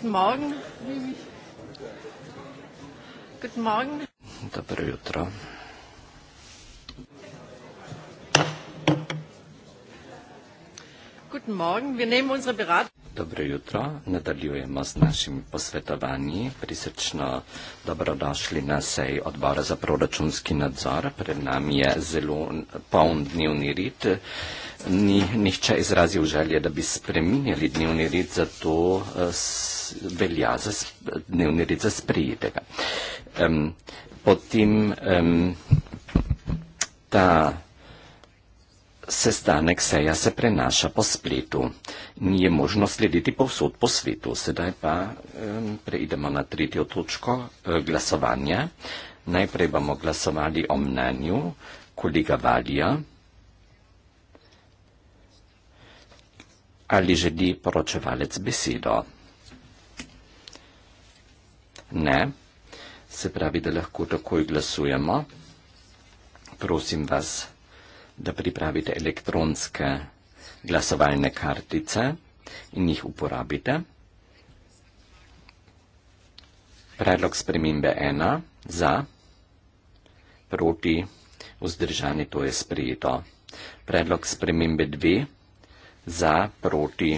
Guten Morgen. Guten Morgen. Dobro jutro. Guten Morgen. Wir nehmen unsere Beratung dobro jutro. Nadaljujemo z našim posvetovanjem. Prisrčno dobrodošli na sej odbora za proračunski nadzor. Pred nami je zelo poln dnevni rit. Ni nihče izrazil želje, da bi spremenjali dnevni rit, zato eh, velja za dnevni rit za sprijetega. Um, potem um, ta sestanek seja se prenaša po spletu. Ni je možno slediti povsod po svetu. Sedaj pa preidemo na tretjo točko eh, glasovanja. Najprej bomo glasovali o mnenju kolega Valija. Ali želi poročevalec besedo? Ne. Se pravi, da lahko takoj glasujemo. Prosim vas da pripravite elektronske glasovalne kartice in jih uporabite. Predlog spremembe 1 za, proti, vzdržani, to je sprejeto. Predlog spremembe 2 za, proti,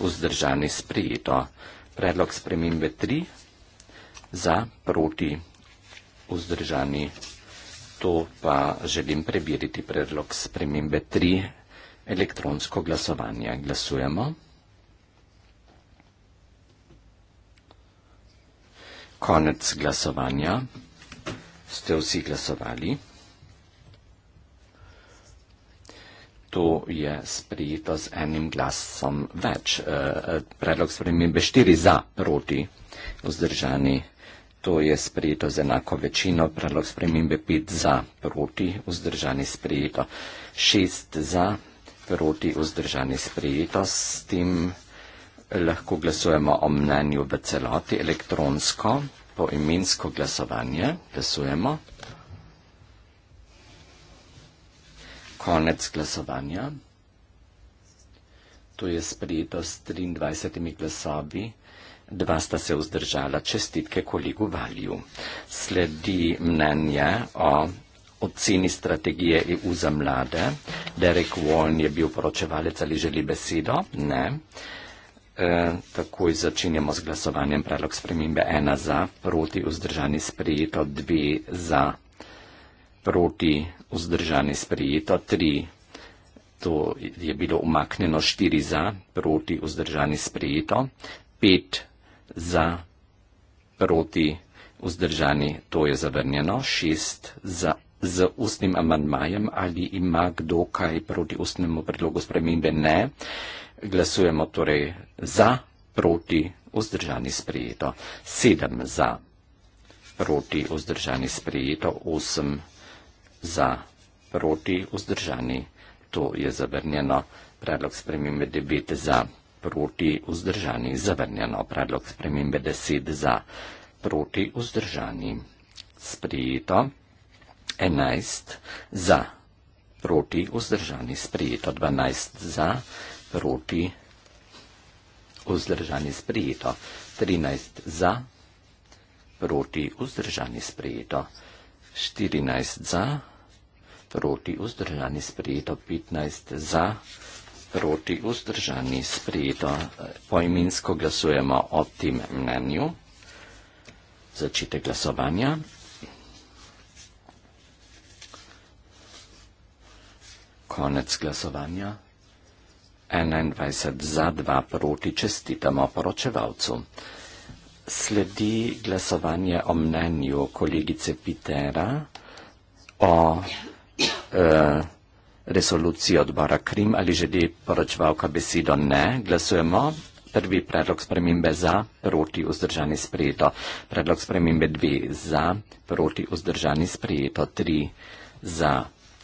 vzdržani, sprejeto. Predlog spremembe 3 za, proti, vzdržani, sprejeto zato pa želim prebiriti predlog spremembe 3. Elektronsko glasovanje. Glasujemo. Konec glasovanja. Ste vsi glasovali? To je sprejeto z enim glasom več. Eh, eh, predlog spremembe 4 za, proti, vzdržani. To je sprejeto z enako večino, predlog spremembe 5 za, proti, vzdržani sprejeto, 6 za, proti, vzdržani sprejeto. S tem lahko glasujemo o mnenju v celoti elektronsko, po imensko glasovanje. Glasujemo. Konec glasovanja. To je sprejeto s 23 glasovi. Dva sta se vzdržala čestitke kolegu Valju. Sledi mnenje o oceni strategije EU za mlade. Derek Warren je bil poročevalec ali želi besedo? Ne. E, takoj začenjamo z glasovanjem. Predlog spremembe ena za, proti vzdržani sprejeto, dve za, proti vzdržani sprejeto, tri. To je bilo umaknjeno, štiri za, proti vzdržani sprejeto, pet za, proti, vzdržani, to je zavrnjeno, šest za, z ustnim amandmajem ali ima kdo kaj proti ustnemu predlogu spremembe, ne, glasujemo torej za, proti, vzdržani sprejeto, sedem za, proti, vzdržani sprejeto, osem za, proti, vzdržani, to je zavrnjeno, predlog spremembe devet za proti vzdržani zavrnjeno. Predlog spremembe 10 za proti vzdržani sprijeto, 11 za proti vzdržani sprijeto, 12 za proti vzdržani sprijeto, 13 za proti vzdržani sprijeto, 14 za proti vzdržani sprijeto, 15 za proti vzdržani sprijeto proti vzdržani sprejeto. Poiminsko glasujemo o tem mnenju. Začite glasovanja. Konec glasovanja. 21 za 2 proti čestitamo poročevalcu. Sledi glasovanje o mnenju kolegice Pitera o eh, resoluciji odbora Krim ali želi poročevalka besedo ne, glasujemo. Prvi predlog spremembe za, proti vzdržani sprejeto. Predlog spremembe dve za, proti vzdržani sprejeto. Tri za,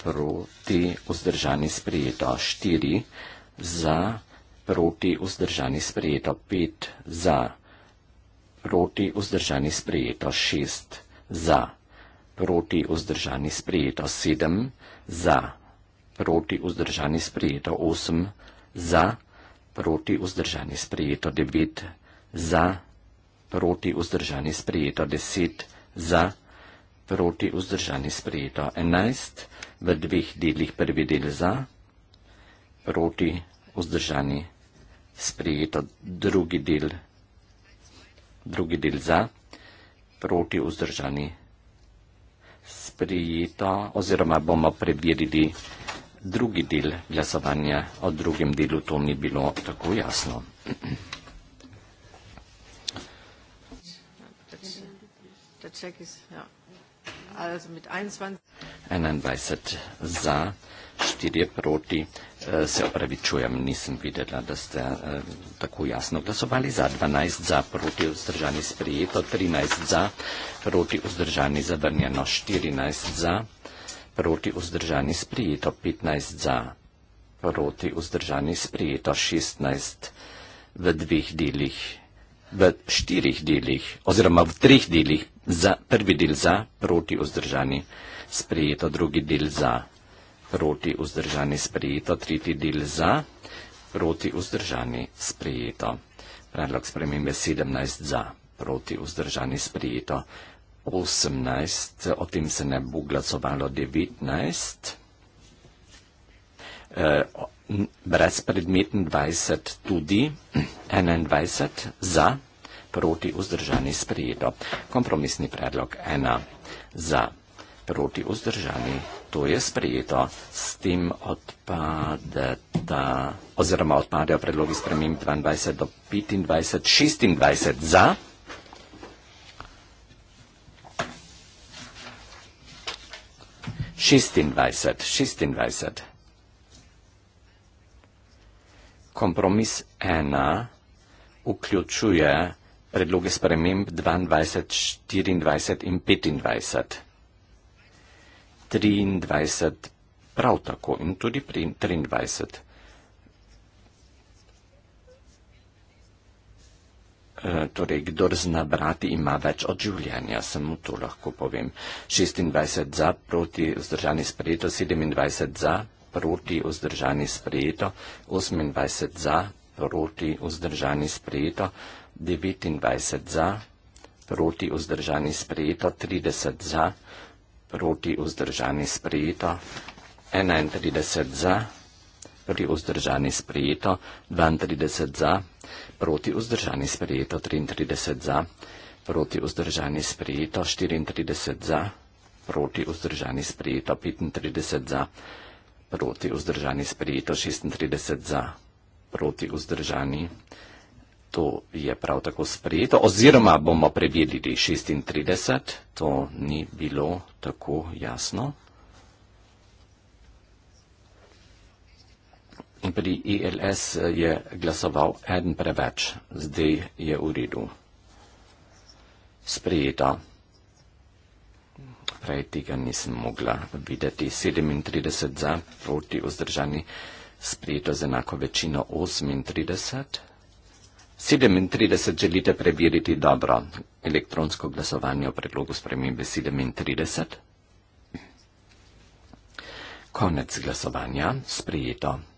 proti vzdržani sprejeto. Štiri za, proti vzdržani sprejeto. Pet za, proti vzdržani sprejeto. Šest za, proti vzdržani sprejeto. Sedem za, proti vzdržani sprejeto 8, za proti vzdržani sprejeto 9, za proti vzdržani sprejeto 10, za proti vzdržani sprejeto 11, v dveh delih prvi del za, proti vzdržani sprejeto drugi del, drugi del za, proti vzdržani sprejeto, oziroma bomo preverili vzdržani sprejeto drugi del glasovanja o drugem delu, to ni bilo tako jasno. Ja. Enaindvajset za, štirje proti, eh, se opravičujem, nisem videla, da ste eh, tako jasno glasovali za, dvanajst za, proti vzdržani sprijeto, trinajst za, proti vzdržani zavrnjeno, štirinajst za, Proti vzdržani sprijeto 15 za, proti vzdržani sprijeto 16 v dveh delih, v štirih delih oziroma v treh delih za prvi del za, proti vzdržani sprijeto drugi del za, proti vzdržani sprijeto tretji del za, proti vzdržani sprijeto. Predlog spremembe 17 za, proti vzdržani sprijeto 16. 18, o tem se ne bo glasovalo 19. Eh, brezpredmeten 20 tudi, 21 za, proti vzdržani sprejeto. Kompromisni predlog 1 za, proti vzdržani, to je sprejeto. S tem odpadejo predlogi spremem 22 do 25, 26 za. 26, 26. Kompromis 1 vključuje predloge sprememb 22, 24 in 25. 23 prav tako in tudi pri 23. Eh, torej, kdor zna brati, ima več od življenja, samo to lahko povem. 26 za, proti vzdržani sprejeto, 27 za, proti vzdržani sprejeto, 28 za, proti vzdržani sprejeto, 29 za, proti vzdržani sprejeto, 30 za, proti vzdržani sprejeto, 31 za, proti vzdržani sprejeto, 32 za, proti vzdržani sprejeto 33 za, proti vzdržani sprejeto 34 za, proti vzdržani sprejeto 35 za, proti vzdržani sprejeto 36 za, proti vzdržani To je prav tako sprejeto, oziroma bomo prebedili 36, to ni bilo tako jasno. in pri ILS e eh, je glasoval en preveč. Zdaj je v redu. Sprejeta. Prej tega nisem mogla videti. 37 za, proti vzdržani. Sprejeto z enako večino 38. 37 želite preveriti dobro elektronsko glasovanje o predlogu spremembe 37. Konec glasovanja. Sprejeto.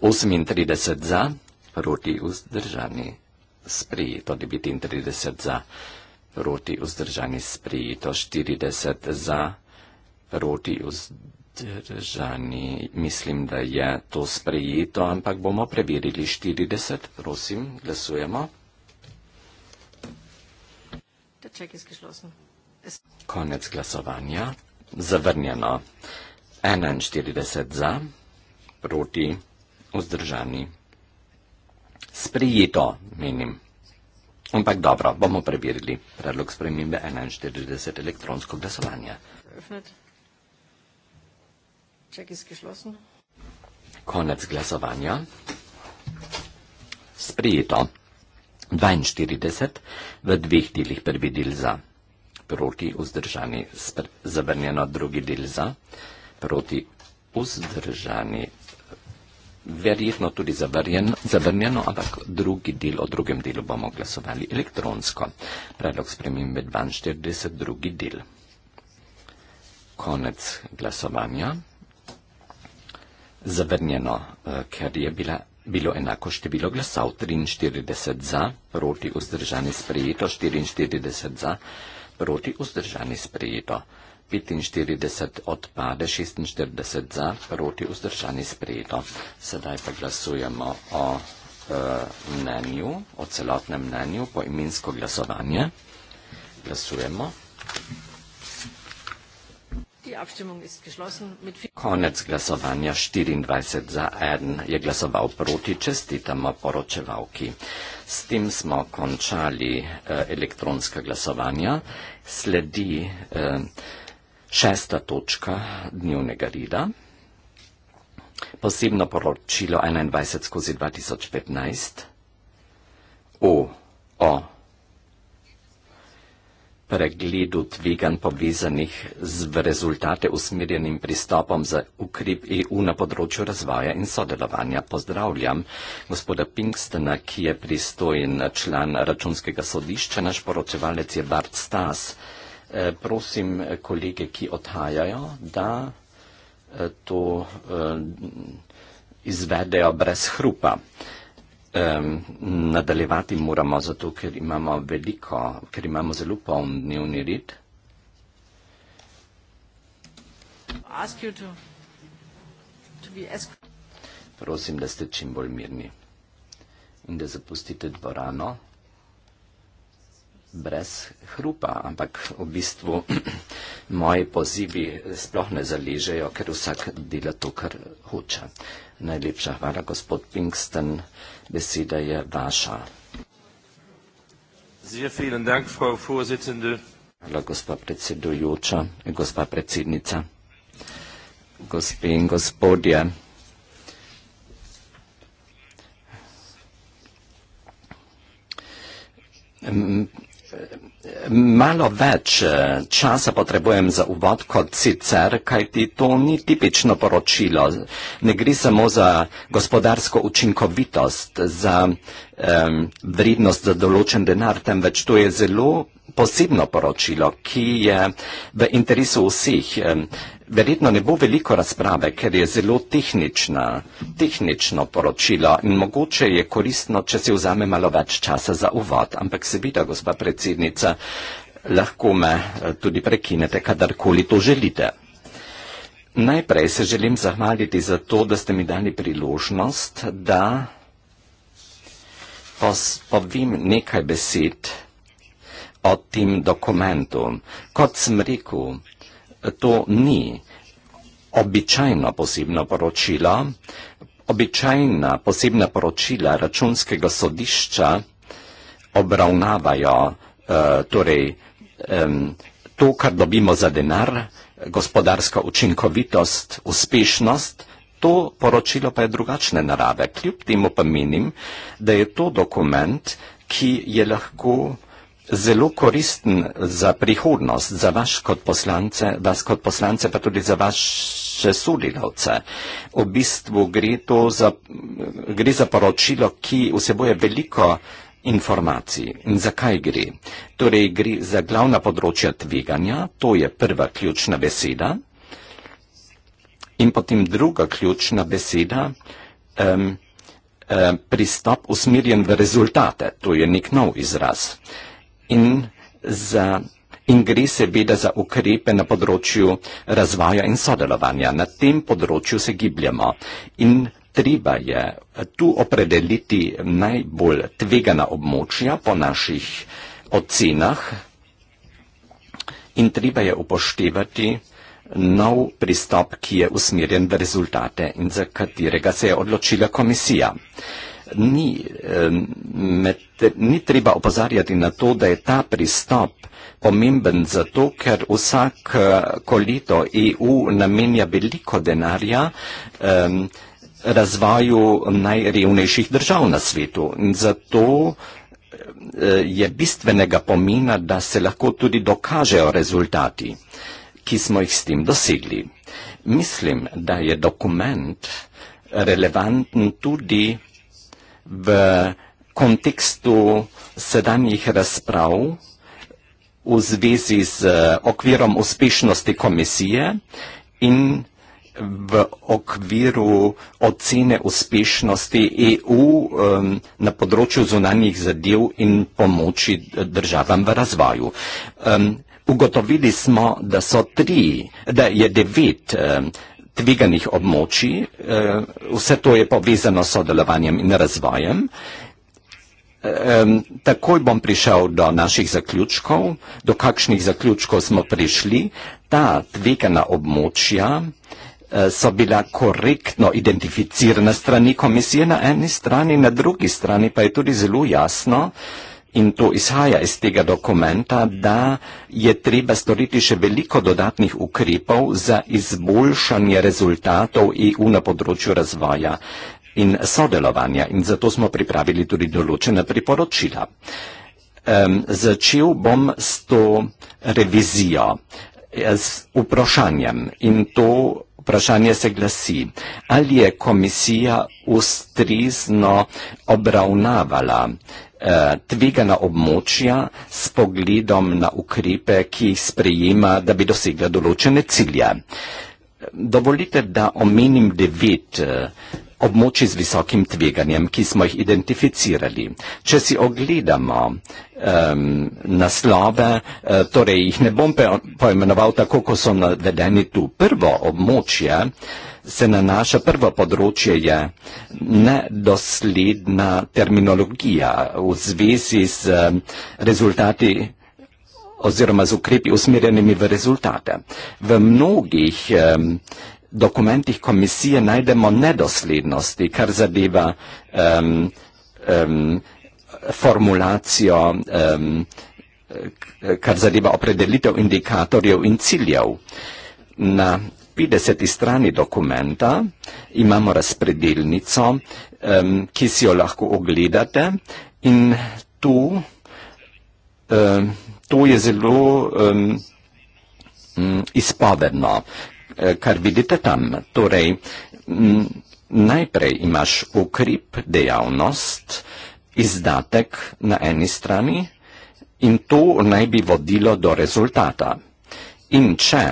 38 za, proti vzdržani, sprijeto 39 za, proti vzdržani, sprijeto 40 za, proti vzdržani, mislim, da je to sprijeto, ampak bomo preverili 40, prosim, glasujemo. Konec glasovanja, zavrnjeno, 41 za, proti vzdržani, vzdržani. Sprijeto, menim. Ampak dobro, bomo prebirili predlog spremembe 41 elektronsko glasovanje. Konec glasovanja. Sprijeto. 42 v dveh delih prvi del za. Proti vzdržani. Spre, zabrnjeno drugi del za. Proti vzdržani verjetno tudi zavrnjeno, ampak drugi del, o drugem delu bomo glasovali elektronsko. Predlog spremembe 42, drugi del. Konec glasovanja. Zavrnjeno, eh, ker je bila, bilo enako število glasov 43 za, proti vzdržani sprejeto, 44 za, proti vzdržani sprejeto. 45 odpade, 46 za, proti vzdržani sprejeto. Sedaj pa glasujemo o e, mnenju, o celotnem mnenju, po imensko glasovanje. Glasujemo. Konec glasovanja 24 za 1 je glasoval proti, čestitamo poročevalki. S tem smo končali eh, elektronska glasovanja. Sledi eh, šesta točka dnevnega reda. Posebno poročilo 21 skozi 2015 o, o pregledu tvegan povezanih z rezultate usmerjenim pristopom za ukrep EU na področju razvoja in sodelovanja. Pozdravljam gospoda Pinkstena, ki je pristojen član računskega sodišča, naš poročevalec je Bart Stas. Eh, prosim eh, kolege, ki odhajajo, da eh, to izvedejo brez hrupa. Nadaljevati moramo zato, ker imamo veliko, ker imamo zelo poln dnevni red. Prosim, da ste čim bolj mirni in da zapustite dvorano brez hrupa, ampak v bistvu moji pozivi sploh ne zaležejo, ker vsak dela to, kar hoče. Najlepša hvala, gospod Pinkston. Beseda je vaša. Dank, hvala, gospa predsedujoča, gospa predsednica, gospe in gospodje. M Malo več eh, časa potrebujem za uvod kot sicer, kajti to ni tipično poročilo. Ne gre samo za gospodarsko učinkovitost, za um, vrednost za določen denar, temveč to je zelo posebno poročilo, ki je v interesu vseh. Verjetno ne bo veliko razprave, ker je zelo tehnična, tehnično poročilo in mogoče je koristno, če se vzame malo več časa za uvod. Ampak seveda, gospa predsednica, lahko me eh, tudi prekinete, kadarkoli to želite. Najprej se želim zahvaliti za to, da ste mi dali priložnost, da povem nekaj besed o tim dokumentu. Kot sem rekel, to ni običajno posebno poročilo. Običajna posebna poročila računskega sodišča obravnavajo uh, torej, um, to, kar dobimo za denar, gospodarska učinkovitost, uspešnost, to poročilo pa je drugačne narave. Kljub temu pa menim, da je to dokument, ki je lahko uh, zelo koristen za prihodnost, za vaš kot poslance, vas kot poslance, pa tudi za vaše sodelavce. V bistvu gre to za, gre za poročilo, ki vseboje veliko informacij. In zakaj gre? Torej gre za glavna področja tveganja, to je prva ključna beseda. In potem druga ključna beseda, um, um, pristop usmerjen v rezultate, to je nek nov izraz in za in gre seveda za ukrepe na področju razvoja in sodelovanja. Na tem področju se gibljamo in treba je tu opredeliti najbolj tvegana območja po naših ocenah in treba je upoštevati nov pristop, ki je usmerjen v rezultate in za katerega se je odločila komisija ni, eh, med, ni treba opozarjati na to, da je ta pristop pomemben zato, ker vsak eh, kolito EU namenja veliko denarja eh, razvoju najrevnejših držav na svetu. Zato eh, je bistvenega pomena, da se lahko tudi dokažejo rezultati, ki smo jih s tem dosegli. Mislim, da je dokument relevanten tudi v kontekstu sedanjih razprav v zvezi z okvirom uspešnosti komisije in v okviru ocene uspešnosti EU um, na področju zunanjih zadev in pomoči državam v razvoju. Um, ugotovili smo, da so tri, da je devet um, tveganih območij, eh, vse to je povezano s sodelovanjem in razvojem. Takoj bom prišel do naših zaključkov, do kakšnih zaključkov smo prišli. Ta tvegana območja eh, so bila korektno identificirana strani komisije na eni strani, na drugi strani pa je tudi zelo jasno, da In to izhaja iz tega dokumenta, da je treba storiti še veliko dodatnih ukrepov za izboljšanje rezultatov EU na področju razvoja in sodelovanja. In zato smo pripravili tudi določena priporočila. Um, začel bom s to revizijo, eh, s vprašanjem. In to vprašanje se glasi, ali je komisija ustrezno obravnavala Eh, tvigana območja s pogledom na ukrepe, ki jih sprejema, da bi dosegla določene cilje. Dovolite, da omenim devet eh, območji z visokim tveganjem, ki smo jih identificirali. Če si ogledamo um, naslove, uh, torej jih ne bom poimenoval tako, kot so navedeni tu. Prvo območje se nanaša, prvo področje je nedosledna terminologija v zvezi z rezultati oziroma z ukrepi usmerjenimi v rezultate. V mnogih um, dokumentih komisije najdemo nedoslednosti, kar zadeva um, um, formulacijo, um, kar zadeva opredelitev indikatorjev in ciljev. Na 50. strani dokumenta imamo razpredelnico, um, ki si jo lahko ogledate in tu, um, tu je zelo um, izpovedno, Eh, kar vidite tam. Torej, najprej imaš ukrip, dejavnost, izdatek na eni strani in to naj bi vodilo do rezultata. In če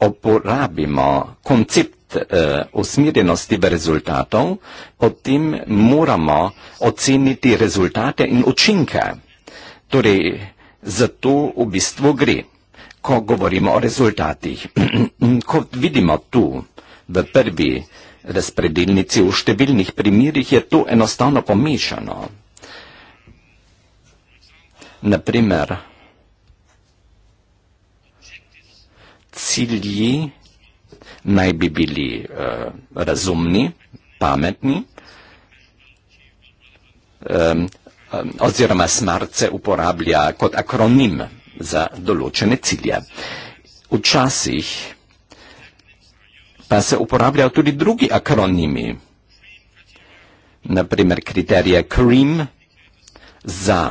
uporabimo koncept eh, usmirjenosti v rezultatov, potem moramo oceniti rezultate in učinke. Torej, za to v bistvu gre ko govorimo o rezultatih. ko vidimo tu, v prvi razpredilnici, v številnih primirih je to enostavno pomišano. Naprimer, cilji naj bi bili uh, razumni, pametni, um, um, oziroma smart se uporablja kot akronim za določene cilje. Včasih pa se uporabljajo tudi drugi akronimi, naprimer kriterije CREAM za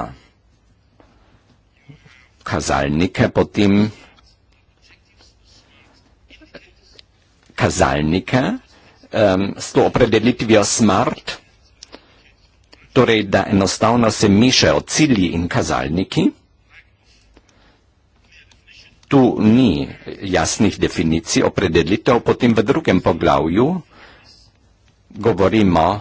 kazalnike, potem kazalnike um, s to opredelitvijo SMART, torej da enostavno se mišajo cilji in kazalniki tu ni jasnih definicij, opredelitev, potem v drugem poglavju govorimo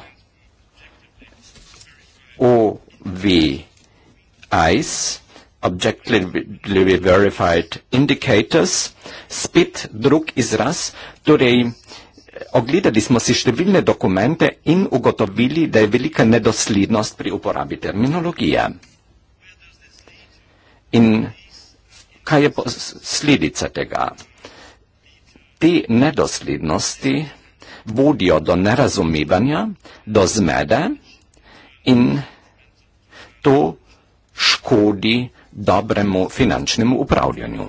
o VIs, Objectively Verified Indicators, spet drug izraz, torej ogledali smo si številne dokumente in ugotovili, da je velika nedoslednost pri uporabi terminologije. In kaj je posledica tega. Te nedoslednosti vodijo do nerazumevanja, do zmede in to škodi dobremu finančnemu upravljanju.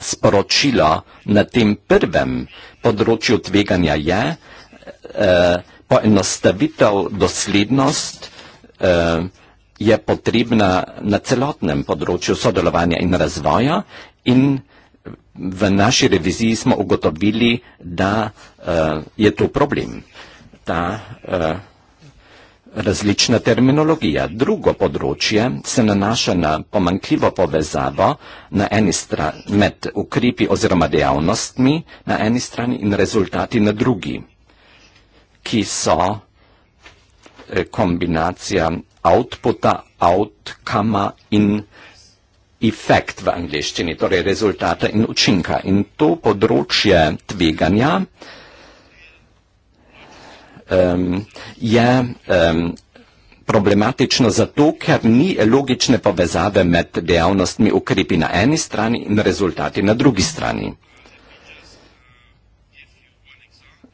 Sporočilo na tem prvem področju tveganja je eh, poenostavitev doslednost eh, je potrebna na celotnem področju sodelovanja in razvoja in v naši reviziji smo ugotovili, da uh, je to problem, ta uh, različna terminologija. Drugo področje se nanaša na pomankljivo povezavo na eni strani med ukrepi oziroma dejavnostmi na eni strani in rezultati na drugi, ki so eh, kombinacija outputa, outcoma in effect v angliščini, torej rezultata in učinka. In to področje tveganja um, je um, problematično zato, ker ni logične povezave med dejavnostmi ukrepi na eni strani in rezultati na drugi strani.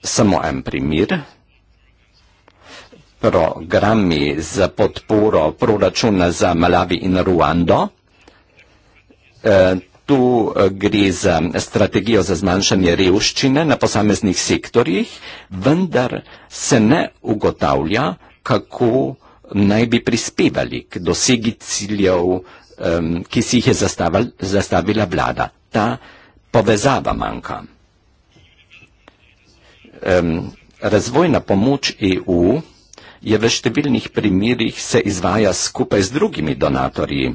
Samo en primer programi za podporo proračuna za Malavi in Ruando. E, tu e, gre za strategijo za zmanjšanje revščine na posameznih sektorjih, vendar se ne ugotavlja, kako naj bi prispevali k dosegi ciljev, ki si jih je zastavila vlada. Ta povezava manjka. Razvojna pomoč EU je v številnih primerjih se izvaja skupaj z drugimi donatorji.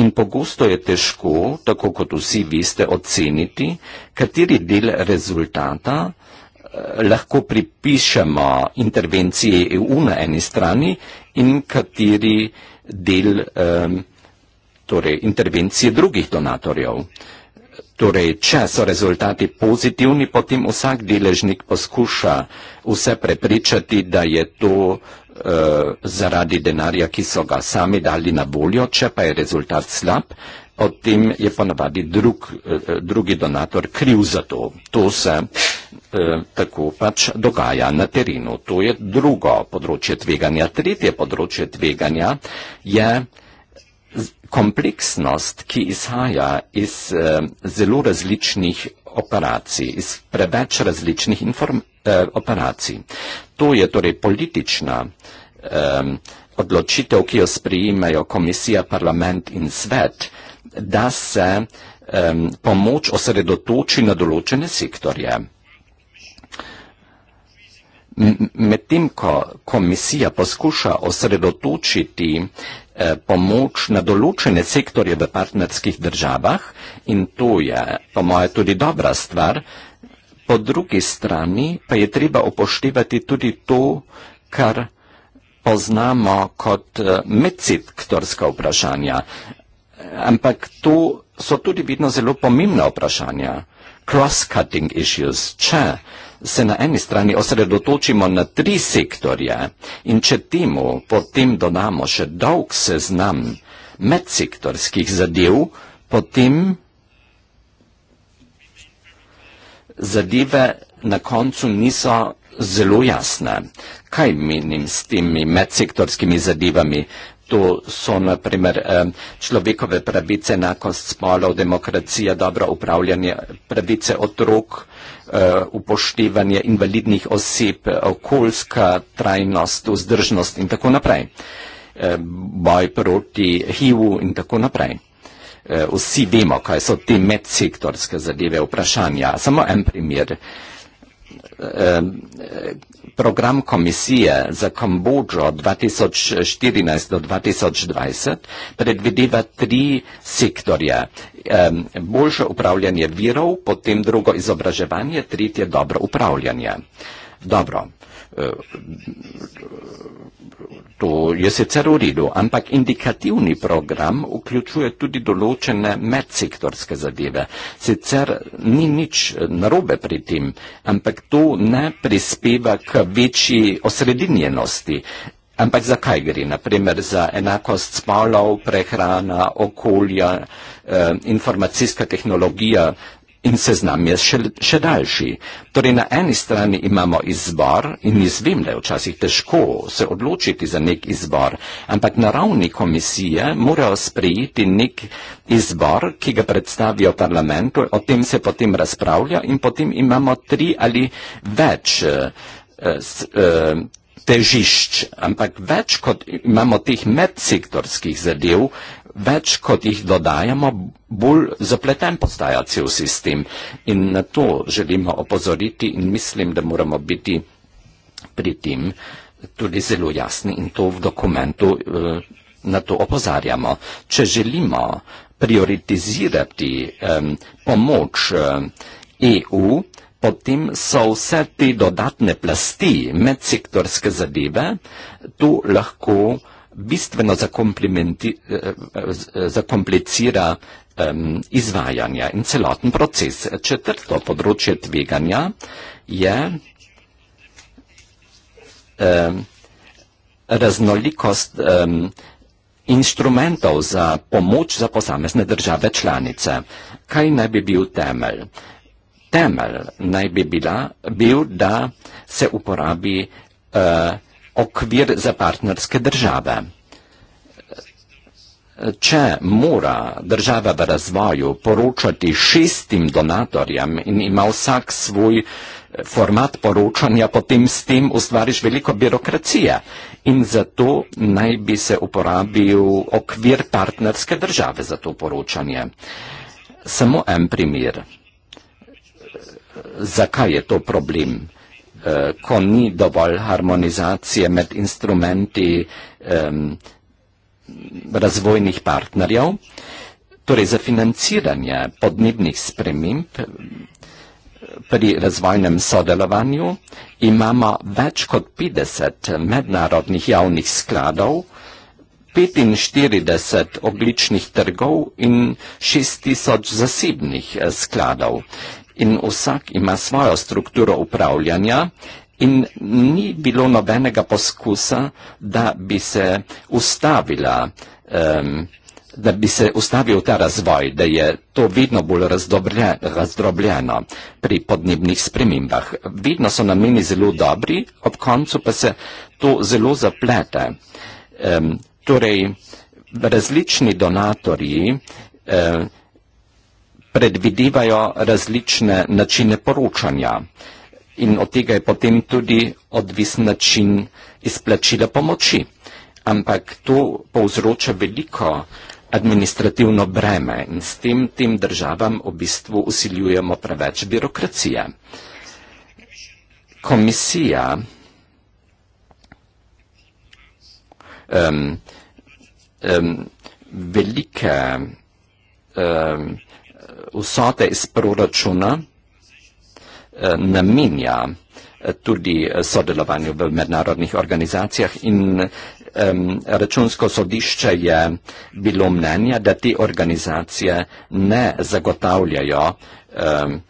In pogosto je težko, tako kot vsi veste, oceniti, kateri del rezultata eh, lahko pripišemo intervenciji EU na eni strani in kateri del eh, torej intervencije drugih donatorjev. Torej, če so rezultati pozitivni, potem vsak deležnik poskuša vse prepričati, da je to eh, zaradi denarja, ki so ga sami dali na voljo, če pa je rezultat slab, potem je ponavadi drug, eh, drugi donator kriv za to. To se eh, tako pač dogaja na terenu. To je drugo področje tveganja. Tretje področje tveganja je kompleksnost, ki izhaja iz eh, zelo različnih operacij, iz preveč različnih inform, eh, operacij. To je torej politična eh, odločitev, ki jo sprijemajo komisija, parlament in svet, da se eh, pomoč osredotoči na določene sektorje. Medtem ko komisija poskuša osredotočiti eh, Eh, pomoč na določene sektorje v partnerskih državah in to je po moje tudi dobra stvar. Po drugi strani pa je treba upoštevati tudi to, kar poznamo kot eh, medsektorska vprašanja. Ampak to so tudi vidno zelo pomembna vprašanja. Cross-cutting issues. Če uh, se na eni strani osredotočimo na tri sektorje in če temu potem dodamo še dolg seznam medsektorskih zadev, potem zadeve na koncu niso zelo jasne. Kaj menim s temi medsektorskimi zadevami? tu so, na primer, eh, človekove pravice, enakost spolov, demokracija, dobro upravljanje, pravice otrok, eh, upoštevanje invalidnih oseb, okoljska trajnost, vzdržnost in tako naprej, eh, boj proti HIV-u in tako naprej. Vsi vemo, kaj so te medsektorske zadeve, vprašanja. Samo en primer program komisije za Kambodžo 2014 do 2020 predvideva tri sektorje. Boljše upravljanje virov, potem drugo izobraževanje, tretje dobro upravljanje. Dobro to je sicer v redu, ampak indikativni program vključuje tudi določene medsektorske zadeve. Sicer ni nič narobe pri tem, ampak to ne prispeva k večji osredinjenosti. Ampak zakaj gre? Naprimer za enakost spolov, prehrana, okolja, eh, informacijska tehnologija, in seznam je še, še daljši. Torej, na eni strani imamo izbor in izvem, da je včasih težko se odločiti za nek izbor, ampak na ravni komisije morajo sprejeti nek izbor, ki ga predstavijo parlamentu, o tem se potem razpravlja in potem imamo tri ali več. Eh, eh, težišč, ampak več kot imamo teh medsektorskih zadev, več kot jih dodajamo, bolj zapleten postaja cel sistem. In na to želimo opozoriti in mislim, da moramo biti pri tem tudi zelo jasni in to v dokumentu eh, na to opozarjamo. Če želimo prioritizirati um, pomoč um, eh, EU, potem so vse te dodatne plasti medsektorske zadeve, tu lahko bistveno eh, eh, eh, zakomplicira um, izvajanje in celoten proces. Četrto področje tveganja je um, raznolikost um, inštrumentov za pomoč za posamezne države članice. Kaj naj bi bil temelj? Temelj naj bi bila, bil, da se uporabi uh, okvir za partnerske države. Če mora država v razvoju poročati šestim donatorjem in ima vsak svoj eh, format poročanja, potem s tem ustvariš veliko birokracije in zato naj bi se uporabil okvir partnerske države za to poročanje. Samo en primer. Zakaj je to problem? con eh, ni dovolj harmonizacije med instrumenti razvojnih partnerjev. Torej, za financiranje podnebnih sprememb eh, pri razvojnem sodelovanju imamo več kot 50 mednarodnih javnih skladov, 45 obličnih trgov in 6000 zasebnih eh, skladov in vsak ima svojo strukturo upravljanja in ni bilo nobenega poskusa, da bi se ustavila um, da bi se ustavil ta razvoj, da je to vidno bolj razdrobljeno pri podnebnih spremembah. Vidno so nameni zelo dobri, ob koncu pa se to zelo zaplete. Um, torej, različni donatorji um, predvidevajo različne načine poročanja in od tega je potem tudi odvisen način izplačila pomoči. Ampak to povzroča veliko administrativno breme in s tem tem državam v bistvu usiljujemo preveč birokracije. Komisija um, um, velike um, vsote iz proračuna eh, namenja eh, tudi sodelovanju v mednarodnih organizacijah in um, računsko sodišče je bilo mnenja, da te organizacije ne zagotavljajo um,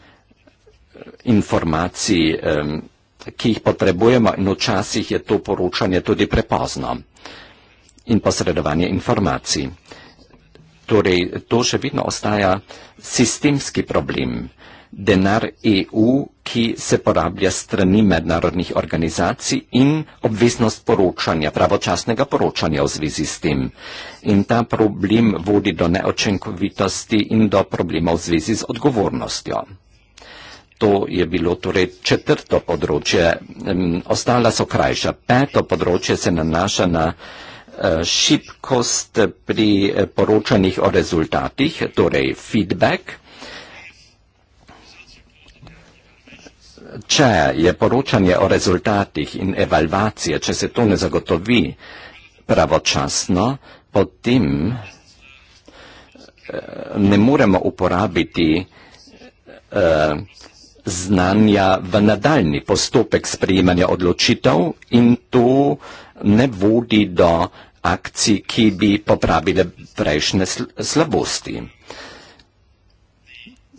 informacij, um, ki jih potrebujemo in včasih je to poročanje tudi prepozno in posredovanje informacij. Torej, to še vedno ostaja sistemski problem. Denar EU, ki se porablja strani mednarodnih organizacij in obveznost poročanja, pravočasnega poročanja v zvezi s tem. In ta problem vodi do neočinkovitosti in do problema v zvezi z odgovornostjo. To je bilo torej četrto področje, ostala so krajša. Peto področje se nanaša na. Eh, šibkost pri eh, poročanjih o rezultatih, torej feedback. Če je poročanje o rezultatih in evalvacije, če se to ne zagotovi pravočasno, potem eh, ne moremo uporabiti znanja v nadaljni postopek sprejemanja odločitev in to ne vodi do akcij, ki bi popravile prejšnje slabosti.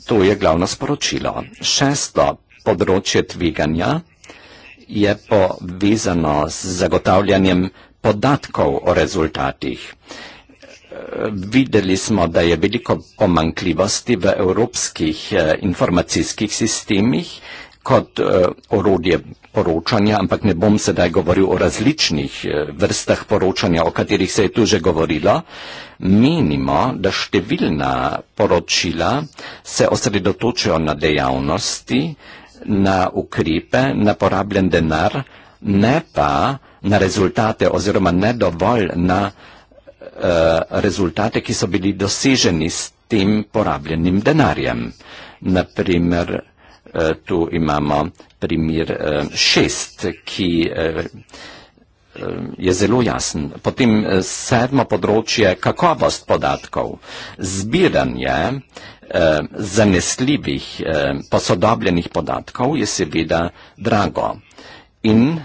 To je glavno sporočilo. Šesto področje tveganja je povezano z zagotavljanjem podatkov o rezultatih videli smo, da je veliko pomankljivosti v evropskih eh, informacijskih sistemih kot eh, orodje poročanja, ampak ne bom sedaj govoril o različnih eh, vrstah poročanja, o katerih se je tu že govorilo. Menimo, da številna poročila se osredotočajo na dejavnosti, na ukrepe, na porabljen denar, ne pa na rezultate oziroma ne dovolj na. Eh, rezultate, ki so bili doseženi s tem porabljenim denarjem. Naprimer, eh, tu imamo primer eh, šest, ki je zelo jasen. Potem sedmo področje, kakovost podatkov. Zbiranje zanesljivih posodobljenih podatkov je seveda drago. In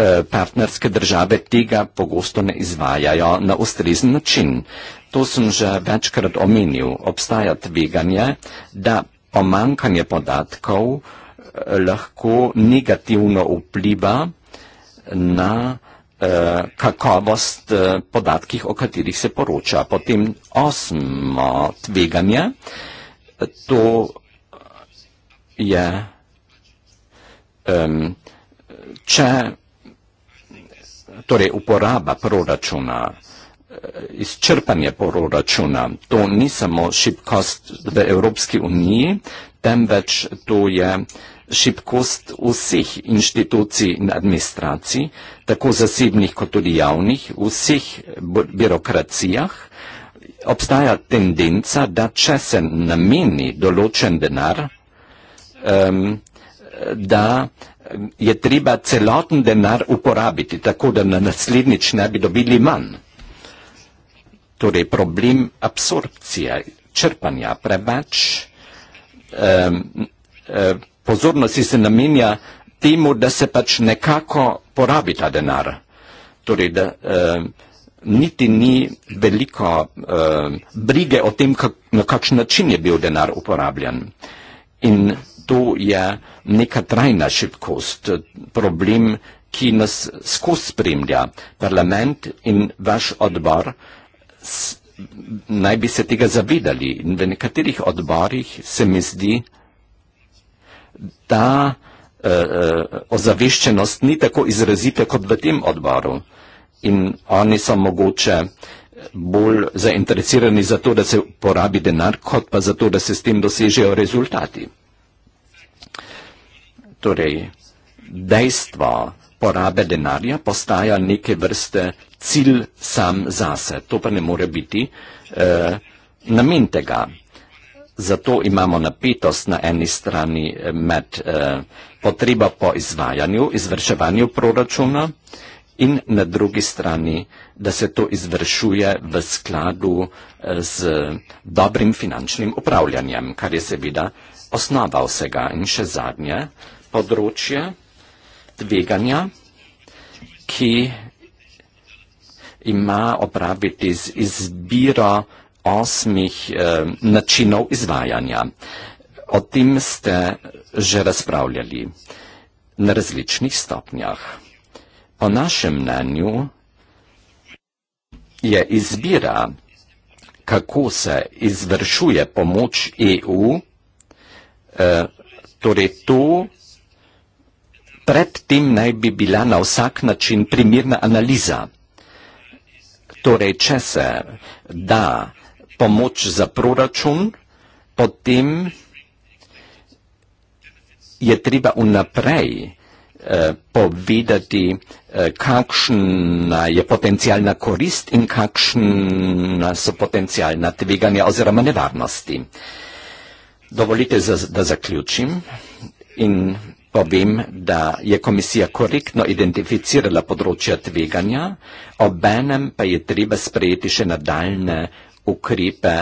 Eh, partnerske države tega pogosto ne izvajajo na ustrezen način. To sem že večkrat omenil. Obstaja tveganje, da pomankanje podatkov eh, lahko negativno vpliva na eh, kakovost podatkih, o katerih se poroča. Potem osmo tveganje, to je, če torej uporaba proračuna, eh, izčrpanje proračuna, to ni samo šibkost v Evropski uniji, temveč to je šibkost vseh inštitucij in administracij, tako zasebnih kot tudi javnih, v vseh birokracijah. Obstaja tendenca, da če se nameni določen denar, um, da je treba celoten denar uporabiti, tako da na naslednjič ne bi dobili manj. Torej, problem absorpcije, črpanja preveč, eh, pozornosti se namenja temu, da se pač nekako porabi ta denar. Torej, da eh, niti ni veliko eh, brige o tem, kak, na kakšen način je bil denar uporabljen. In to je neka trajna šibkost, problem, ki nas skozi spremlja. Parlament in vaš odbor s, naj bi se tega zavedali in v nekaterih odborih se mi zdi, da eh, eh, ozaveščenost ni tako izrazita kot v tem odboru in oni so mogoče bolj zainteresirani za to, da se porabi denar, kot pa za to, da se s tem dosežejo rezultati. Torej, dejstvo porabe denarja postaja neke vrste cilj sam zase. To pa ne more biti eh, namen tega. Zato imamo napetost na eni strani eh, med eh, potrebo po izvajanju, izvrševanju proračuna in na drugi strani, da se to izvršuje v skladu eh, z dobrim finančnim upravljanjem, kar je seveda osnova vsega. In še zadnje, eh, področje tveganja, ki ima opraviti z izbiro osmih eh, načinov izvajanja. O tem ste že razpravljali na različnih stopnjah. Po našem mnenju je izbira, kako se izvršuje pomoč EU, eh, torej to, Predtem naj bi bila na vsak način primirna analiza. Torej, če se da pomoč za proračun, potem je treba vnaprej eh, povedati, eh, kakšna je potencijalna korist in kakšna so potencijalna tveganja oziroma nevarnosti. Dovolite, da zaključim in Povem, da je komisija korektno identificirala področja tveganja, obenem pa je treba sprejeti še nadaljne ukrepe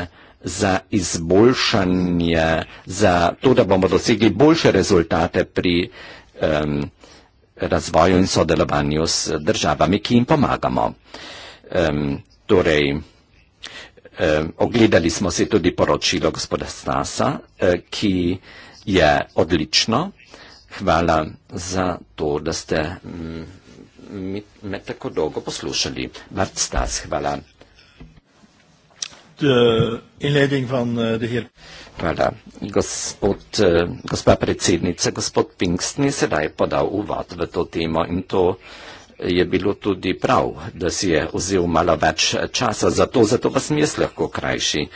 za izboljšanje, za to, da bomo dosegli boljše rezultate pri um, razvoju in sodelovanju s državami, ki jim pomagamo. Um, torej, um, ogledali smo si tudi poročilo gospoda Stasa, um, ki je odlično. Hvala za to, da ste mm, me tako dolgo poslušali. Bart Stas, hvala. Eh, hvala. Gospod, eh, gospa predsednica, gospod Pinkston je sedaj podal uvod v to temo in to je bilo tudi prav, da si je vzel malo več eh, časa za to, zato vas mi je lahko krajši.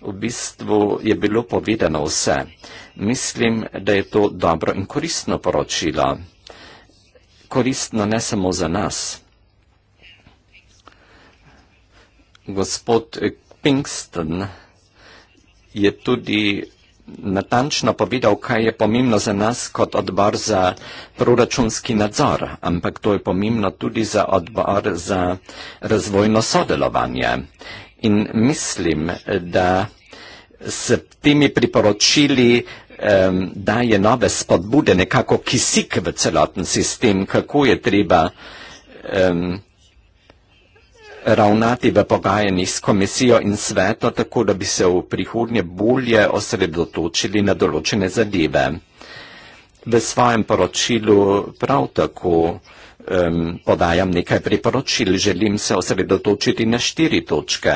V bistvu je bilo povedano vse mislim, da je to dobro in koristno poročilo. Koristno ne samo za nas. Gospod Pinkston je tudi natančno povedal, kaj je pomembno za nas kot odbor za proračunski nadzor, ampak to je pomembno tudi za odbor za razvojno sodelovanje. In mislim, da s temi priporočili um, daje nove spodbude, nekako kisik v celoten sistem, kako je treba um, ravnati v pogajanjih s komisijo in sveto, tako da bi se v prihodnje bolje osredotočili na določene zadeve. V svojem poročilu prav tako um, podajam nekaj priporočil, želim se osredotočiti na štiri točke.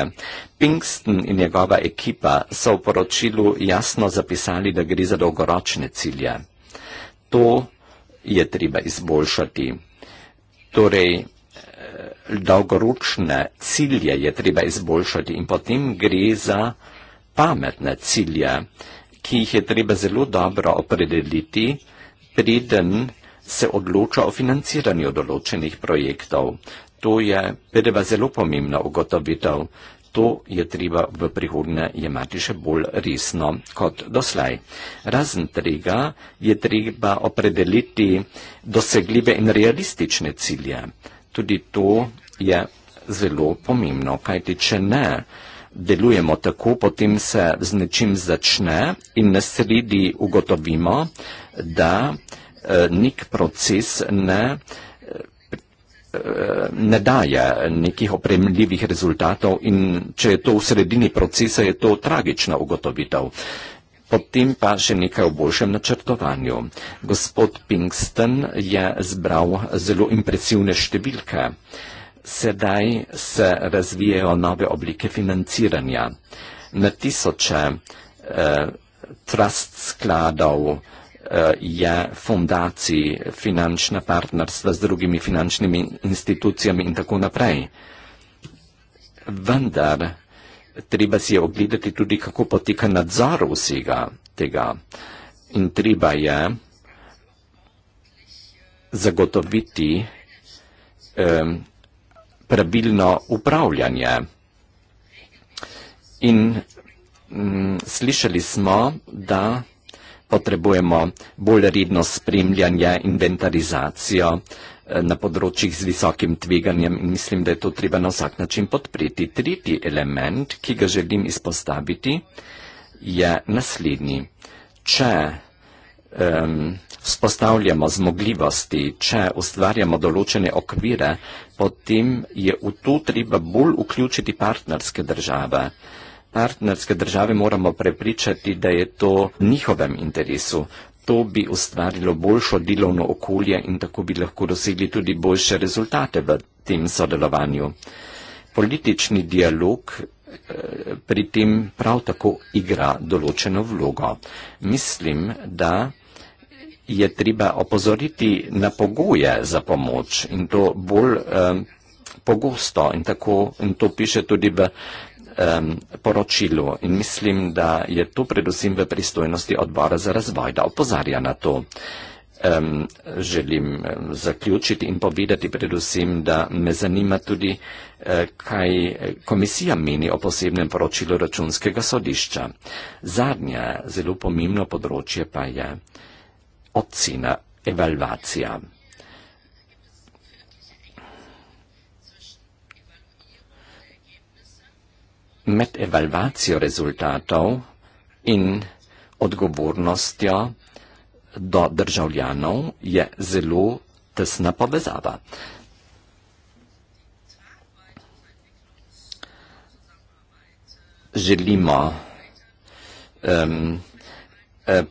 Pinkston in njegova ekipa so v poročilu jasno zapisali, da gre za dolgoročne cilje. To je treba izboljšati. Torej, eh, dolgoročne cilje je treba izboljšati in potem gre za pametne cilje, ki jih je treba zelo dobro opredeliti, preden se odloča o financiranju določenih projektov. To je bedeva zelo pomembna ugotovitev. To je treba v prihodnje jemati še bolj resno kot doslej. Razen tega je treba opredeliti dosegljive in realistične cilje. Tudi to je zelo pomembno, kajti če ne delujemo tako, potem se z nečim začne in na sredi ugotovimo, da nek proces ne, ne daje nekih opremljivih rezultatov in če je to v sredini procesa, je to tragična ugotovitev. Potem pa še nekaj o boljšem načrtovanju. Gospod Pinkston je zbral zelo impresivne številke. Sedaj se razvijajo nove oblike financiranja. Na tisoče eh, trust skladov, eh, Eh, je fundaciji finančna partnerstva z drugimi finančnimi institucijami in tako naprej. Vendar treba si je ogledati tudi, kako poteka nadzor vsega tega in treba je zagotoviti um, pravilno upravljanje. In um, slišali smo, da potrebujemo bolj redno spremljanje, inventarizacijo eh, na področjih z visokim tveganjem in mislim, da je to treba na vsak način podpreti. Tretji element, ki ga želim izpostaviti, je naslednji. Če um, spostavljamo zmogljivosti, če ustvarjamo določene okvire, potem je v to treba bolj vključiti partnerske države. Uh, partnerske države moramo prepričati, da je to v njihovem interesu. To bi ustvarilo boljšo delovno okolje in tako bi lahko dosegli tudi boljše rezultate v tem sodelovanju. Politični dialog eh, pri tem prav tako igra določeno vlogo. Mislim, da je treba opozoriti na pogoje za pomoč in to bolj eh, pogosto in, tako, in to piše tudi v eh, um, poročilu in mislim, da je to predvsem v pristojnosti odbora za razvoj, da opozarja na to. Um, želim zaključiti in povedati predvsem, da me zanima tudi, eh, kaj komisija meni o posebnem poročilu računskega sodišča. Zadnje zelo pomembno področje pa je ocena, evalvacija. med evalvacijo rezultatov in odgovornostjo do državljanov je zelo tesna povezava. Želimo e,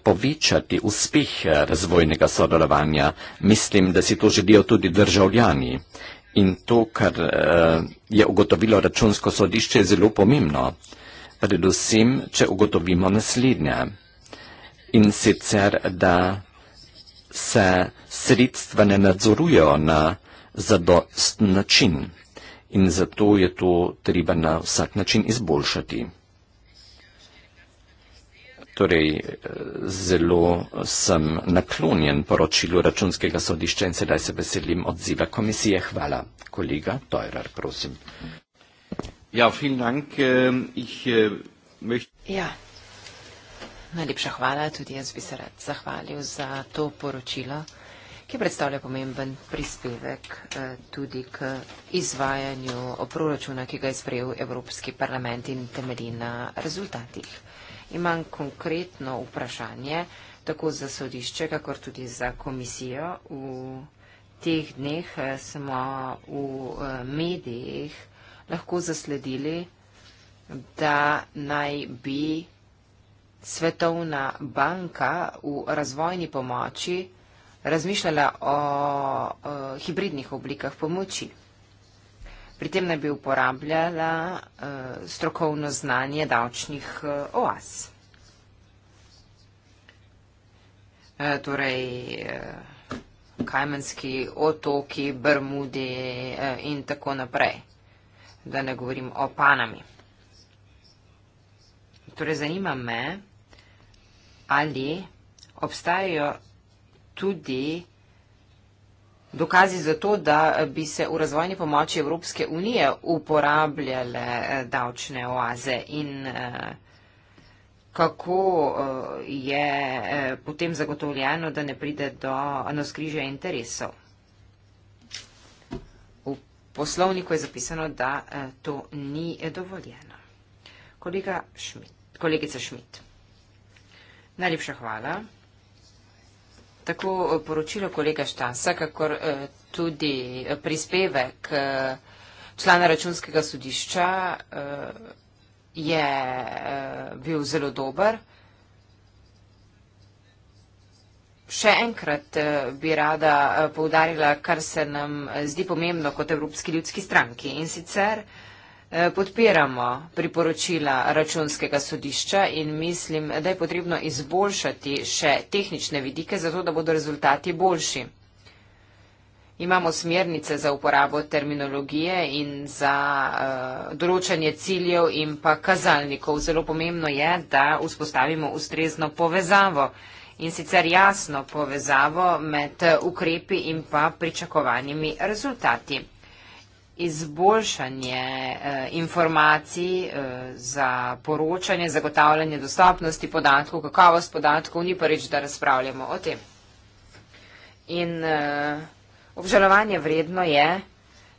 povečati uspeh e, razvojnega sodelovanja. Mislim, da si to želijo tudi državljani. In to, kar eh, je ugotovilo računsko sodišče, je zelo pomembno. Predvsem, če ugotovimo naslednje. In sicer, da se sredstva ne nadzorujejo na zadost način. In zato je to treba na vsak način izboljšati. Torej, eh, zelo eh, sem naklonjen poročilu računskega sodišča in sedaj se veselim odziva komisije. Hvala. Kolega Teurer, prosim. Ja, dank, eh, ich, eh, möcht... ja, najlepša hvala. Tudi jaz bi se rad zahvalil za to poročilo, ki predstavlja pomemben prispevek eh, tudi k izvajanju proračuna, ki ga je sprejel Evropski parlament in temelji na rezultatih imam konkretno vprašanje, tako za sodišče, kakor tudi za komisijo. V teh dneh eh, smo v eh, medijih lahko zasledili, da naj bi Svetovna banka v razvojni pomoči razmišljala o, o eh, hibridnih oblikah pomoči. Pri tem naj bi uporabljala uh, strokovno znanje davčnih uh, eh, oas. Uh, eh, torej, uh, Kajmanski otoki, Bermudi uh, in tako naprej, da ne govorim o Panami. Torej, zanima me, ali obstajajo tudi dokazi za to, da bi se v razvojni pomoči Evropske unije uporabljale eh, davčne oaze in eh, kako eh, je potem zagotovljeno, da ne pride do naskrižja interesov. V poslovniku je zapisano, da to ni dovoljeno. Kolega Šmit, kolegica Šmit, najlepša hvala tako eh, poročilo kolega Štasa, kakor eh, tudi eh, prispevek člana računskega sodišča je bil zelo dober. Še enkrat bi rada povdarila, kar se nam zdi pomembno kot Evropski ljudski stranki in sicer, da je Eh, podpiramo priporočila računskega sodišča in mislim, da je potrebno izboljšati še tehnične vidike, zato da bodo rezultati boljši. Imamo smernice za uporabo terminologije in za uh, določanje ciljev in pa kazalnikov. Zelo pomembno je, da vzpostavimo ustrezno povezavo in sicer jasno povezavo med ukrepi in pa pričakovanimi rezultati izboljšanje eh, informacij eh, za poročanje, zagotavljanje dostopnosti podatkov, kakavost podatkov, ni pa reč, da razpravljamo o tem. In eh, obžalovanje vredno je,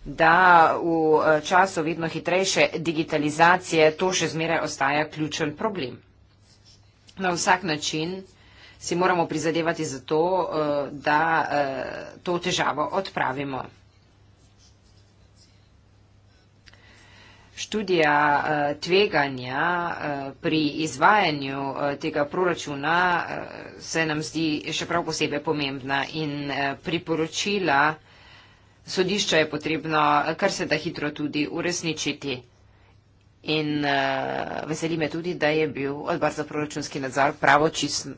da v času vedno hitrejše digitalizacije to še zmeraj ostaja ključen problem. Na vsak način si moramo prizadevati za to, da to težavo odpravimo. študija eh, tveganja eh, pri izvajanju eh, tega proračuna se nam zdi še prav posebej pomembna in priporočila sodišča je potrebno kar se da hitro tudi uresničiti. In uh, veseli me tudi, da je bil odbor za proračunski nadzor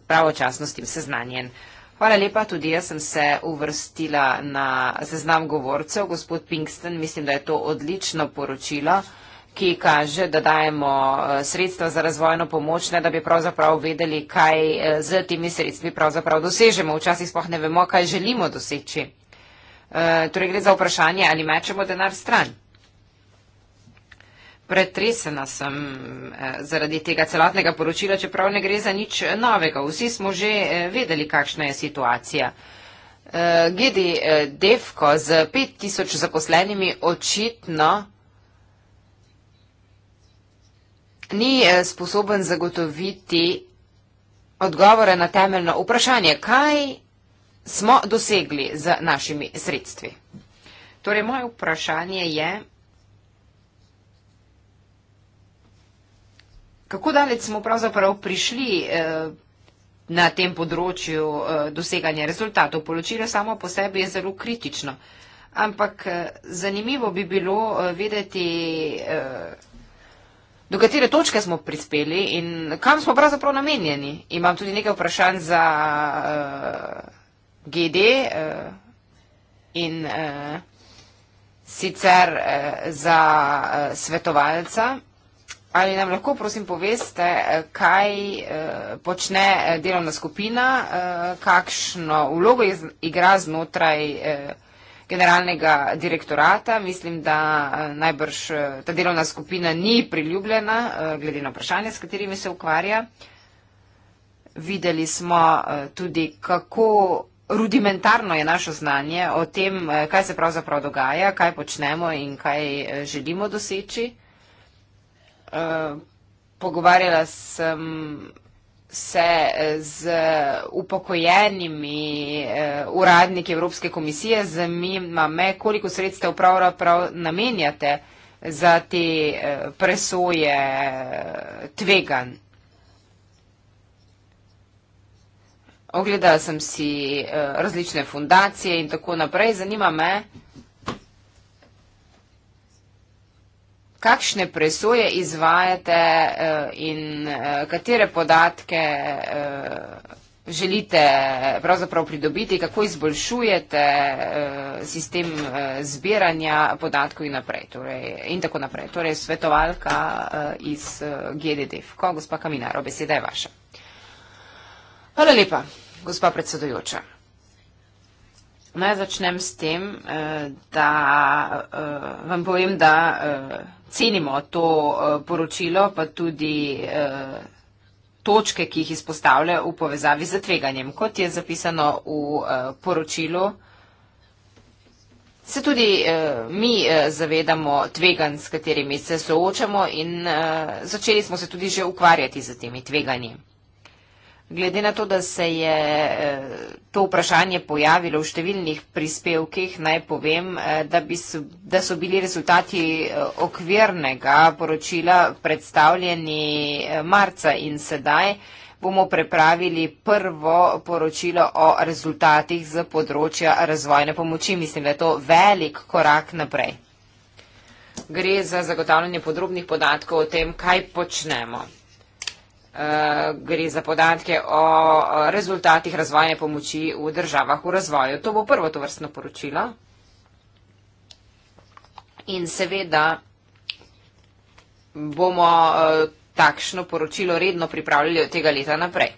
pravočasno s tem seznanjen. Hvala lepa, tudi jaz sem se uvrstila na seznam govorcev. Gospod Pinkston, mislim, da je to odlično poročilo ki kaže, da dajemo eh, sredstva za razvojno pomoč, ne da bi pravzaprav vedeli, kaj eh, z temi sredstvi pravzaprav dosežemo. Včasih spoh ne vemo, kaj želimo doseči. Eh, torej gre za vprašanje, ali mečemo denar stran. Pretresena sem zaradi tega celotnega poročila, čeprav ne gre za nič novega. Vsi smo že vedeli, kakšna je situacija. Gedi Defko z 5000 zaposlenimi očitno ni eh, sposoben zagotoviti odgovore na temeljno vprašanje, kaj smo dosegli z našimi sredstvi. Torej, moje vprašanje je, kako daleč smo pravzaprav prišli eh, na tem področju eh, doseganja rezultatov. Poločilo samo po sebi je zelo kritično, ampak zanimivo bi bilo vedeti, kako je, do katere točke smo prispeli in kam smo pravzaprav namenjeni. Imam tudi nekaj vprašanj za uh, eh, GD uh, eh, in uh, sicer uh, za uh, svetovalca. Ali nam lahko, prosim, poveste, kaj eh, počne delovna skupina, eh, kakšno vlogo igra znotraj eh, generalnega direktorata. Mislim, da eh, najbrž eh, ta delovna skupina ni priljubljena, eh, glede na vprašanje, s katerimi se ukvarja. Videli smo tudi, kako rudimentarno je naše znanje o tem, kaj se pravzaprav dogaja, kaj počnemo in kaj želimo doseči. Pogovarjala sem se eh, z upokojenimi eh, uradniki Evropske komisije zanima me, koliko sredstev pravzaprav namenjate za te eh, presoje tvegan. Ogledala sem si različne fundacije in tako naprej. Zanima me, kakšne presoje izvajate uh, in uh, katere podatke uh, želite pravzaprav pridobiti, kako izboljšujete uh, sistem uh, zbiranja podatkov in, naprej, torej, in tako naprej. Torej, svetovalka uh, iz uh, GDDF. Ko, gospa Kaminaro, beseda je vaša. Hvala lepa, gospa predsedujoča. Naj začnem s tem, da vam povem, da cenimo to eh, poročilo, pa tudi eh, točke, ki jih izpostavlja v povezavi z tveganjem. Kot je zapisano v eh, poročilu, se tudi mi zavedamo tvegan, s katerimi se soočamo in začeli smo se tudi že ukvarjati z temi tveganjami. Glede na to, da se je eh, to vprašanje pojavilo v številnih prispevkih, naj povem, eh, da, bi, da so bili rezultati eh, okvirnega poročila predstavljeni marca in sedaj bomo prepravili prvo poročilo o rezultatih z področja razvojne pomoči. Mislim, da je to velik korak naprej. Gre za zagotavljanje podrobnih podatkov o tem, kaj počnemo. Eh, gre za podatke o rezultatih razvojne pomoči v državah v razvoju. To bo prvo to vrstno poročilo. In seveda bomo eh, takšno poročilo redno pripravljali od tega leta naprej.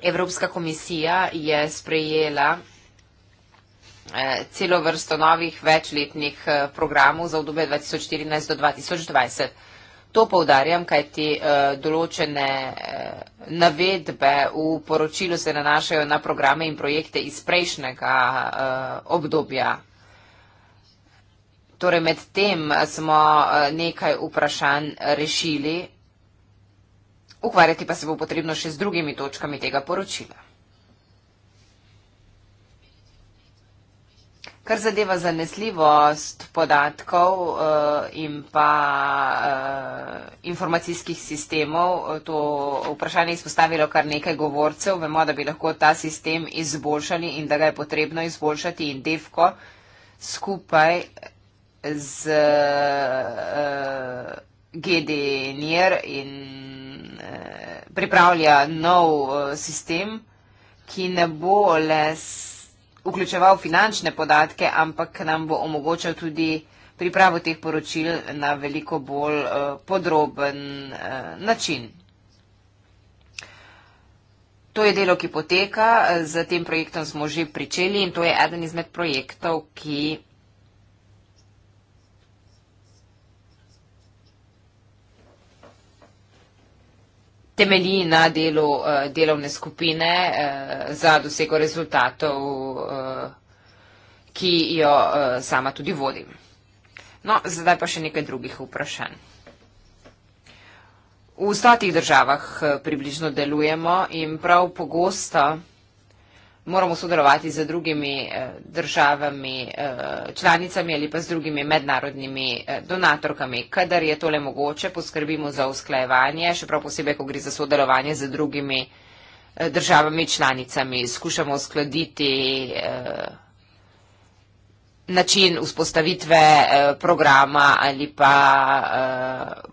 Evropska komisija je sprejela eh, celo vrsto novih večletnih programov za obdobje 2014 do 2020. To povdarjam, kaj ti uh, eh, določene uh, navedbe v poročilu se nanašajo na programe in projekte iz prejšnjega uh, obdobja. Torej, med tem smo uh, nekaj vprašanj rešili, ukvarjati pa se bo potrebno še z drugimi točkami tega poročila. Kar zadeva zanesljivost podatkov uh, in pa uh, informacijskih sistemov, eh, to vprašanje je izpostavilo kar nekaj govorcev. Vemo, da bi lahko ta sistem izboljšali in da ga je potrebno izboljšati in devko skupaj z uh, GDNR in uh, pripravlja nov uh, sistem, ki ne bo le s vključeval finančne podatke, ampak nam bo omogočal tudi pripravo teh poročil na veliko bolj eh, podroben eh, način. To je delo, ki poteka, z eh, tem projektom smo že pričeli in to je eden izmed projektov, ki temelji na delu uh, delovne skupine uh, za dosego rezultatov, uh, ki jo uh, sama tudi vodim. No, zdaj pa še nekaj drugih vprašanj. V stotih državah približno delujemo in prav pogosto moramo sodelovati z drugimi eh, državami, eh, članicami ali pa z drugimi mednarodnimi eh, donatorkami. Kadar je tole mogoče, poskrbimo za usklajevanje, še prav posebej, ko gre za sodelovanje z drugimi državami, članicami. Skušamo uskladiti način vzpostavitve programa ali pa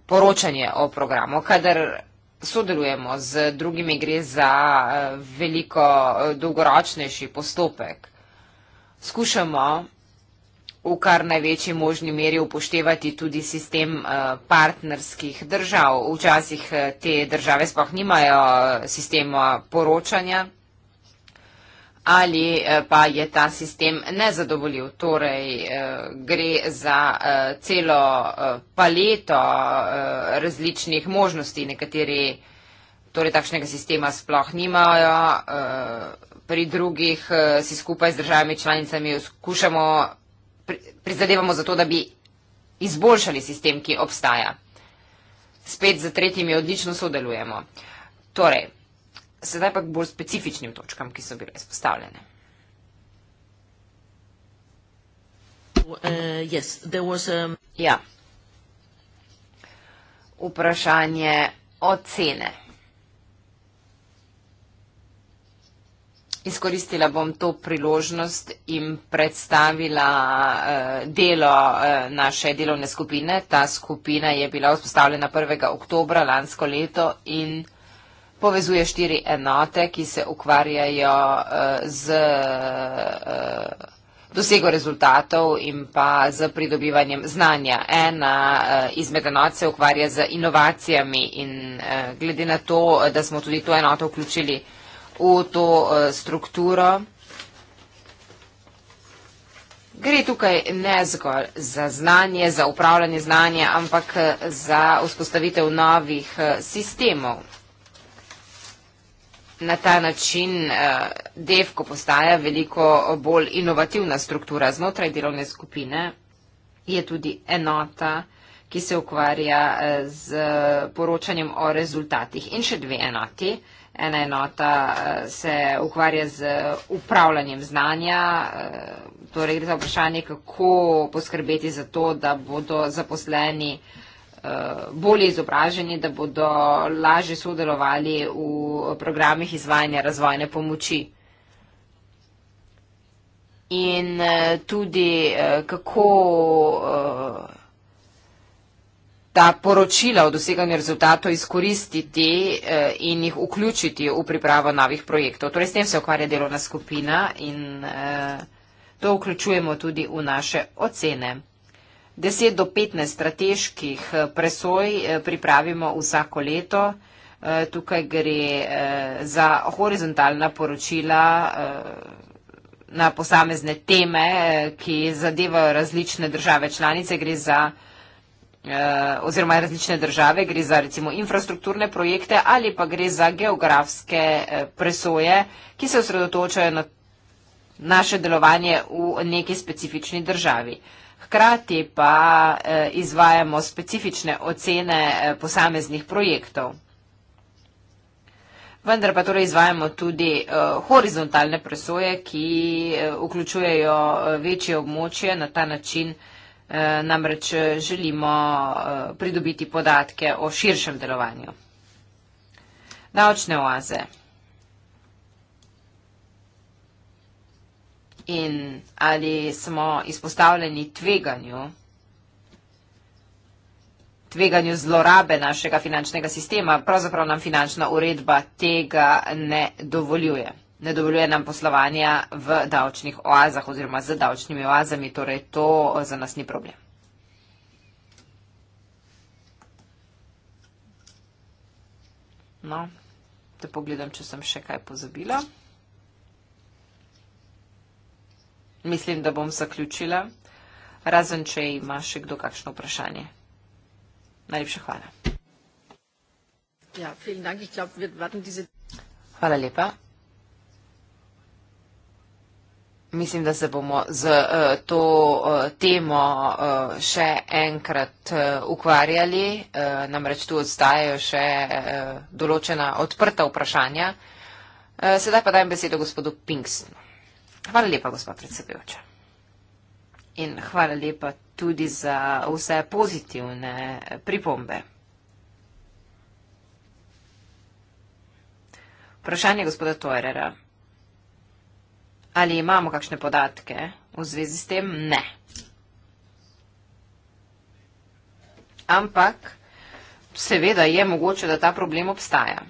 poročanje o programu. Kadar sodelujemo z drugimi, gre za eh, veliko eh, dolgoročnejši postopek. Skušamo v kar največji možni meri upoštevati tudi sistem eh, partnerskih držav. Včasih te države sploh nimajo sistema poročanja ali eh, pa je ta sistem nezadovoljiv. Torej, eh, gre za eh, celo paleto različnih možnosti, nekateri torej takšnega sistema sploh nimajo, pri drugih si skupaj z državami članicami skušamo, prizadevamo za to, da bi izboljšali sistem, ki obstaja. Spet z tretjimi odlično sodelujemo. Torej, sedaj pa k bolj specifičnim točkam, ki so bile izpostavljene. Uh, yes, a... Um, ja. Vprašanje o cene. Izkoristila bom to priložnost in predstavila uh, delo uh, naše delovne skupine. Ta skupina je bila vzpostavljena 1. oktobra lansko leto in povezuje štiri enote, ki se ukvarjajo eh, z eh, dosego rezultatov in pa z pridobivanjem znanja. Ena eh, izmed enot se ukvarja z inovacijami in glede na to, da smo tudi to enoto vključili v to strukturo, Gre tukaj ne zgolj za znanje, za upravljanje znanja, ampak za vzpostavitev novih sistemov na ta način uh, eh, DEFKO postaja veliko bolj inovativna struktura znotraj delovne skupine, je tudi enota, ki se ukvarja eh, z poročanjem o rezultatih in še dve enoti. Ena enota eh, se ukvarja z upravljanjem znanja, torej gre za vprašanje, kako poskrbeti za to, da bodo zaposleni uh, Eh, bolje izobraženi, da bodo lažje sodelovali v programih izvajanja razvojne pomoči. In eh, tudi eh, kako ta poročila o doseganju rezultatov izkoristiti in jih vključiti v pripravo novih projektov. Torej, s tem se ukvarja delovna skupina in to vključujemo tudi v naše ocene. 10 do 15 strateških eh, presoj eh, pripravimo vsako leto. Eh, tukaj gre za horizontalna poročila na posamezne teme, ki zadevajo različne države članice, gre za oziroma različne države, gre za recimo infrastrukturne projekte ali pa gre za geografske presoje, ki se osredotočajo na naše delovanje v neki specifični državi hkrati pa eh, izvajamo specifične ocene eh, posameznih projektov. Vendar pa torej izvajamo tudi eh, horizontalne presoje, ki vključujejo večje območje. Na ta način namreč želimo pridobiti podatke o širšem delovanju. Naočne oaze. in ali smo izpostavljeni tveganju, tveganju zlorabe našega finančnega sistema, pravzaprav nam finančna uredba tega ne dovoljuje. Ne dovoljuje nam poslovanja v davčnih oazah oziroma z davčnimi oazami, torej to za nas ni problem. No, da pogledam, če sem še kaj pozabila. Mislim, da bom zaključila, razen če ima še kdo kakšno vprašanje. Najlepša hvala. Ja, hvala lepa. Mislim, da se bomo z uh, to uh, temo uh, še enkrat uh, ukvarjali, uh, namreč tu ostajajo še uh, določena odprta vprašanja. Uh, sedaj pa dajem besedo gospodu Pinkstonu. Hvala lepa, gospod predsedujoča. In hvala lepa tudi za vse pozitivne pripombe. Vprašanje gospoda Tojrera. Ali imamo kakšne podatke v zvezi s tem? Ne. Ampak seveda je mogoče, da ta problem obstaja.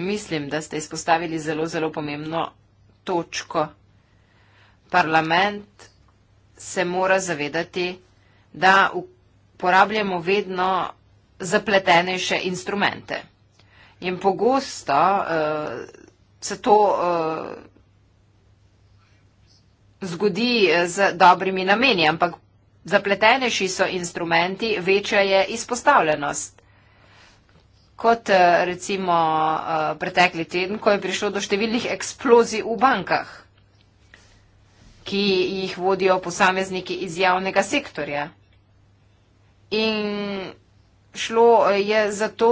Mislim, da ste izpostavili zelo, zelo pomembno točko. Parlament se mora zavedati, da uporabljamo vedno zapletenejše instrumente. In pogosto uh, se to uh, zgodi eh, z dobrimi nameni, ampak zapletenejši so instrumenti, večja je izpostavljenost kot eh, recimo eh, pretekli teden, ko je prišlo do številnih eksplozij v bankah, ki jih vodijo posamezniki iz javnega sektorja. In šlo eh, je za to,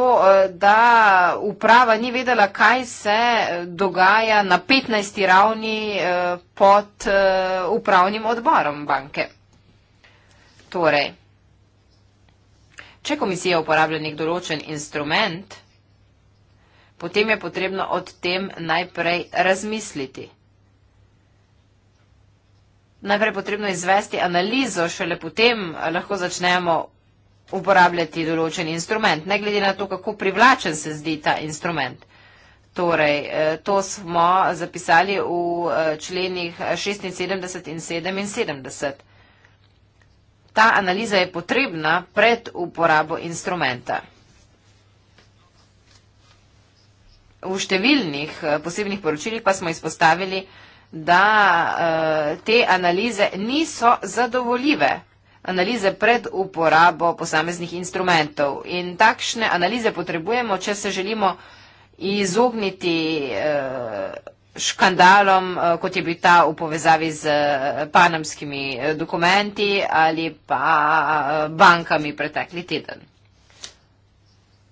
da uprava ni vedela, kaj se dogaja na 15. ravni pod upravnim odborom banke. Torej, Če komisija uporablja nek določen instrument, potem je potrebno od tem najprej razmisliti. Najprej potrebno izvesti analizo, šele potem eh, lahko začnemo uporabljati določen instrument, ne glede na to, kako privlačen se zdi ta instrument. Torej, eh, to smo zapisali v eh, členih 76 in 77. Ta analiza je potrebna pred uporabo instrumenta. V številnih eh, posebnih poročilih pa smo izpostavili, da eh, te analize niso zadovoljive. Analize pred uporabo posameznih instrumentov. In takšne analize potrebujemo, če se želimo izogniti vsega, eh, škandalom, eh, kot je bil ta v povezavi z eh, panamskimi eh, dokumenti ali pa bankami pretekli teden.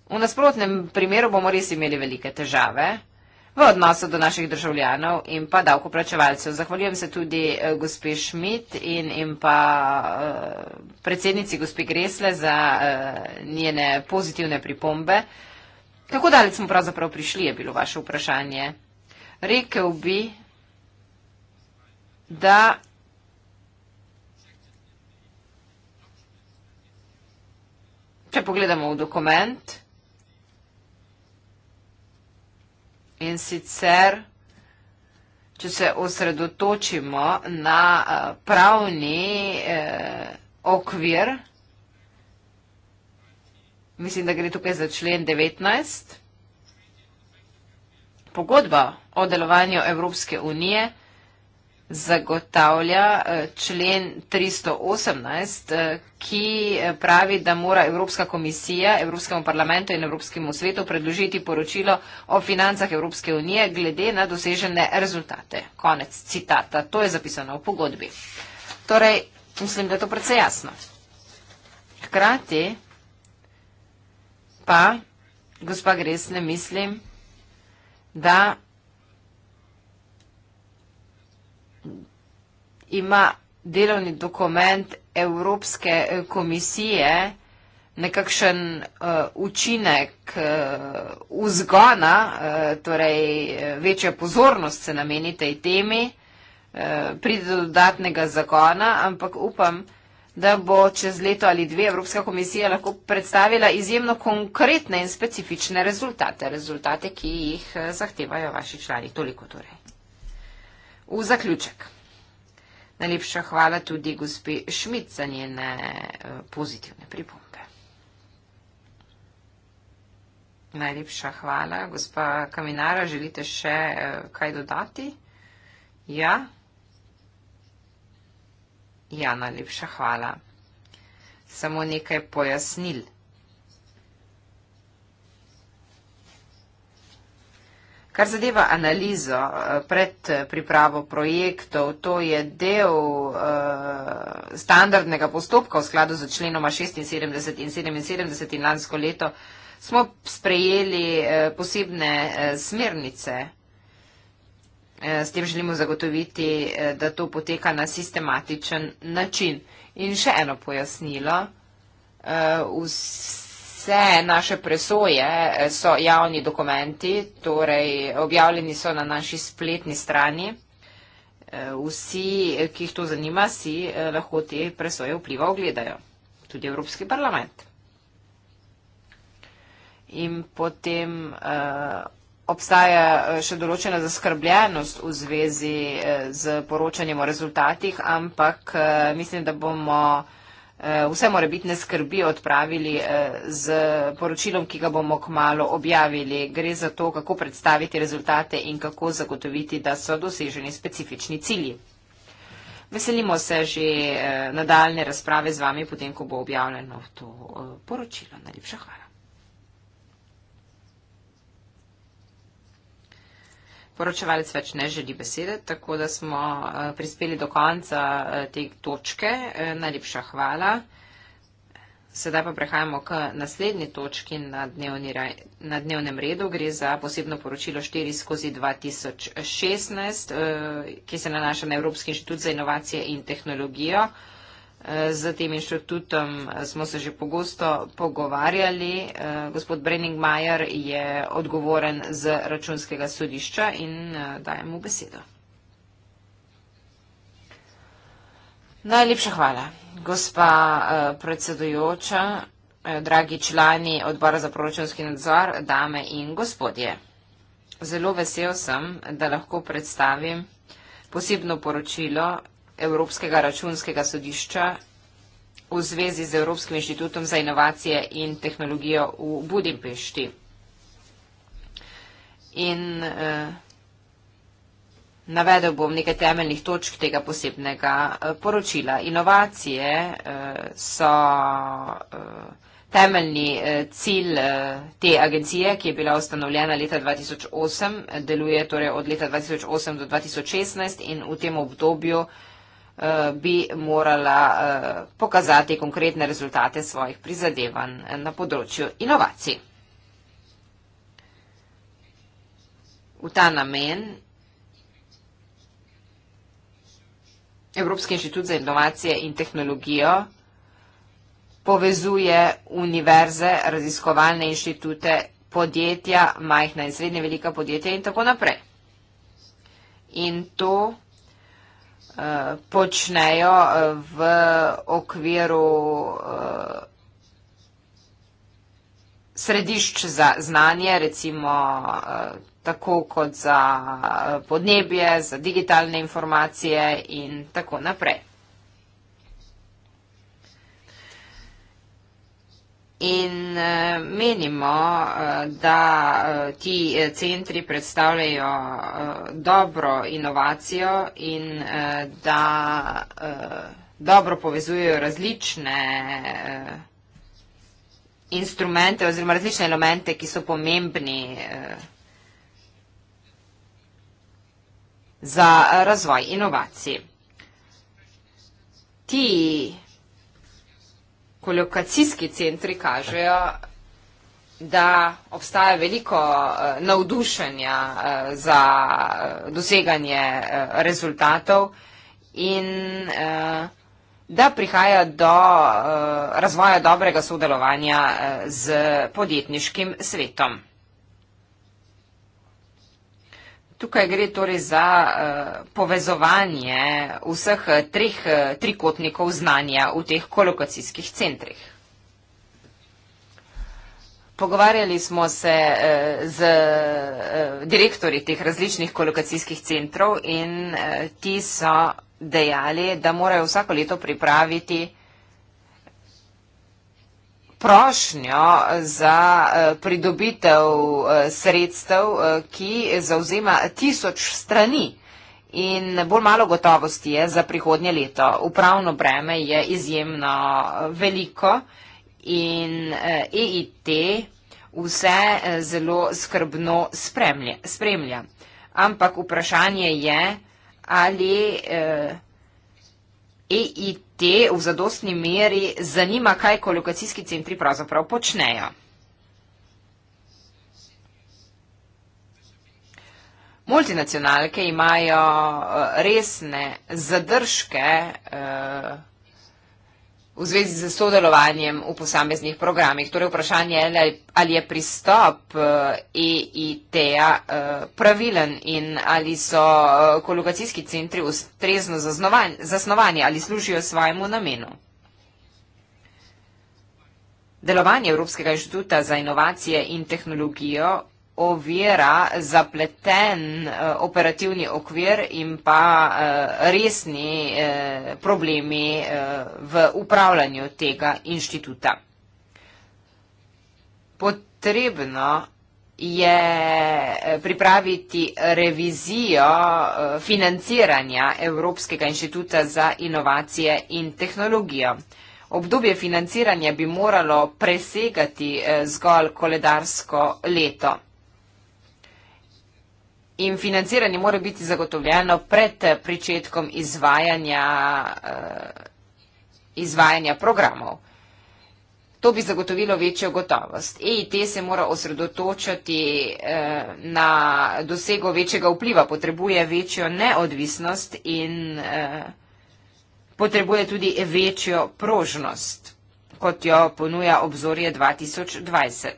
V nasprotnem primeru bomo res imeli velike težave v odnosu do naših državljanov in pa davkoplačevalcev. Zahvaljujem se tudi gospe Šmit in, in pa predsednici gospe Gresle za njene pozitivne pripombe. Kako daleč smo pravzaprav prišli, je bilo vaše vprašanje rekel bi, da če pogledamo v dokument in sicer, če se osredotočimo na eh, pravni eh, okvir, mislim, da gre tukaj za člen 19, 19, pogodba o delovanju Evropske unije zagotavlja eh, člen 318, eh, ki eh, pravi, da mora Evropska komisija Evropskemu parlamentu in Evropskemu svetu predložiti poročilo o financah Evropske unije glede na dosežene rezultate. Konec citata. To je zapisano v pogodbi. Torej, mislim, da je to precej jasno. Hkrati pa, gospa Gres, ne mislim, da ima delovni dokument Evropske eh, komisije nekakšen uh, učinek uh, vzgona, uh, torej večja pozornost se nameni tej temi, uh, pride do dodatnega zakona, ampak upam, uh, da bo čez leto ali dve Evropska komisija lahko predstavila izjemno konkretne in specifične rezultate, rezultate, ki jih eh, zahtevajo vaši člani. Toliko torej. V zaključek. Najlepša hvala tudi gospi Šmit za njene eh, pozitivne pripombe. Najlepša hvala. Gospa Kaminara, želite še eh, kaj dodati? Ja. Ja, najlepša hvala. Samo nekaj pojasnil. Kar zadeva analizo eh, pred eh, pripravo projektov, to je del eh, standardnega postopka v skladu z členoma 76 in 77 in lansko leto smo sprejeli posebne smernice Eh, s tem želimo zagotoviti, eh, da to poteka na sistematičen način. In še eno pojasnilo. Eh, vse naše presoje so javni dokumenti, torej objavljeni so na naši spletni strani. Vsi, ki jih to zanima, si lahko te presoje vpliva ogledajo. Tudi Evropski parlament. In potem uh, obstaja eh, še določena zaskrbljenost v zvezi eh, z poročanjem o rezultatih, ampak eh, mislim, da bomo vse mora biti neskrbi odpravili z poročilom, ki ga bomo kmalo objavili. Gre za to, kako predstaviti rezultate in kako zagotoviti, da so doseženi specifični cilji. Veselimo se že nadaljne razprave z vami, potem, ko bo objavljeno to poročilo. Najlepša hvala. Poročevalec več ne želi besede, tako da smo eh, prispeli do konca eh, te točke. Eh, najlepša hvala. Sedaj pa prehajamo k naslednji točki na, dnevni, na dnevnem redu. Gre za posebno poročilo 4 skozi 2016, ki se nanaša na Evropski inštitut za inovacije in tehnologijo. Z tem inštitutom eh, smo se že pogosto pogovarjali. Eh, gospod Brenning Majer je odgovoren z računskega sodišča in eh, dajem mu besedo. Najlepša hvala. Gospa predsedujoča, dragi člani odbora za proračunski nadzor, dame in gospodje. Zelo vesel sem, da lahko predstavim posebno poročilo Evropskega računskega sodišča v zvezi z Evropskim inštitutom za inovacije in tehnologijo v Budimpešti. In eh, navedel bom nekaj temeljnih točk tega posebnega eh, poročila. Inovacije eh, so eh, temeljni eh, cilj eh, te agencije, ki je bila ustanovljena leta 2008, deluje torej od leta 2008 do 2016 in v tem obdobju Eh, bi morala eh, pokazati konkretne rezultate svojih prizadevanj eh, na področju inovacij. V ta namen Evropski inštitut za inovacije in tehnologijo povezuje univerze, raziskovalne inštitute, podjetja, majhna in srednje velika podjetja in tako naprej. In to počnejo eh, v okviru eh, središč za znanje, recimo eh, tako kot za podnebje, za digitalne informacije in tako naprej. In eh, menimo, eh, da eh, ti centri predstavljajo dobro inovacijo in da dobro povezujejo različne instrumente oziroma različne elemente, ki so pomembni za razvoj inovacij. Ti kolokacijski centri kažejo, da obstaja veliko eh, navdušenja eh, za eh, doseganje rezultatov in da prihaja do razvoja dobrega sodelovanja z podjetniškim svetom. Tukaj gre torej za uh, povezovanje vseh eh, treh uh, trikotnikov znanja v teh kolokacijskih centrih. Pogovarjali smo se uh, z uh, direktori teh različnih kolokacijskih centrov in uh, ti so dejali, da morajo vsako leto pripraviti uh, prošnjo za eh, pridobitev eh, sredstev, eh, ki zauzema tisoč strani in bolj malo gotovosti je za prihodnje leto. Upravno breme je izjemno veliko in EIT e vse zelo skrbno spremlja. spremlja. Ampak vprašanje je, ali EIT e te v zadostni meri zanima, kaj kolokacijski centri pravzaprav počnejo. Multinacionalke imajo eh, resne zadržke, eh, v zvezi z sodelovanjem v posameznih programih. Torej vprašanje je, ali je pristop EIT-a eh, e eh, pravilen in ali so eh, kolokacijski centri ustrezno zasnovani ali služijo svojemu namenu. Delovanje Evropskega inštituta za inovacije in tehnologijo ovira zapleten eh, operativni okvir in pa eh, resni eh, problemi v upravljanju tega inštituta. Potrebno je pripraviti revizijo financiranja Evropskega inštituta za inovacije in tehnologijo. Obdobje financiranja bi moralo presegati zgolj koledarsko leto. In financiranje mora biti zagotovljeno pred pričetkom izvajanja, uh, izvajanja programov. To bi zagotovilo večjo gotovost. EIT se mora osredotočati uh, na dosego večjega vpliva, potrebuje večjo neodvisnost in uh, potrebuje tudi večjo prožnost, kot jo ponuja obzorje 2020.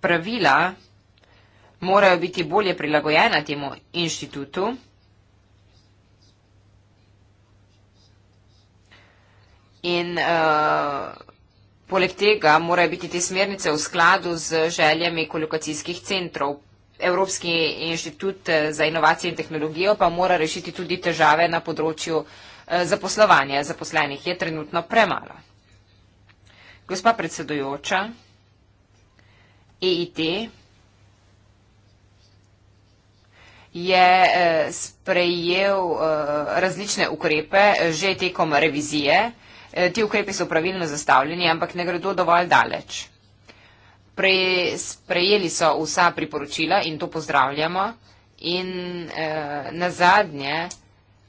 Pravila morajo biti bolje prilagojena temu inštitutu. In eh, poleg tega morajo biti te smernice v skladu z željami kolokacijskih centrov. Evropski inštitut eh, za inovacije in tehnologijo pa mora rešiti tudi težave na področju eh, zaposlovanja. Zaposlenih je trenutno premalo. Gospa predsedujoča, EIT, je eh, sprejel eh, različne ukrepe že tekom revizije. Eh, ti ukrepi so pravilno zastavljeni, ampak ne gredo dovolj daleč. Pre, sprejeli so vsa priporočila in to pozdravljamo. In eh, na zadnje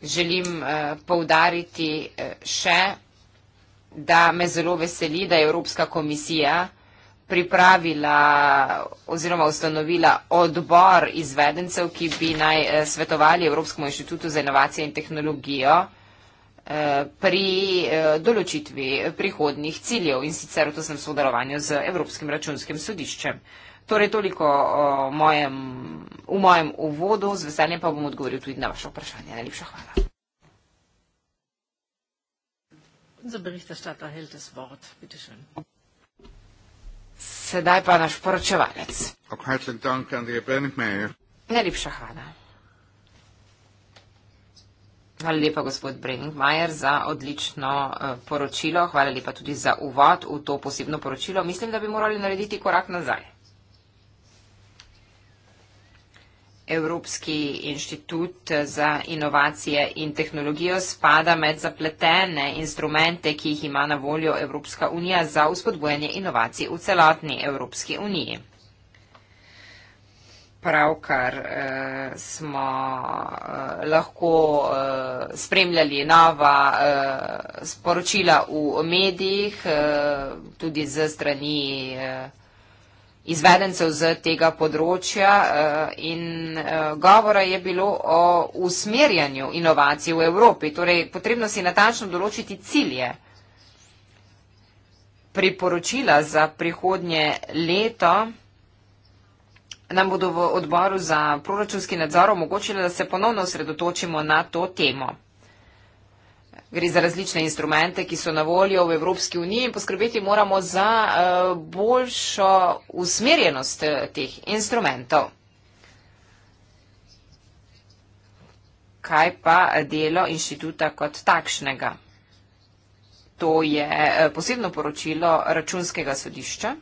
želim eh, povdariti eh, še, da me zelo veseli, da je Evropska komisija eh, pripravila oziroma ustanovila odbor izvedencev, ki bi naj eh, svetovali Evropskemu inštitutu za inovacije in tehnologijo eh, pri eh, določitvi prihodnih ciljev in sicer v tosnem sodelovanju z Evropskim računskim sodiščem. Torej toliko mojem, v mojem uvodu, z veseljem pa bom odgovoril tudi na vaše vprašanje. Najlepša hvala. Unser Berichterstatter hält das Wort. Bitte schön. Sedaj pa naš poročevalec. Najlepša hvala. Hvala lepa, gospod Brenningmajer, za odlično eh, poročilo. Hvala lepa tudi za uvod v to posebno poročilo. Mislim, da bi morali narediti korak nazaj. Evropski inštitut za inovacije in tehnologijo spada med zapletene instrumente, ki jih ima na voljo Evropska unija za uspodbojanje inovacij v celotni Evropski uniji. Pravkar eh, smo eh, lahko eh, spremljali nova eh, sporočila v medijih, eh, tudi z strani. Eh, izvedencev z tega področja eh, in eh, govora je bilo o usmerjanju inovacij v Evropi. Torej, potrebno si natančno določiti cilje. Priporočila za prihodnje leto nam bodo v odboru za proračunski nadzor omogočila, da se ponovno osredotočimo na to temo gre za različne instrumente, ki so na voljo v Evropski uniji in poskrbeti moramo za eh, boljšo usmerjenost eh, teh instrumentov. Kaj pa delo inštituta kot takšnega? To je eh, posebno poročilo računskega sodišča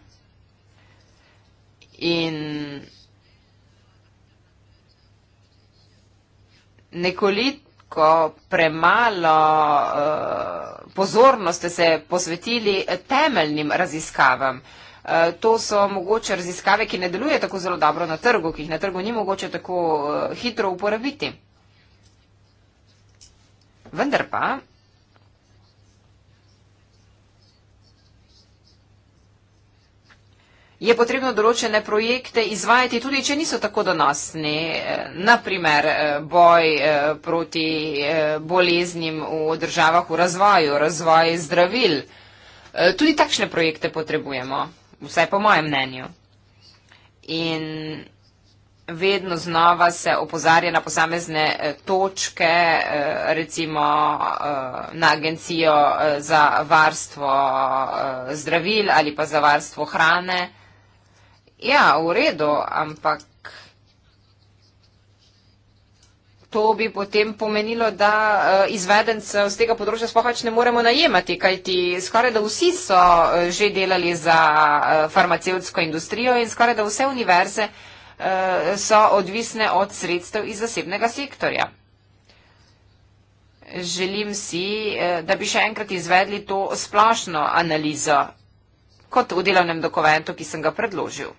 in nekolit nekako premalo uh, pozornosti se posvetili temeljnim raziskavam. Eh, to so mogoče raziskave, ki ne deluje tako zelo dobro na trgu, ki jih na trgu ni mogoče tako eh, hitro uporabiti. Vendar pa je potrebno določene projekte izvajati tudi, če niso tako donosni. Eh, Naprimer, eh, boj eh, proti boleznim v državah v razvoju, razvoj zdravil. Tudi takšne projekte potrebujemo, vsaj po mojem mnenju. In vedno znova se opozarja na posamezne točke, recimo na agencijo za varstvo zdravil ali pa za varstvo hrane. Ja, v redu, ampak to bi potem pomenilo, da eh, izvedence z tega področja spohač ne moremo najemati, kajti skoraj da vsi so eh, že delali za eh, farmacevtsko industrijo in skoraj da vse univerze so odvisne od sredstev iz zasebnega sektorja. Želim si, da bi še enkrat izvedli to splošno analizo kot v delovnem dokumentu, ki sem ga predložil.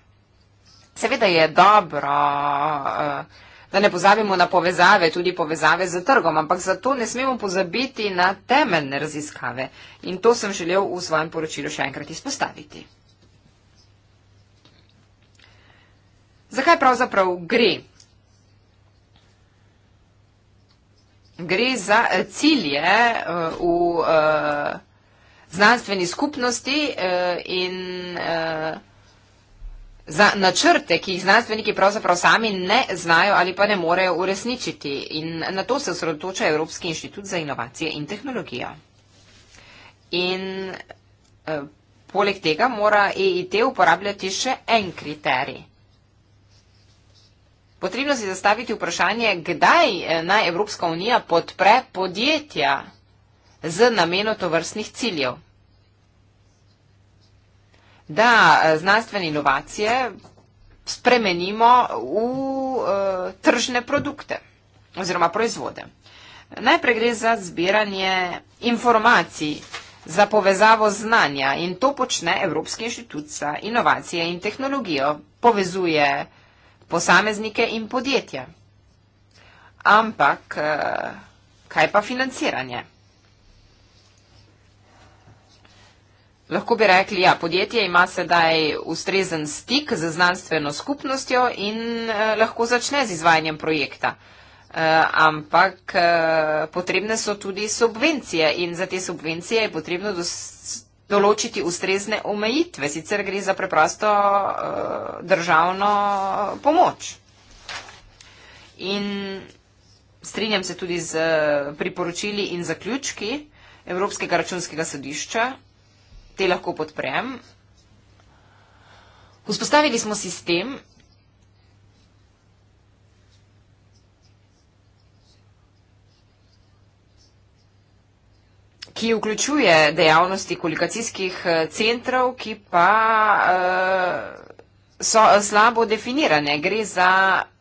Seveda je dobro, eh, da ne pozabimo na povezave, tudi povezave z trgom, ampak zato ne smemo pozabiti na temeljne raziskave. In to sem želel v svojem poročilu še enkrat izpostaviti. Zakaj pravzaprav gre? Gre za eh, cilje eh, v znanstveni skupnosti in za načrte, ki jih znanstveniki pravzaprav sami ne znajo ali pa ne morejo uresničiti. In na to se osredotoča Evropski inštitut za inovacije in tehnologijo. In eh, poleg tega mora EIT uporabljati še en kriterij. Potrebno si zastaviti vprašanje, kdaj eh, naj Evropska unija podpre podjetja z namenom tovrstnih ciljev da eh, znanstvene inovacije spremenimo v e, tržne produkte oziroma proizvode. Najprej gre za zbiranje informacij za povezavo znanja in to počne Evropski inštitut za inovacije in tehnologijo, povezuje posameznike in podjetja. Ampak, eh, kaj pa financiranje? Lahko bi rekli, ja, podjetje ima sedaj ustrezen stik z znanstveno skupnostjo in eh, lahko začne z izvajanjem projekta. Eh, ampak eh, potrebne so tudi subvencije in za te subvencije je potrebno določiti ustrezne omejitve, sicer gre za preprosto eh, državno eh, pomoč. In strinjam se tudi z eh, priporočili in zaključki Evropskega računskega sodišča te lahko podprem. Vzpostavili smo sistem, ki vključuje dejavnosti kolikacijskih eh, centrov, ki pa uh, so eh, slabo definirane. Gre za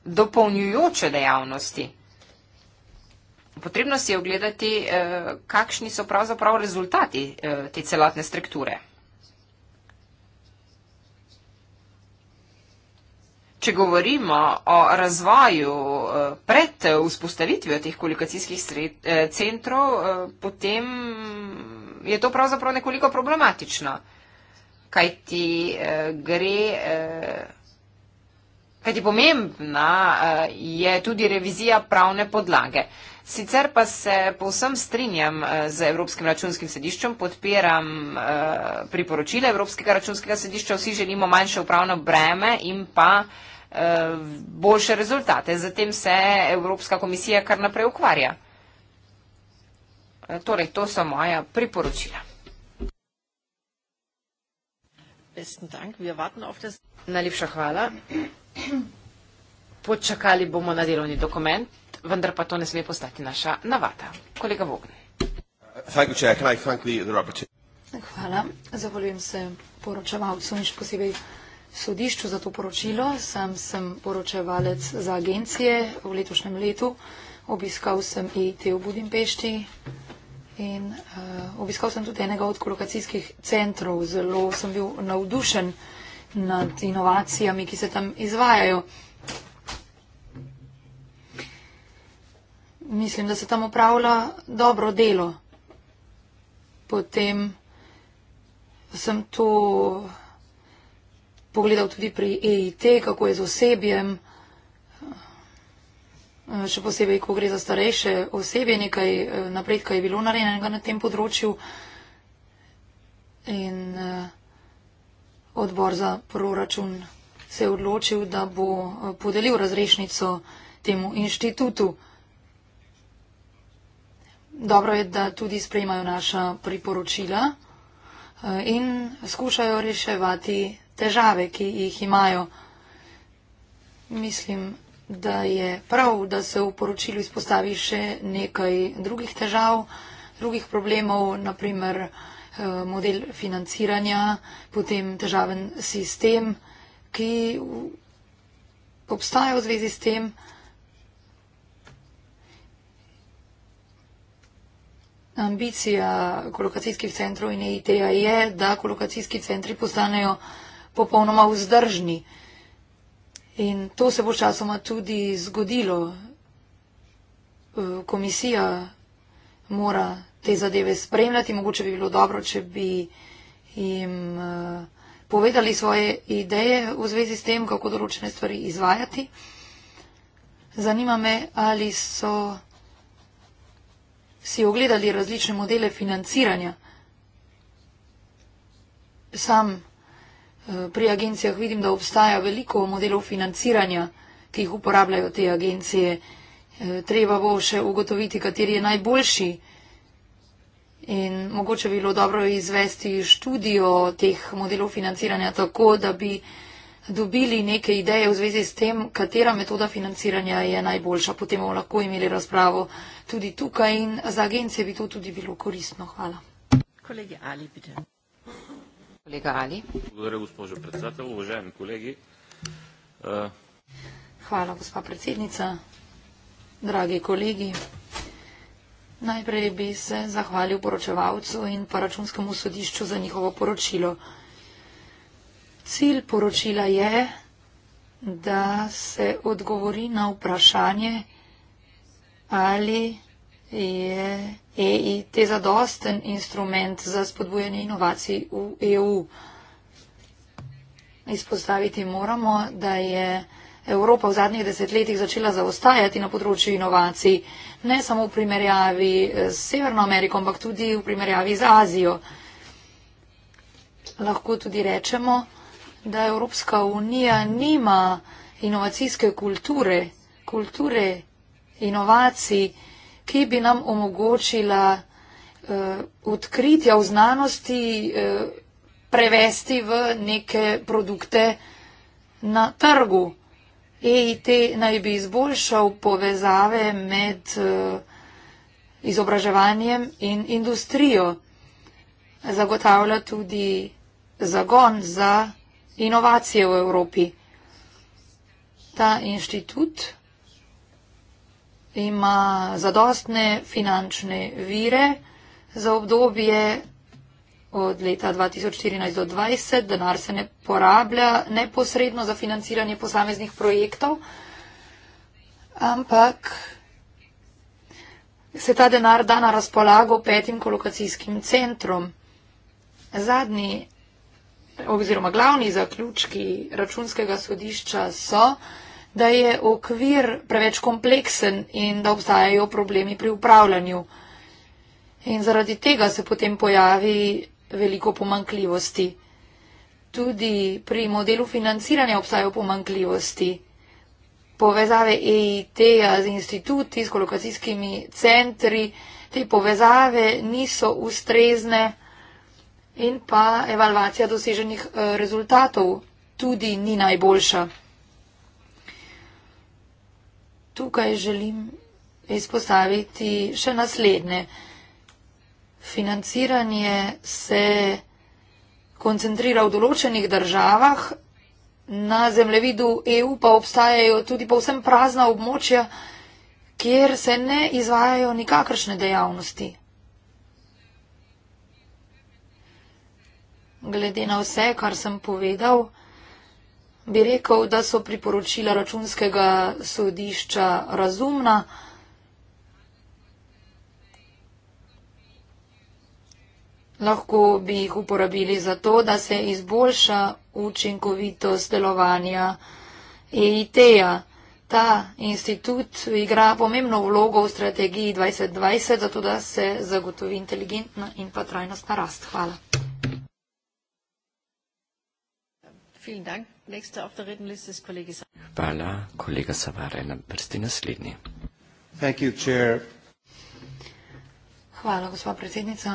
dopolnjujoče dejavnosti potrebno si je ogledati, eh, kakšni so pravzaprav rezultati eh, te celotne strukture. Če govorimo o razvoju eh, pred vzpostavitvijo teh kolikacijskih sred, centrov, potem je to pravzaprav nekoliko problematično, kaj ti gre. Kaj je pomembna, je tudi revizija pravne podlage. Sicer pa se povsem strinjam eh, z Evropskim računskim sediščem, podpiram eh, priporočile Evropskega računskega sedišča, vsi želimo manjše upravno breme in pa eh, boljše rezultate. Zatem se Evropska komisija kar naprej ukvarja. Torej, to so moja priporočila. Najlepša hvala. Počakali bomo na delovni dokument vendar pa to ne sme postati naša navada. Kolega Vogn. Hvala. Zavoljujem se poročevalcu in še posebej sodišču za to poročilo. Sam sem poročevalec za agencije v letošnjem letu. Obiskal sem e IT v Budimpešti in uh, obiskal sem tudi enega od kolokacijskih centrov. Zelo sem bil navdušen nad inovacijami, ki se tam izvajajo. Mislim, da se tam upravlja dobro delo. Potem sem to pogledal tudi pri EIT, kako je z osebjem. Še posebej, ko gre za starejše osebje, nekaj eh, napredka je bilo narejenega na tem področju. In eh, odbor za proračun se je odločil, da bo eh, podelil razrešnico temu inštitutu dobro je, da tudi sprejmajo naša priporočila eh, in skušajo reševati težave, ki jih imajo. Mislim, da je prav, da se v poročilu izpostavi še nekaj drugih težav, drugih problemov, naprimer eh, model financiranja, potem težaven sistem, ki obstaja v zvezi s tem, ambicija kolokacijskih centrov in EIT-a je, da kolokacijski centri postanejo popolnoma vzdržni. In to se bo časoma tudi zgodilo. E, komisija mora te zadeve spremljati. Mogoče bi bilo dobro, če bi jim e, povedali svoje ideje v zvezi s tem, kako določene stvari izvajati. Zanima me, ali so si ogledali različne modele financiranja. Sam eh, pri agencijah vidim, da obstaja veliko modelov financiranja, ki jih uporabljajo te agencije. Eh, treba bo še ugotoviti, kateri je najboljši. In mogoče bilo dobro izvesti študijo teh modelov financiranja tako, da bi dobili neke ideje v zvezi s tem, katera metoda financiranja je najboljša. Potem bomo lahko imeli razpravo tudi tukaj in za agencije bi to tudi bilo koristno. Hvala. Kolegi Ali, bitte. Kolega Ali. Hvala, gospođo predsedatelj, uvaženi kolegi. Hvala, gospa predsednica, dragi kolegi. Najprej bi se zahvalil poročevalcu in pa računskemu sodišču za njihovo poročilo. Cilj poročila je, da se odgovori na vprašanje, ali je EIT zadosten instrument za spodbujanje inovacij v EU. Izpostaviti moramo, da je Evropa v zadnjih desetletjih začela zaostajati na področju inovacij, ne samo v primerjavi s Severno Ameriko, ampak tudi v primerjavi z Azijo. Lahko tudi rečemo, da je da Evropska unija nima inovacijske kulture, kulture inovacij, ki bi nam omogočila uh, odkritja v znanosti uh, prevesti v neke produkte na trgu. EIT naj bi izboljšal povezave med uh, izobraževanjem in industrijo. Zagotavlja tudi zagon za inovacije v Evropi. Ta inštitut ima zadostne finančne vire za obdobje od leta 2014 do 2020. Denar se ne porablja neposredno za financiranje posameznih projektov, ampak se ta denar da na razpolago petim kolokacijskim centrom. Zadnji oziroma glavni zaključki računskega sodišča so, da je okvir preveč kompleksen in da obstajajo problemi pri upravljanju. In zaradi tega se potem pojavi veliko pomankljivosti. Tudi pri modelu financiranja obstajajo pomankljivosti. Povezave EIT-ja z instituti, s kolokacijskimi centri, te povezave niso ustrezne in pa evalvacija doseženih eh, rezultatov tudi ni najboljša. Tukaj želim izpostaviti še naslednje. Financiranje se koncentrira v določenih državah, na zemljevidu EU pa obstajajo tudi povsem prazna območja, kjer se ne izvajajo nikakršne dejavnosti. glede na vse, kar sem povedal, bi rekel, da so priporočila računskega sodišča razumna. Lahko bi jih uporabili za to, da se izboljša učinkovitost delovanja EIT-ja. Ta institut igra pomembno vlogo v strategiji 2020, zato da se zagotovi inteligentna in pa trajnostna rast. Hvala. Vielen Dank. Nächster auf der Redenliste ist Kollege Savare. Hvala, kolega Savare. Vrsti naslednji. Thank you, chair. Hvala, gospod predsednica.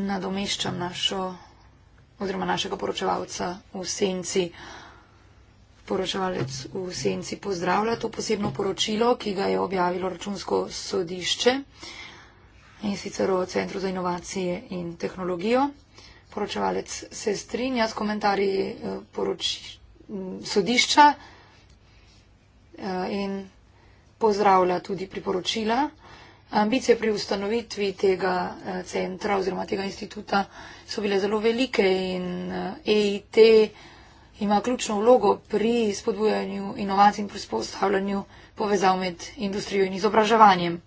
Nadomeščam našo oziroma našega poročevalca v senci. Poročevalec v senci pozdravlja to posebno poročilo, ki ga je objavilo računsko sodišče in sicer o Centru za inovacije in tehnologijo poročevalec se strinja s komentarji eh, poroč, sodišča eh, in pozdravlja tudi priporočila. Ambicije pri ustanovitvi tega eh, centra oziroma tega instituta so bile zelo velike in EIT e ima ključno vlogo pri spodbujanju inovacij in pri spostavljanju povezav med industrijo in izobraževanjem.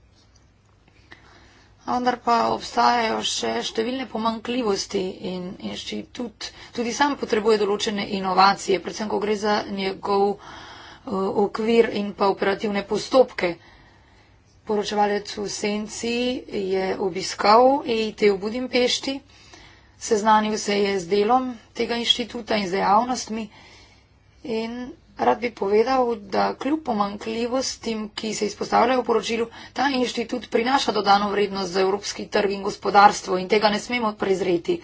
Vendar pa obstajajo še številne pomankljivosti in inštitut tudi sam potrebuje določene inovacije, predvsem, ko gre za njegov uh, okvir in pa operativne postopke. Poročevalec v Senci je obiskal EIT v Budimpešti, seznanil se je z delom tega inštituta in z dejavnostmi in Rad bi povedal, da kljub pomankljivostim, ki se izpostavljajo v poročilu, ta inštitut prinaša dodano vrednost za evropski trg in gospodarstvo in tega ne smemo prezreti.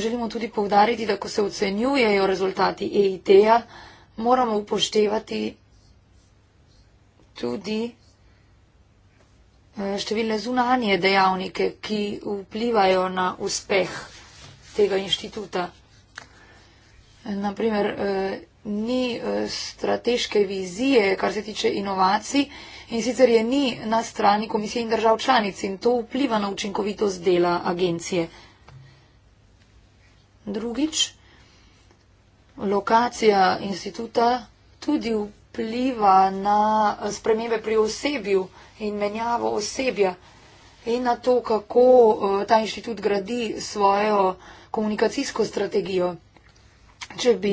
Želimo tudi povdariti, da ko se ocenjujejo rezultati EIT-ja, moramo upoštevati tudi eh, številne zunanje dejavnike, ki vplivajo na uspeh tega inštituta naprimer, eh, ni eh, strateške vizije, kar se tiče inovacij in sicer je ni na strani komisije in držav članic in to vpliva na učinkovitost dela agencije. Drugič, lokacija instituta tudi vpliva na spremembe pri osebju in menjavo osebja in na to, kako eh, ta inštitut gradi svojo komunikacijsko strategijo če bi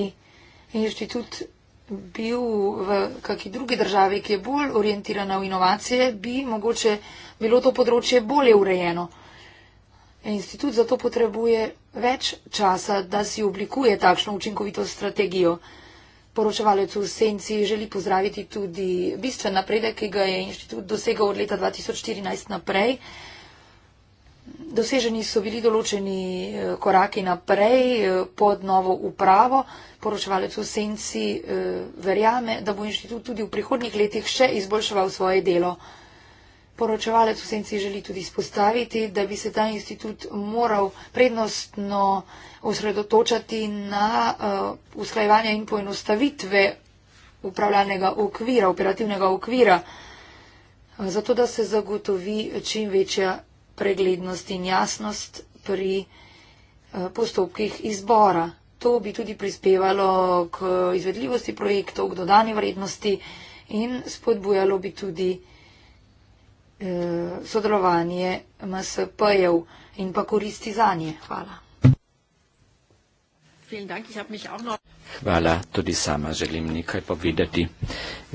inštitut bil v kakšni drugi državi, ki je bolj orientirana v inovacije, bi mogoče bilo to področje bolje urejeno. Inštitut zato potrebuje več časa, da si oblikuje takšno učinkovito strategijo. Poročevalec v senci želi pozdraviti tudi bistven napredek, ki ga je inštitut dosegal od leta 2014 naprej. Doseženi so bili določeni eh, koraki naprej eh, pod novo upravo. Poročevalec v senci eh, verjame, da bo inštitut tudi v prihodnjih letih še izboljševal svoje delo. Poročevalec v senci želi tudi spostaviti, da bi se ta institut moral prednostno osredotočati na usklajevanje in poenostavitve upravljalnega okvira, operativnega okvira, zato da se zagotovi čim večja preglednost in jasnost pri eh, postopkih izbora. To bi tudi prispevalo k izvedljivosti projektov, k dodani vrednosti in spodbujalo bi tudi eh, sodelovanje MSP-jev in pa koristi za nje. Hvala. Hvala, tudi sama želim nekaj povedati.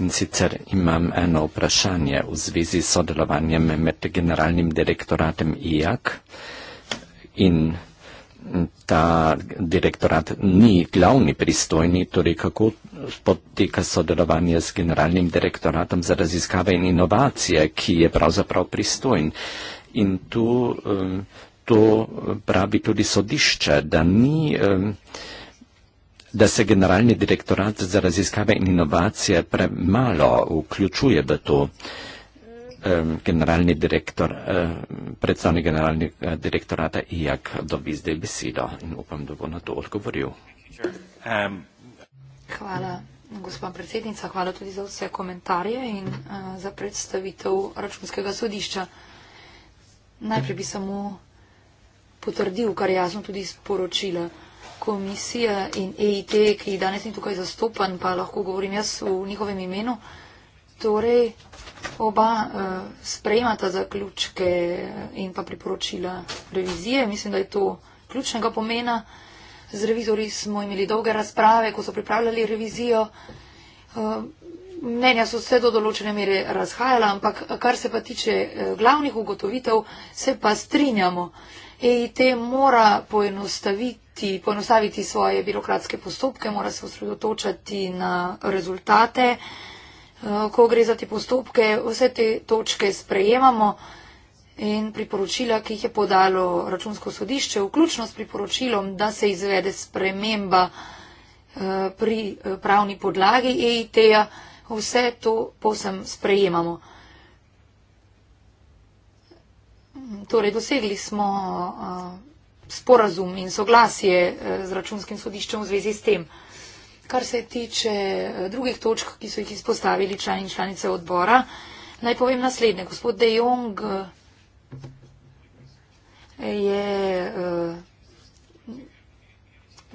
In sicer imam eno vprašanje v zvezi s sodelovanjem med generalnim direktoratom IAK in ta direktorat ni glavni pristojni, torej kako poteka sodelovanje s generalnim direktoratom za raziskave in inovacije, ki je pravzaprav pristojen. In tu. Um, to pravi tudi sodišče, da ni da se Generalni direktorat za raziskave in inovacije premalo vključuje v to generalni direktor, predstavnik generalnega direktorata IAK dobi zdaj besedo in upam, da bo na to odgovoril. Hvala, gospa predsednica, hvala tudi za vse komentarje in eh, za predstavitev računskega sodišča. Najprej bi samo potrdil, kar jaz sem tudi sporočila. Komisija in EIT, ki danes ni tukaj zastopan, pa lahko govorim jaz v njihovem imenu, torej oba uh, sprejmata zaključke in pa priporočila revizije. Mislim, da je to ključnega pomena. Z revizori smo imeli dolge razprave, ko so pripravljali revizijo. Uh, mnenja so se do določene mere razhajala, ampak kar se pa tiče uh, glavnih ugotovitev, se pa strinjamo. Uh, EIT mora poenostaviti, poenostaviti svoje birokratske postopke, mora se osredotočati na rezultate. E, ko gre za te postopke, vse te točke sprejemamo in priporočila, ki jih je podalo računsko sodišče, vključno s priporočilom, da se izvede sprememba e, pri e, pravni podlagi EIT-ja, vse to posem sprejemamo. Torej, dosegli smo sporazum in soglasje e, z računskim sodiščem v zvezi s tem. Kar se tiče e, drugih točk, ki so jih izpostavili člani in članice odbora, naj povem naslednje. Gospod De Jong e, je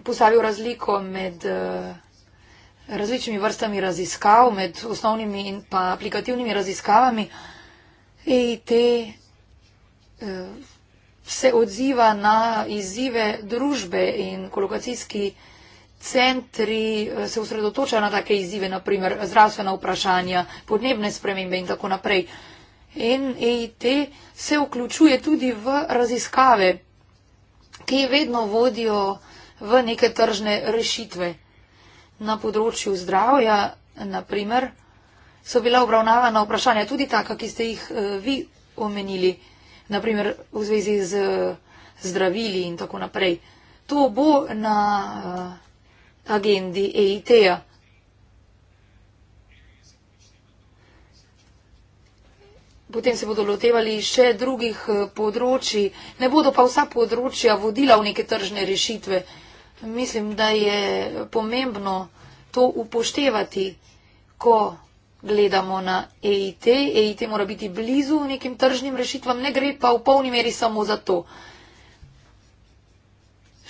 postavil razliko med različnimi vrstami raziskav, med osnovnimi in pa aplikativnimi raziskavami. In te Eh, se odziva na izzive družbe in kolokacijski centri eh, se osredotočajo na take izzive, naprimer zdravstvena vprašanja, podnebne spremembe in tako naprej. In EIT se vključuje tudi v raziskave, ki vedno vodijo v neke tržne rešitve. Na področju zdravja, naprimer, so bila obravnavana vprašanja tudi taka, ki ste jih eh, vi omenili naprimer v zvezi z zdravili in tako naprej. To bo na uh, agendi EIT-a. Potem se bodo lotevali še drugih eh, področji. Ne bodo pa vsa področja vodila v neke tržne rešitve. Mislim, da je pomembno to upoštevati, ko gledamo na EIT. EIT mora biti blizu nekim tržnim rešitvam, ne gre pa v polni meri samo za to.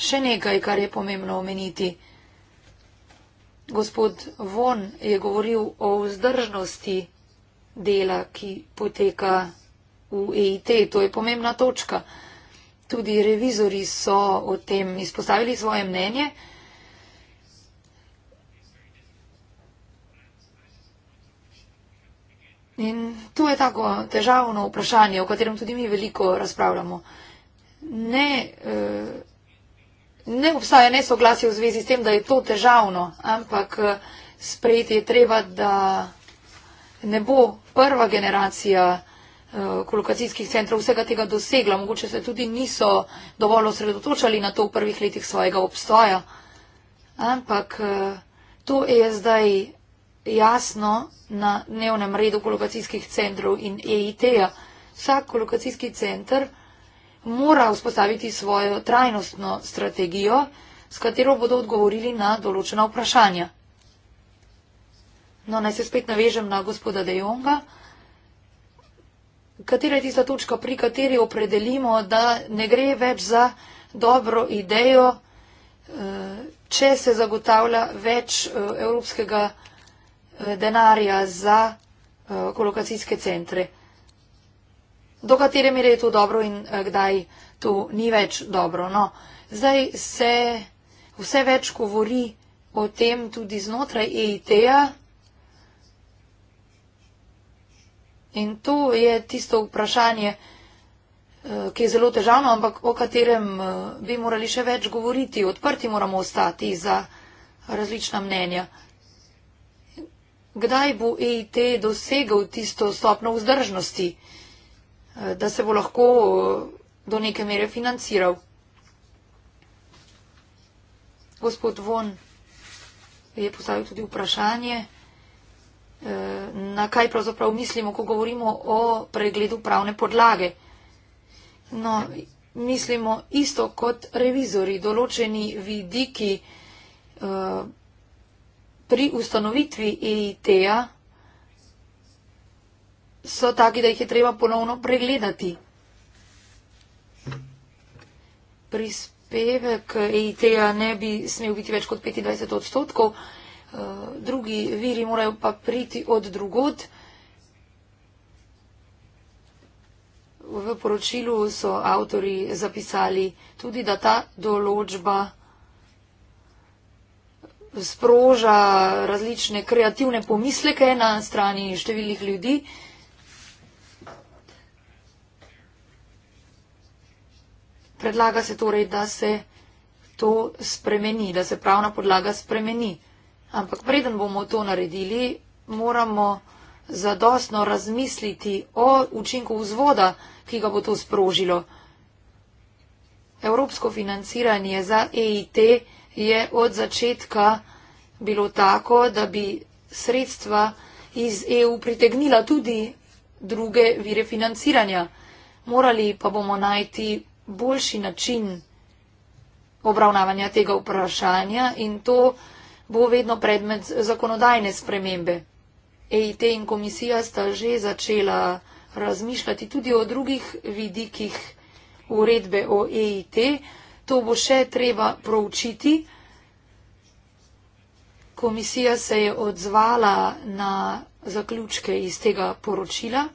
Še nekaj, kar je pomembno omeniti. Gospod Von je govoril o vzdržnosti dela, ki poteka v EIT. To je pomembna točka. Tudi revizori so o tem izpostavili svoje mnenje. In to je tako težavno vprašanje, o katerem tudi mi veliko razpravljamo. Ne, eh, ne obstaja nesoglasje v zvezi s tem, da je to težavno, ampak eh, sprejeti je treba, da ne bo prva generacija eh, kolokacijskih centrov vsega tega dosegla. Mogoče se tudi niso dovolj osredotočali na to v prvih letih svojega obstoja. Ampak to je zdaj jasno na dnevnem redu kolokacijskih centrov in EIT-ja. Vsak kolokacijski centr mora vzpostaviti svojo trajnostno strategijo, s katero bodo odgovorili na določena vprašanja. No, naj se spet navežem na gospoda De Jonga. Katera je tista točka, pri kateri opredelimo, da ne gre več za dobro idejo, eh, če se zagotavlja več eh, evropskega denarja za eh, kolokacijske centre. Do katere mere je to dobro in eh, kdaj to ni več dobro. No, zdaj se vse več govori o tem tudi znotraj EIT-a. In to je tisto vprašanje, eh, ki je zelo težavno, ampak o katerem bi morali še več govoriti. Odprti moramo ostati za različna mnenja kdaj bo EIT dosegel tisto stopno vzdržnosti, eh, da se bo lahko eh, do neke mere financiral. Gospod Von je postavil tudi vprašanje, eh, na kaj pravzaprav mislimo, ko govorimo o pregledu pravne podlage. No, mislimo isto kot revizori, določeni vidiki, pri ustanovitvi EIT-ja so taki, da jih je treba ponovno pregledati. Prispevek EIT-ja ne bi smel biti več kot 25 odstotkov, eh, drugi viri morajo pa priti od drugod. V poročilu so avtori zapisali tudi, da ta določba sproža različne kreativne pomisleke na strani številnih ljudi. Predlaga se torej, da se to spremeni, da se pravna podlaga spremeni. Ampak preden bomo to naredili, moramo zadostno razmisliti o učinku vzvoda, ki ga bo to sprožilo. Evropsko financiranje za EIT je od začetka bilo tako, da bi sredstva iz EU pritegnila tudi druge vire financiranja. Morali pa bomo najti boljši način obravnavanja tega vprašanja in to bo vedno predmet zakonodajne spremembe. EIT in komisija sta že začela razmišljati tudi o drugih vidikih uredbe o EIT. To bo še treba proučiti. Komisija se je odzvala na zaključke iz tega poročila.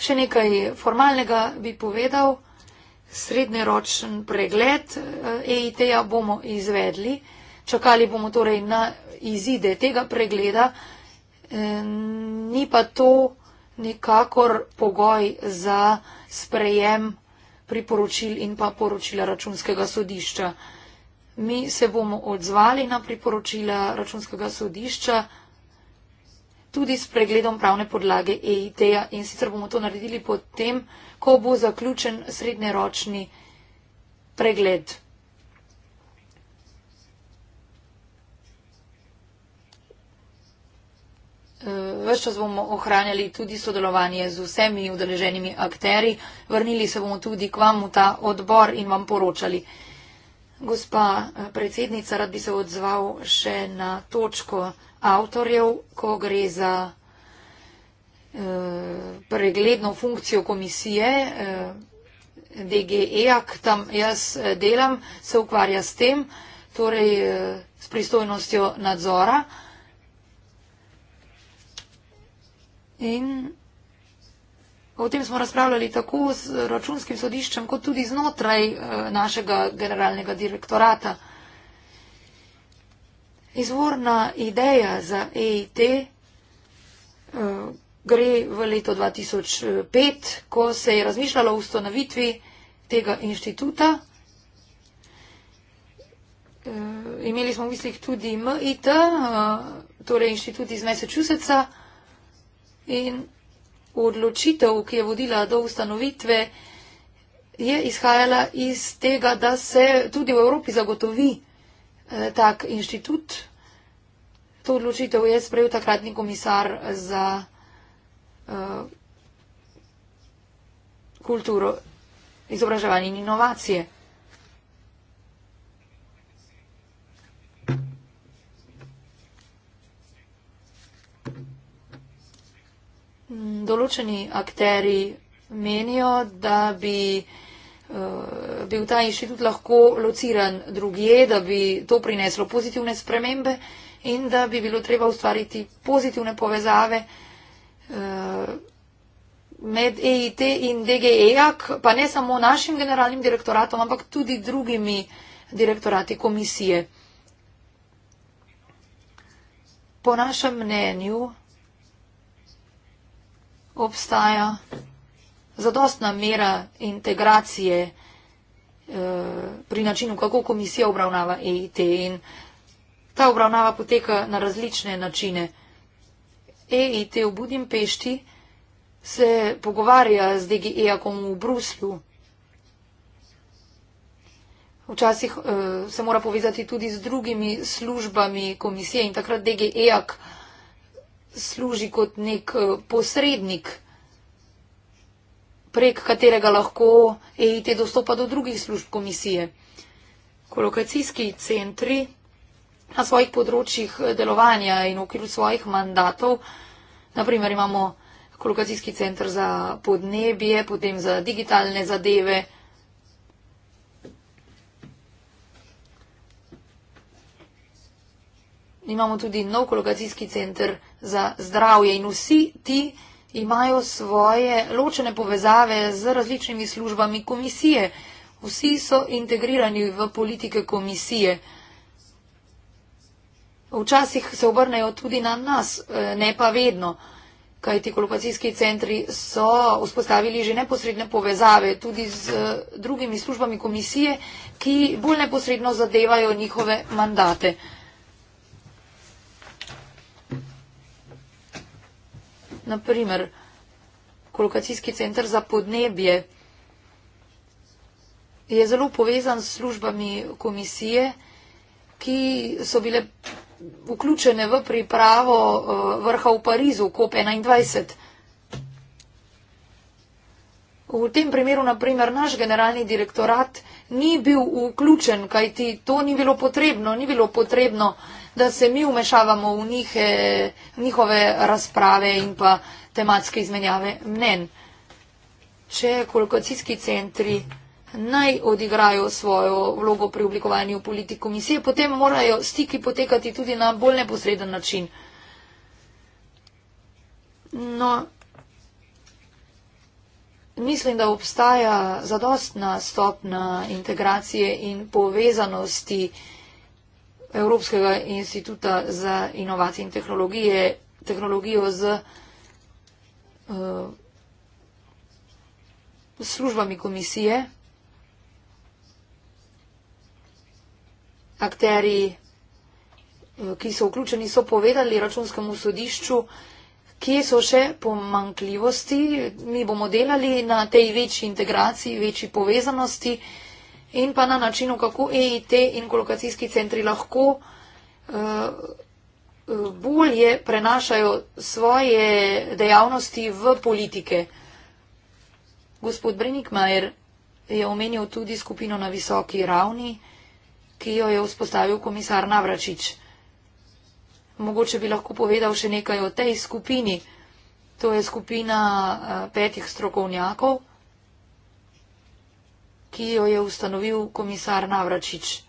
Še nekaj formalnega bi povedal. Srednjeročen pregled EIT-ja eh, e bomo izvedli. Čakali bomo torej na izide tega pregleda. Eh, ni pa to nikakor pogoj za sprejem priporočil in pa poročila računskega sodišča. Mi se bomo odzvali na priporočila računskega sodišča tudi s pregledom pravne podlage EIT-ja in sicer bomo to naredili potem, ko bo zaključen srednjeročni pregled. Vse čas bomo ohranjali tudi sodelovanje z vsemi udeleženimi akteri. Vrnili se bomo tudi k vam v ta odbor in vam poročali. Gospa eh, predsednica, rad bi se odzval še na točko avtorjev, ko gre za eh, pregledno funkcijo komisije eh, DGE, ak tam jaz delam, se ukvarja s tem, torej s pristojnostjo nadzora. In o tem smo razpravljali tako z računskim sodiščem, kot tudi znotraj eh, našega generalnega direktorata. Izvorna ideja za EIT eh, gre v leto 2005, ko se je razmišljalo o ustanovitvi tega inštituta. Eh, imeli smo v mislih tudi MIT, torej inštitut iz Massachusettsa, In odločitev, ki je vodila do ustanovitve, je izhajala iz tega, da se tudi v Evropi zagotovi eh, tak inštitut. To odločitev je sprejel takratni komisar za eh, kulturo, izobraževanje in inovacije. Mm, določeni akteri menijo, da bi eh, bil ta inštitut lahko lociran drugje, da bi to prineslo pozitivne spremembe in da bi bilo treba ustvariti pozitivne povezave eh, med EIT in DGEAK, pa ne samo našim generalnim direktoratom, ampak tudi drugimi direktorati komisije. Po našem mnenju, obstaja zadostna mera integracije eh, pri načinu, kako komisija obravnava EIT in ta obravnava poteka na različne načine. EIT v Budimpešti se pogovarja z DGE-akom v Bruslju. Včasih eh, se mora povezati tudi z drugimi službami komisije in takrat DGE-ak vsega služi kot nek eh, posrednik, prek katerega lahko EIT dostopa do drugih služb komisije. Kolokacijski centri na svojih področjih eh, delovanja in v okviru svojih mandatov, naprimer imamo kolokacijski center za podnebje, potem za digitalne zadeve, imamo tudi nov kolokacijski centr za zdravje in vsi ti imajo svoje ločene povezave z različnimi službami komisije. Vsi so integrirani v politike komisije. Včasih se obrnejo tudi na nas, eh, ne pa vedno, kaj ti kolokacijski centri so vzpostavili že neposredne povezave tudi z eh, drugimi službami komisije, ki bolj neposredno zadevajo njihove mandate. naprimer, kolokacijski centr za podnebje je zelo povezan s službami komisije, ki so bile vključene v pripravo eh, vrha v Parizu, COP21. V tem primeru, naprimer, naš generalni direktorat ni bil vključen, kajti to ni bilo potrebno, ni bilo potrebno da se mi umešavamo v, njih, eh, v njihove razprave in pa tematske izmenjave mnen. Če kolokacijski centri naj odigrajo svojo vlogo pri oblikovanju politik komisije, potem morajo stiki potekati tudi na bolj neposreden način. No, mislim, da obstaja zadostna stopna integracije in povezanosti eh, Evropskega instituta za inovacije in tehnologije, tehnologijo z uh, službami komisije, akteri, eh, ki so vključeni, so povedali računskemu sodišču, kje so še pomankljivosti. Mi bomo delali na tej večji integraciji, večji povezanosti. Uh, in pa na načinu, kako EIT in kolokacijski centri lahko eh, eh, bolje prenašajo svoje dejavnosti v politike. Gospod Brenikmajer je omenil tudi skupino na visoki ravni, ki jo je vzpostavil komisar Navračič. Mogoče bi lahko povedal še nekaj o tej skupini. To je skupina eh, petih strokovnjakov ki jo je ustanovil komisar Navračič.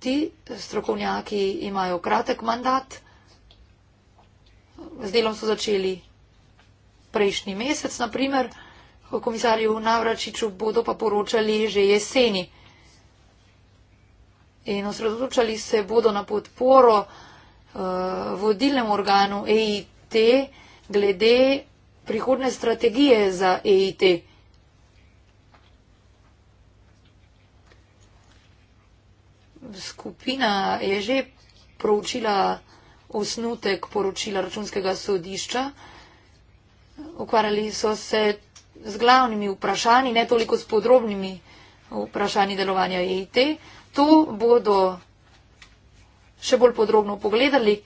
Ti strokovnjaki imajo kratek mandat, z delom so začeli prejšnji mesec, naprimer, o komisarju Navračiču bodo pa poročali že jeseni. In osredotočali se bodo na podporo uh, vodilnemu organu EIT glede prihodne strategije za EIT. skupina je že proučila osnutek poročila računskega sodišča. Ukvarjali so se z glavnimi vprašanji, ne toliko s podrobnimi vprašanji delovanja EIT. To bodo še bolj podrobno pogledali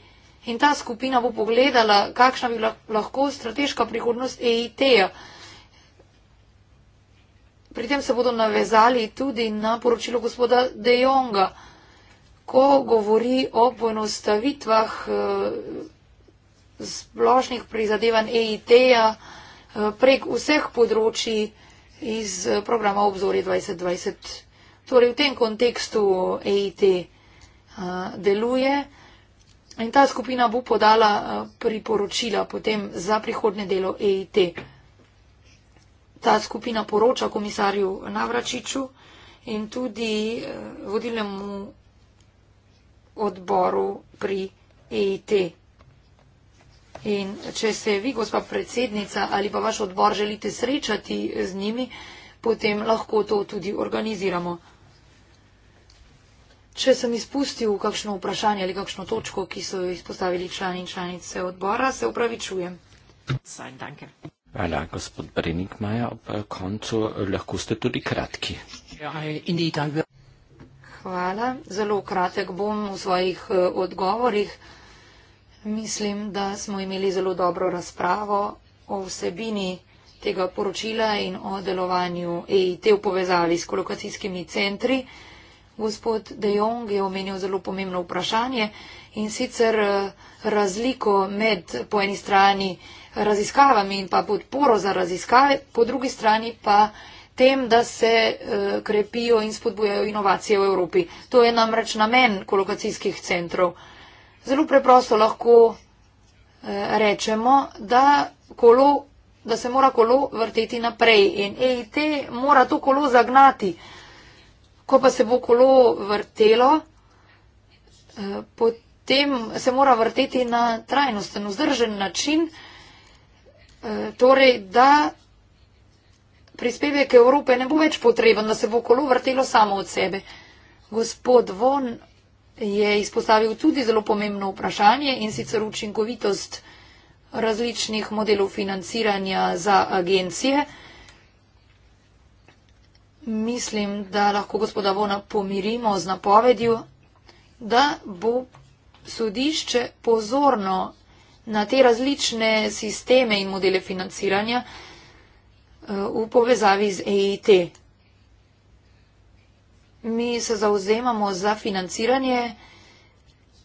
in ta skupina bo pogledala, kakšna bi lahko strateška prihodnost EIT-ja. Pri tem se bodo navezali tudi na poročilo gospoda De Jonga ko govori o ponostavitvah eh, splošnih prizadevanj EIT-ja eh, prek vseh področji iz eh, programa Obzori 2020. Torej v tem kontekstu EIT deluje in ta skupina bo podala priporočila potem za prihodne delo EIT. Ta skupina poroča komisarju Navračiču in tudi vodilnemu odboru pri EIT. In če se vi, gospa predsednica, ali pa vaš odbor želite srečati z njimi, potem lahko to tudi organiziramo. Če sem izpustil kakšno vprašanje ali kakšno točko, ki so izpostavili člani in članice odbora, se upravičujem. Sajn, danke. Hvala, gospod Brenikmaja. Ob koncu lahko ste tudi kratki. Ja, indeed, Hvala. Zelo kratek bom v svojih eh, odgovorih. Mislim, da smo imeli zelo dobro razpravo o vsebini tega poročila in o delovanju EIT v povezavi s kolokacijskimi centri. Gospod De Jong je omenil zelo pomembno vprašanje in sicer eh, razliko med po eni strani raziskavami in pa podporo za raziskave, po drugi strani pa tem, da se uh, krepijo in spodbujajo inovacije v Evropi. To je namreč namen kolokacijskih centrov. Zelo preprosto lahko uh, rečemo, da, kolo, da se mora kolo vrteti naprej in EIT mora to kolo zagnati. Ko pa se bo kolo vrtelo, uh, potem se mora vrteti na trajnosten, vzdržen način. Torej, da prispevek Evrope ne bo več potreben, da se bo kolo vrtelo samo od sebe. Gospod Von je izpostavil tudi zelo pomembno vprašanje in sicer učinkovitost različnih modelov financiranja za agencije. Mislim, da lahko gospoda Vona pomirimo z napovedjo, da bo sodišče pozorno na te različne sisteme in modele financiranja, v povezavi z EIT. Mi se zauzemamo za financiranje,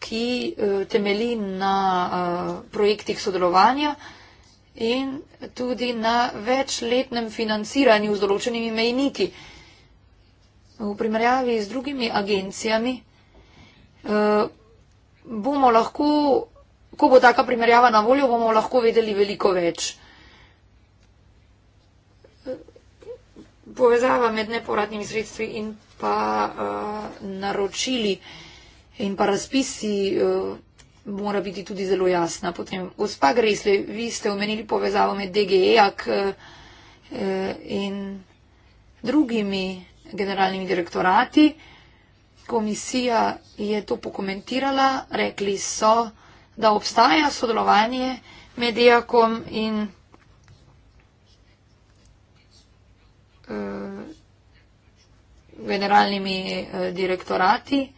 ki eh, temeli na eh, projektih sodelovanja in tudi na večletnem financiranju z določenimi mejniki. V primerjavi z drugimi agencijami eh, bomo lahko, ko bo taka primerjava na voljo, bomo lahko vedeli veliko več. povezava med neporadnimi sredstvi in pa uh, naročili in pa razpisi uh, mora biti tudi zelo jasna. Potem, gospa Gresle, vi ste omenili povezavo med DGE-ak uh, eh, in drugimi generalnimi direktorati. Komisija je to pokomentirala, rekli so, da obstaja sodelovanje med EAKom in. Eh, generalnimi eh, direktorati.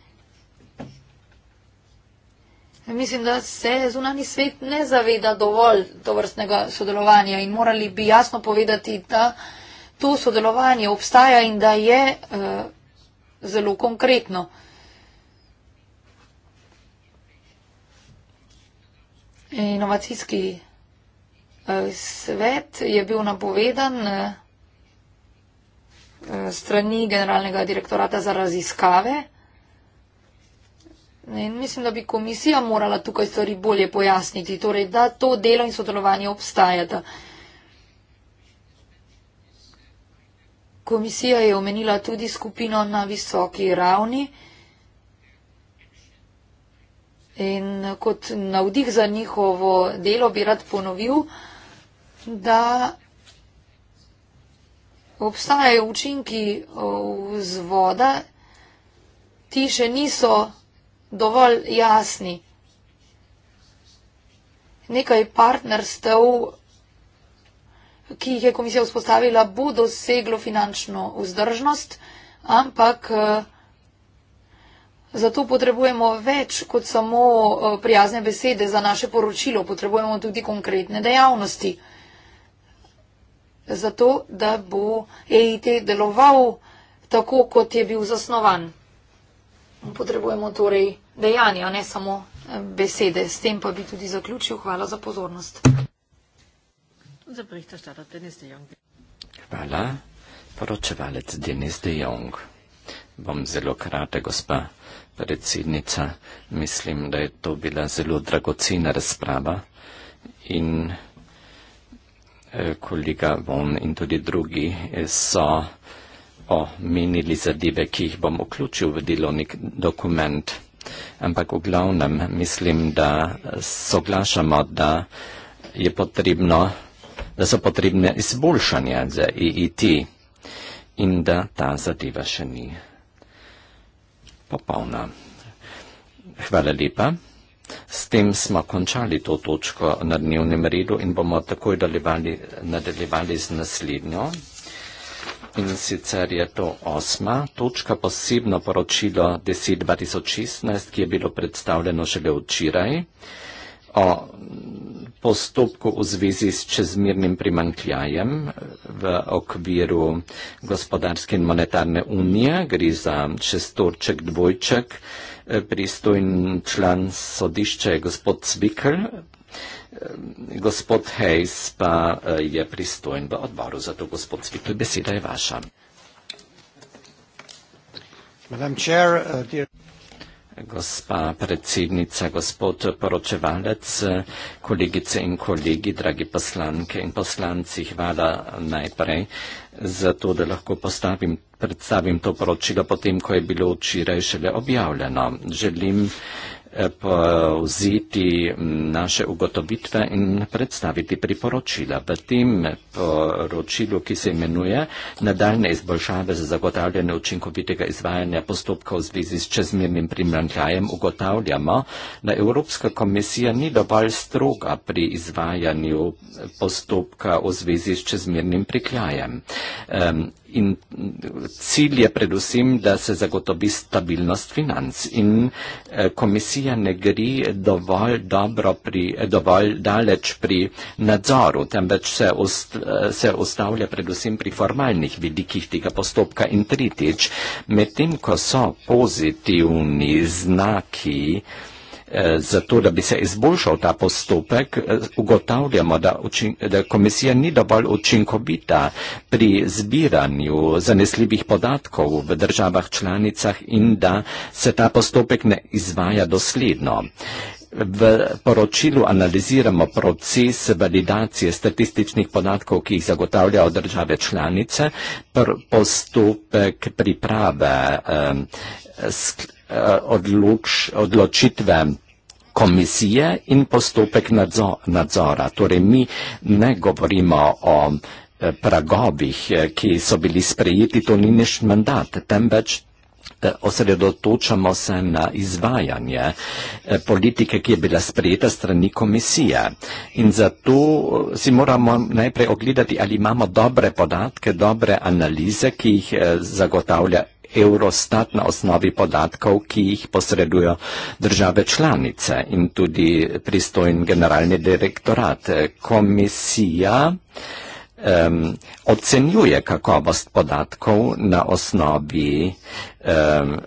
Mislim, da se zunani svet ne zaveda dovolj to vrstnega sodelovanja in morali bi jasno povedati, da to sodelovanje obstaja in da je eh, zelo konkretno. Inovacijski svet je bil napovedan. Eh, strani Generalnega direktorata za raziskave. In mislim, da bi komisija morala tukaj stvari bolje pojasniti, torej, da to delo in sodelovanje obstajata. Komisija je omenila tudi skupino na visoki ravni in kot navdih za njihovo delo bi rad ponovil, da obstajajo učinki z voda, ti še niso dovolj jasni. Nekaj partnerstev, ki jih je komisija vzpostavila, bo doseglo finančno vzdržnost, ampak e, zato potrebujemo več kot samo e, prijazne besede za naše poročilo, potrebujemo tudi konkretne dejavnosti zato, da bo EIT deloval tako, kot je bil zasnovan. Potrebujemo torej dejanja, ne samo eh, besede. S tem pa bi tudi zaključil. Hvala za pozornost. Hvala. Poročevalec Denis de Jong. Bom zelo krate, gospa predsednica. Mislim, da je to bila zelo dragocena razprava in Eh, kolega Von in tudi drugi eh, so omenili zadeve, ki jih bom vključil v delovnik dokument. Ampak v glavnem mislim, da soglašamo, da, je potrebno, da so potrebne izboljšanja za IIT e e in da ta zadeva še ni popolna. Hvala lepa. S tem smo končali to točko na dnevnem redu in bomo takoj dalevali, nadaljevali z naslednjo. In sicer je to osma točka, posebno poročilo 10.2016, ki je bilo predstavljeno šele včeraj o postopku v zvezi s čezmirnim primankljajem v okviru gospodarske in monetarne unije. Gre za šestorček, dvojček pristojen član sodišče gospod Cvikl, gospod Hejs pa eh, je pristojen v odboru, zato gospod Cvikl, beseda je vaša. Eh, Gospa predsednica, gospod poročevalec, eh, kolegice in kolegi, dragi poslanke in poslanci, hvala najprej za to, da lahko postavim predstavim to poročilo potem, ko je bilo včeraj šele objavljeno. Želim Eh, povziti naše ugotovitve in predstaviti priporočila. V tem poročilu, ki se imenuje nadaljne izboljšave za zagotavljanje učinkovitega izvajanja postopkov v zvezi s čezmernim primankljajem, ugotavljamo, da Evropska komisija ni dovolj stroga pri izvajanju postopka v zvezi s čezmernim prikljajem. Um, In cilj je predvsem, da se zagotovi stabilnost financ. In eh, komisija policija ne gre dovolj dobro pri, dovolj daleč pri nadzoru, temveč se, ust, se ustavlja predvsem pri formalnih vidikih tega postopka in tritič, medtem ko so pozitivni znaki, Eh, zato, da bi se izboljšal ta postopek, eh, ugotavljamo, da, učin, da komisija ni dovolj učinkovita pri zbiranju zanesljivih podatkov v državah članicah in da se ta postopek ne izvaja dosledno. V poročilu analiziramo proces validacije statističnih podatkov, ki jih zagotavljajo države članice, postopek priprave. Um, Eh, odluč, odločitve komisije in postopek nadzora. Torej mi ne govorimo o eh, pragovih, eh, ki so bili sprejeti, to ni niš mandat, temveč osredotočamo se na izvajanje politike, ki je bila sprejeta strani komisije. In zato si moramo najprej ogledati, ali imamo dobre podatke, dobre analize, ki jih zagotavlja Eurostat na osnovi podatkov, ki jih posredujo države članice in tudi pristojen generalni direktorat. Komisija um, ocenjuje kakovost podatkov na osnovi um,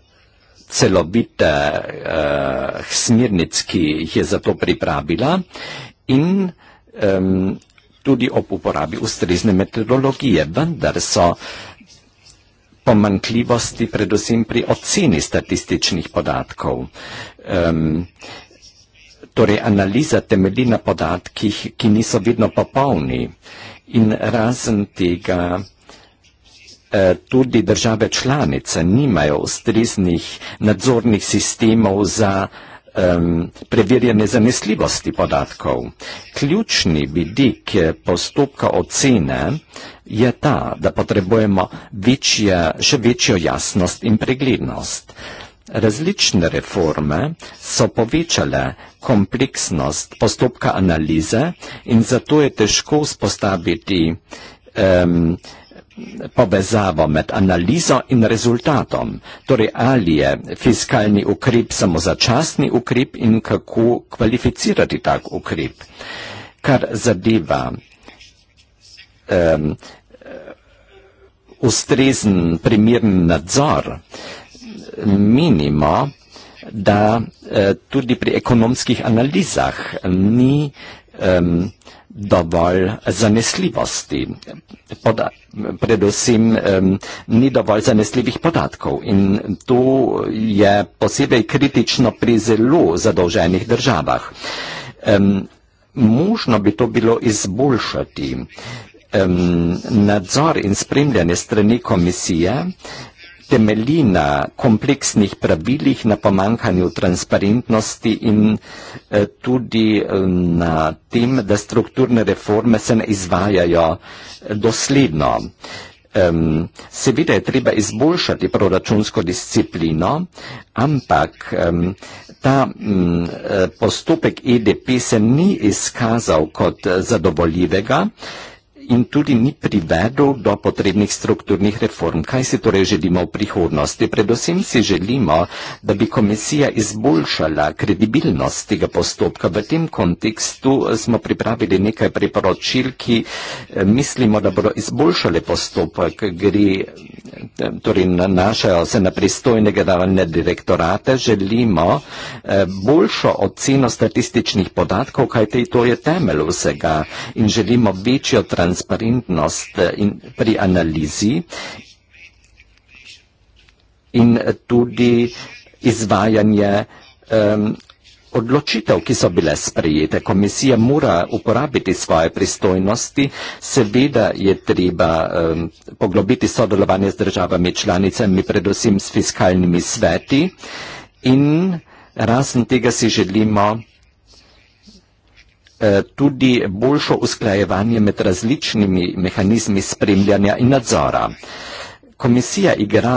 celobitih eh, uh, smernic, ki jih je zato pripravila in um, tudi ob uporabi ustrezne metodologije, vendar so uh, pomankljivosti, predvsem pri oceni statističnih podatkov. Um, torej, analiza temelji na podatkih, ki niso vedno popolni in razen tega e, tudi države članice nimajo ustreznih nadzornih sistemov za um, preverjanje zanesljivosti podatkov. Ključni vidik e, postopka ocene je ta, da potrebujemo večje, še večjo jasnost in preglednost. Različne reforme so povečale kompleksnost postopka analize in zato je težko spostaviti um, povezavo med analizo in rezultatom. Torej, ali je fiskalni ukrep samo začasni ukrep in kako kvalificirati tak ukrep. Kar zadeva um, ustrezen, primeren nadzor, menimo, da eh, tudi pri ekonomskih analizah ni eh, dovolj zanesljivosti, poda, predvsem eh, ni dovolj zanesljivih podatkov in to je posebej kritično pri zelo zadolženih državah. Eh, možno bi to bilo izboljšati. Eh, um, nadzor in spremljanje strani komisije temelji na kompleksnih pravilih, na pomankanju transparentnosti in eh, tudi na tem, da strukturne reforme se ne izvajajo e, dosledno. Um, seveda je treba izboljšati proračunsko disciplino, ampak um, ta um, postopek EDP se ni izkazal kot e, zadovoljivega. Uh, in tudi ni privedel do potrebnih strukturnih reform. Kaj si torej želimo v prihodnosti? Predvsem si želimo, da bi komisija izboljšala kredibilnost tega postopka. V tem kontekstu smo pripravili nekaj priporočil, ki eh, mislimo, da bodo izboljšali postopek. Gre, eh, torej nanašajo se na pristojne generalne direktorate. Želimo eh, boljšo oceno statističnih podatkov, kaj te to je temelj vsega. In želimo večjo transparentnost transparentnost eh, in pri analizi in tudi izvajanje um, odločitev, ki so bile sprejete. Komisija mora uporabiti svoje pristojnosti. Seveda je treba um, poglobiti sodelovanje z državami članicami, predvsem s fiskalnimi sveti. In razen tega si želimo Eh, tudi boljšo usklajevanje med različnimi mehanizmi spremljanja in nadzora. Komisija igra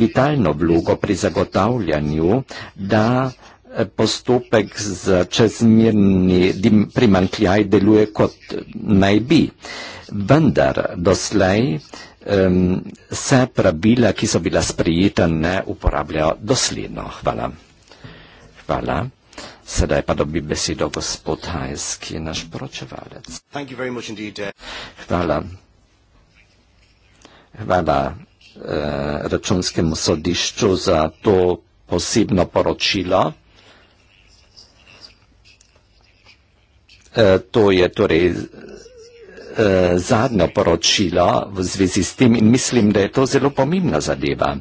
vitalno vlogo pri zagotavljanju, da eh, postopek za čezmirni primankljaj deluje kot naj bi. Vendar doslej um, se pravila, ki so bila sprijeta, ne uporabljajo dosledno. Hvala. Hvala. Sedaj pa dobi besedo gospod Hajs, ki je naš poročevalec. Uh, Hvala. Hvala eh, računskemu sodišču za to posebno poročilo. Eh, to je torej eh, zadnjo poročilo v zvezi s tem in mislim, da je to zelo pomembna zadeva.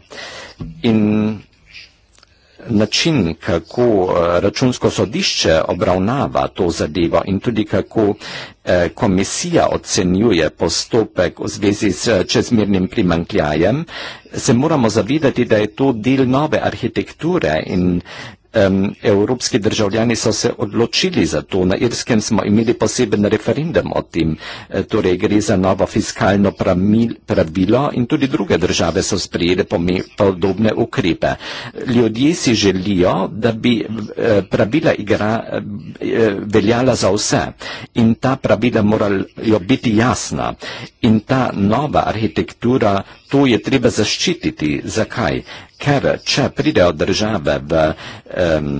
In način, kako eh, računsko sodišče obravnava to zadevo in tudi kako eh, komisija ocenjuje postopek v zvezi s čezmirnim primankljajem, se moramo zavedati, da je to del nove arhitekture in um, evropski državljani so se odločili za to. Na Irskem smo imeli poseben referendum o tem, e, torej gre za novo fiskalno pravilo in tudi druge države so sprejeli podobne ukrepe. Ljudje si želijo, da bi e, pravila igra, e, veljala za vse in ta pravila morajo biti jasna. In ta nova arhitektura To je treba zaščititi. Zakaj? Ker če pridejo države v um,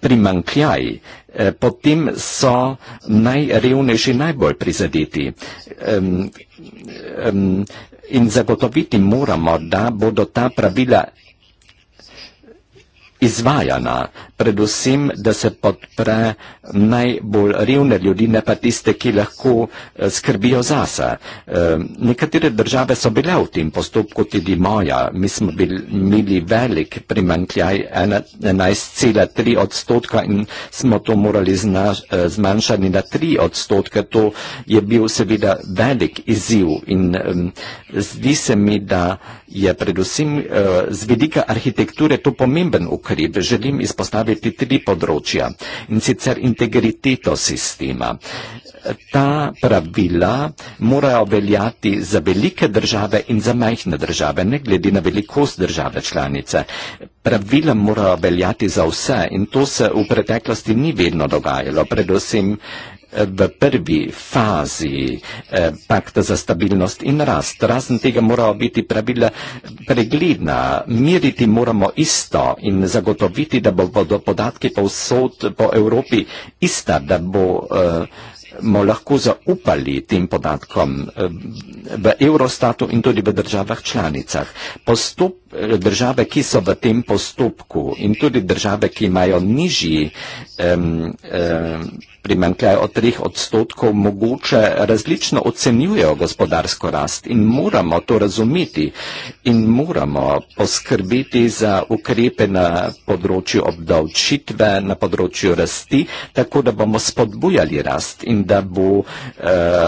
primankljaj, eh, potem so najrevnejši najbolj prizadeti. Um, um, in zagotoviti moramo, da bodo ta pravila izvajana, predvsem, da se podpre najbolj revne ljudi, ne pa tiste, ki lahko eh, skrbijo zase. Eh, nekatere države so bile v tem postopku, tudi moja. Mi smo bili, imeli velik primankljaj 11,3 odstotka in smo to morali eh, zmanjšati na 3 odstotke. To je bil seveda velik izziv in zdi se mi, da je predvsem z vidika arhitekture to pomemben ukrep pokrib želim izpostaviti tri področja in sicer integriteto sistema. Ta pravila morajo veljati za velike države in za majhne države, ne glede na velikost države članice. Pravila morajo veljati za vse in to se v preteklosti ni vedno dogajalo, predvsem eh, Eh, v prvi fazi eh, pakta za stabilnost in rast. Razen tega morajo biti pravila pregledna, meriti moramo isto in zagotoviti, da bodo podatki povsod po Evropi ista, da bomo eh, lahko zaupali tem podatkom eh, v Eurostatu in tudi v državah članicah. Postop države, ki so v tem postopku in tudi države, ki imajo nižji um, um, primankljaj od 3 odstotkov, mogoče različno ocenjujejo gospodarsko rast in moramo to razumeti in moramo poskrbeti za ukrepe na področju obdavčitve, na področju rasti, tako da bomo spodbujali rast in da bo uh,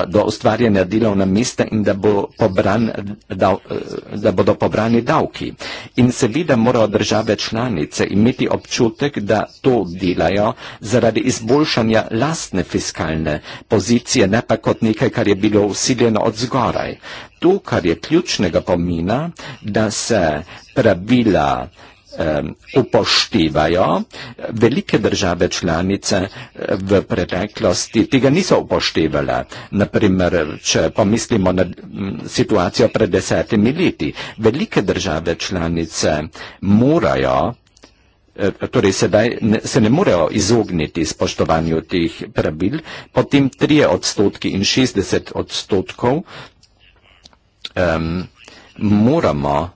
do ustvarjanja delovna mesta in da, bo pobran, da, eh, da bodo pobrani davki. In seveda morajo države članice imeti občutek, da to delajo zaradi izboljšanja lastne fiskalne pozicije, ne pa kot nekaj, kar je bilo usiljeno od zgoraj. To, kar je ključnega pomena, da se pravila upoštevajo, velike države članice eh, v preteklosti tega niso upoštevale. Naprimer, če pomislimo na situacijo pred desetimi leti, velike države članice morajo, eh, torej sedaj se ne morejo izogniti spoštovanju teh pravil, potem 3 odstotki in 60 odstotkov um, moramo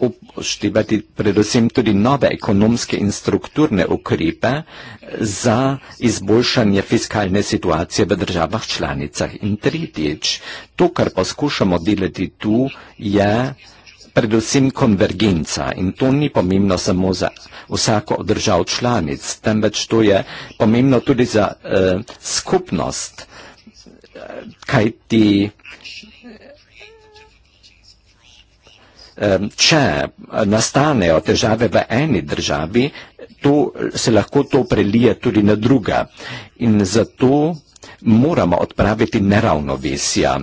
upoštevati predvsem tudi nove ekonomske in strukturne ukrepe za izboljšanje fiskalne situacije v državah članicah. In tretjič, to, kar poskušamo delati tu, je predvsem konvergenca in to ni pomembno samo za vsako od držav članic, temveč to je pomembno tudi za uh, skupnost, kaj ti če nastanejo težave v eni državi, to, se lahko to prelije tudi na druga. In zato moramo odpraviti neravnovesja,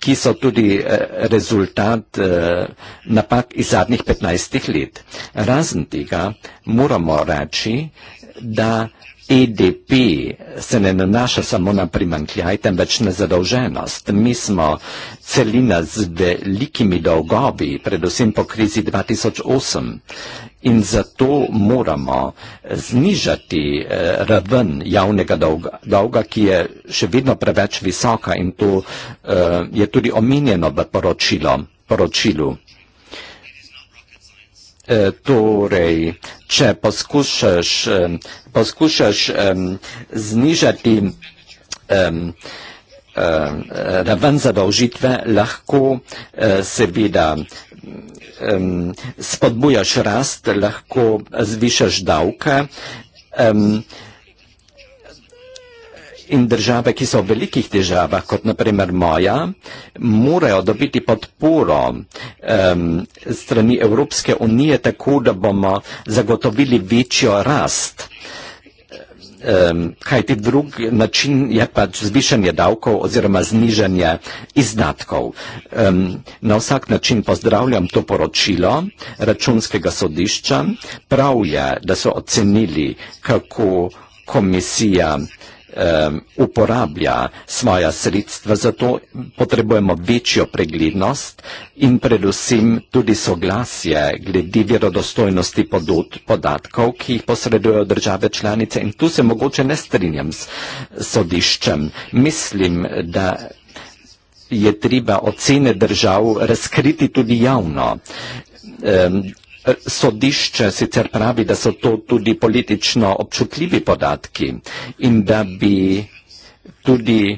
ki so tudi eh, rezultat eh, napak iz zadnjih 15 let. Razen tega moramo reči, da EDP se ne nanaša samo na primankljaj, temveč na zadolženost. Mi smo celina z velikimi dolgobi, predvsem po krizi 2008. In zato moramo znižati eh, raven javnega dolga, dolga, ki je še vedno preveč visoka in to uh, je tudi omenjeno v poročilu. E, torej, če poskušaš, e, poskušaš um, znižati um, um, raven zadolžitve, lahko uh, seveda um, spodbujaš rast, lahko zvišaš davke. Um, in države, ki so v velikih težavah, kot naprimer moja, morajo dobiti podporo um, strani Evropske unije, tako da bomo zagotovili večjo rast. Um, kaj ti drug način je pač zvišanje davkov oziroma znižanje izdatkov. Um, na vsak način pozdravljam to poročilo računskega sodišča. Prav je, da so ocenili, kako komisija eh, uporablja svoja sredstva, zato potrebujemo večjo preglednost in predvsem tudi soglasje glede verodostojnosti podot podatkov, ki jih posredujejo države članice in tu se mogoče ne strinjam s sodiščem. Mislim, da je treba ocene držav razkriti tudi javno. Eh, sodišče sicer pravi, da so to tudi politično občutljivi podatki in da bi tudi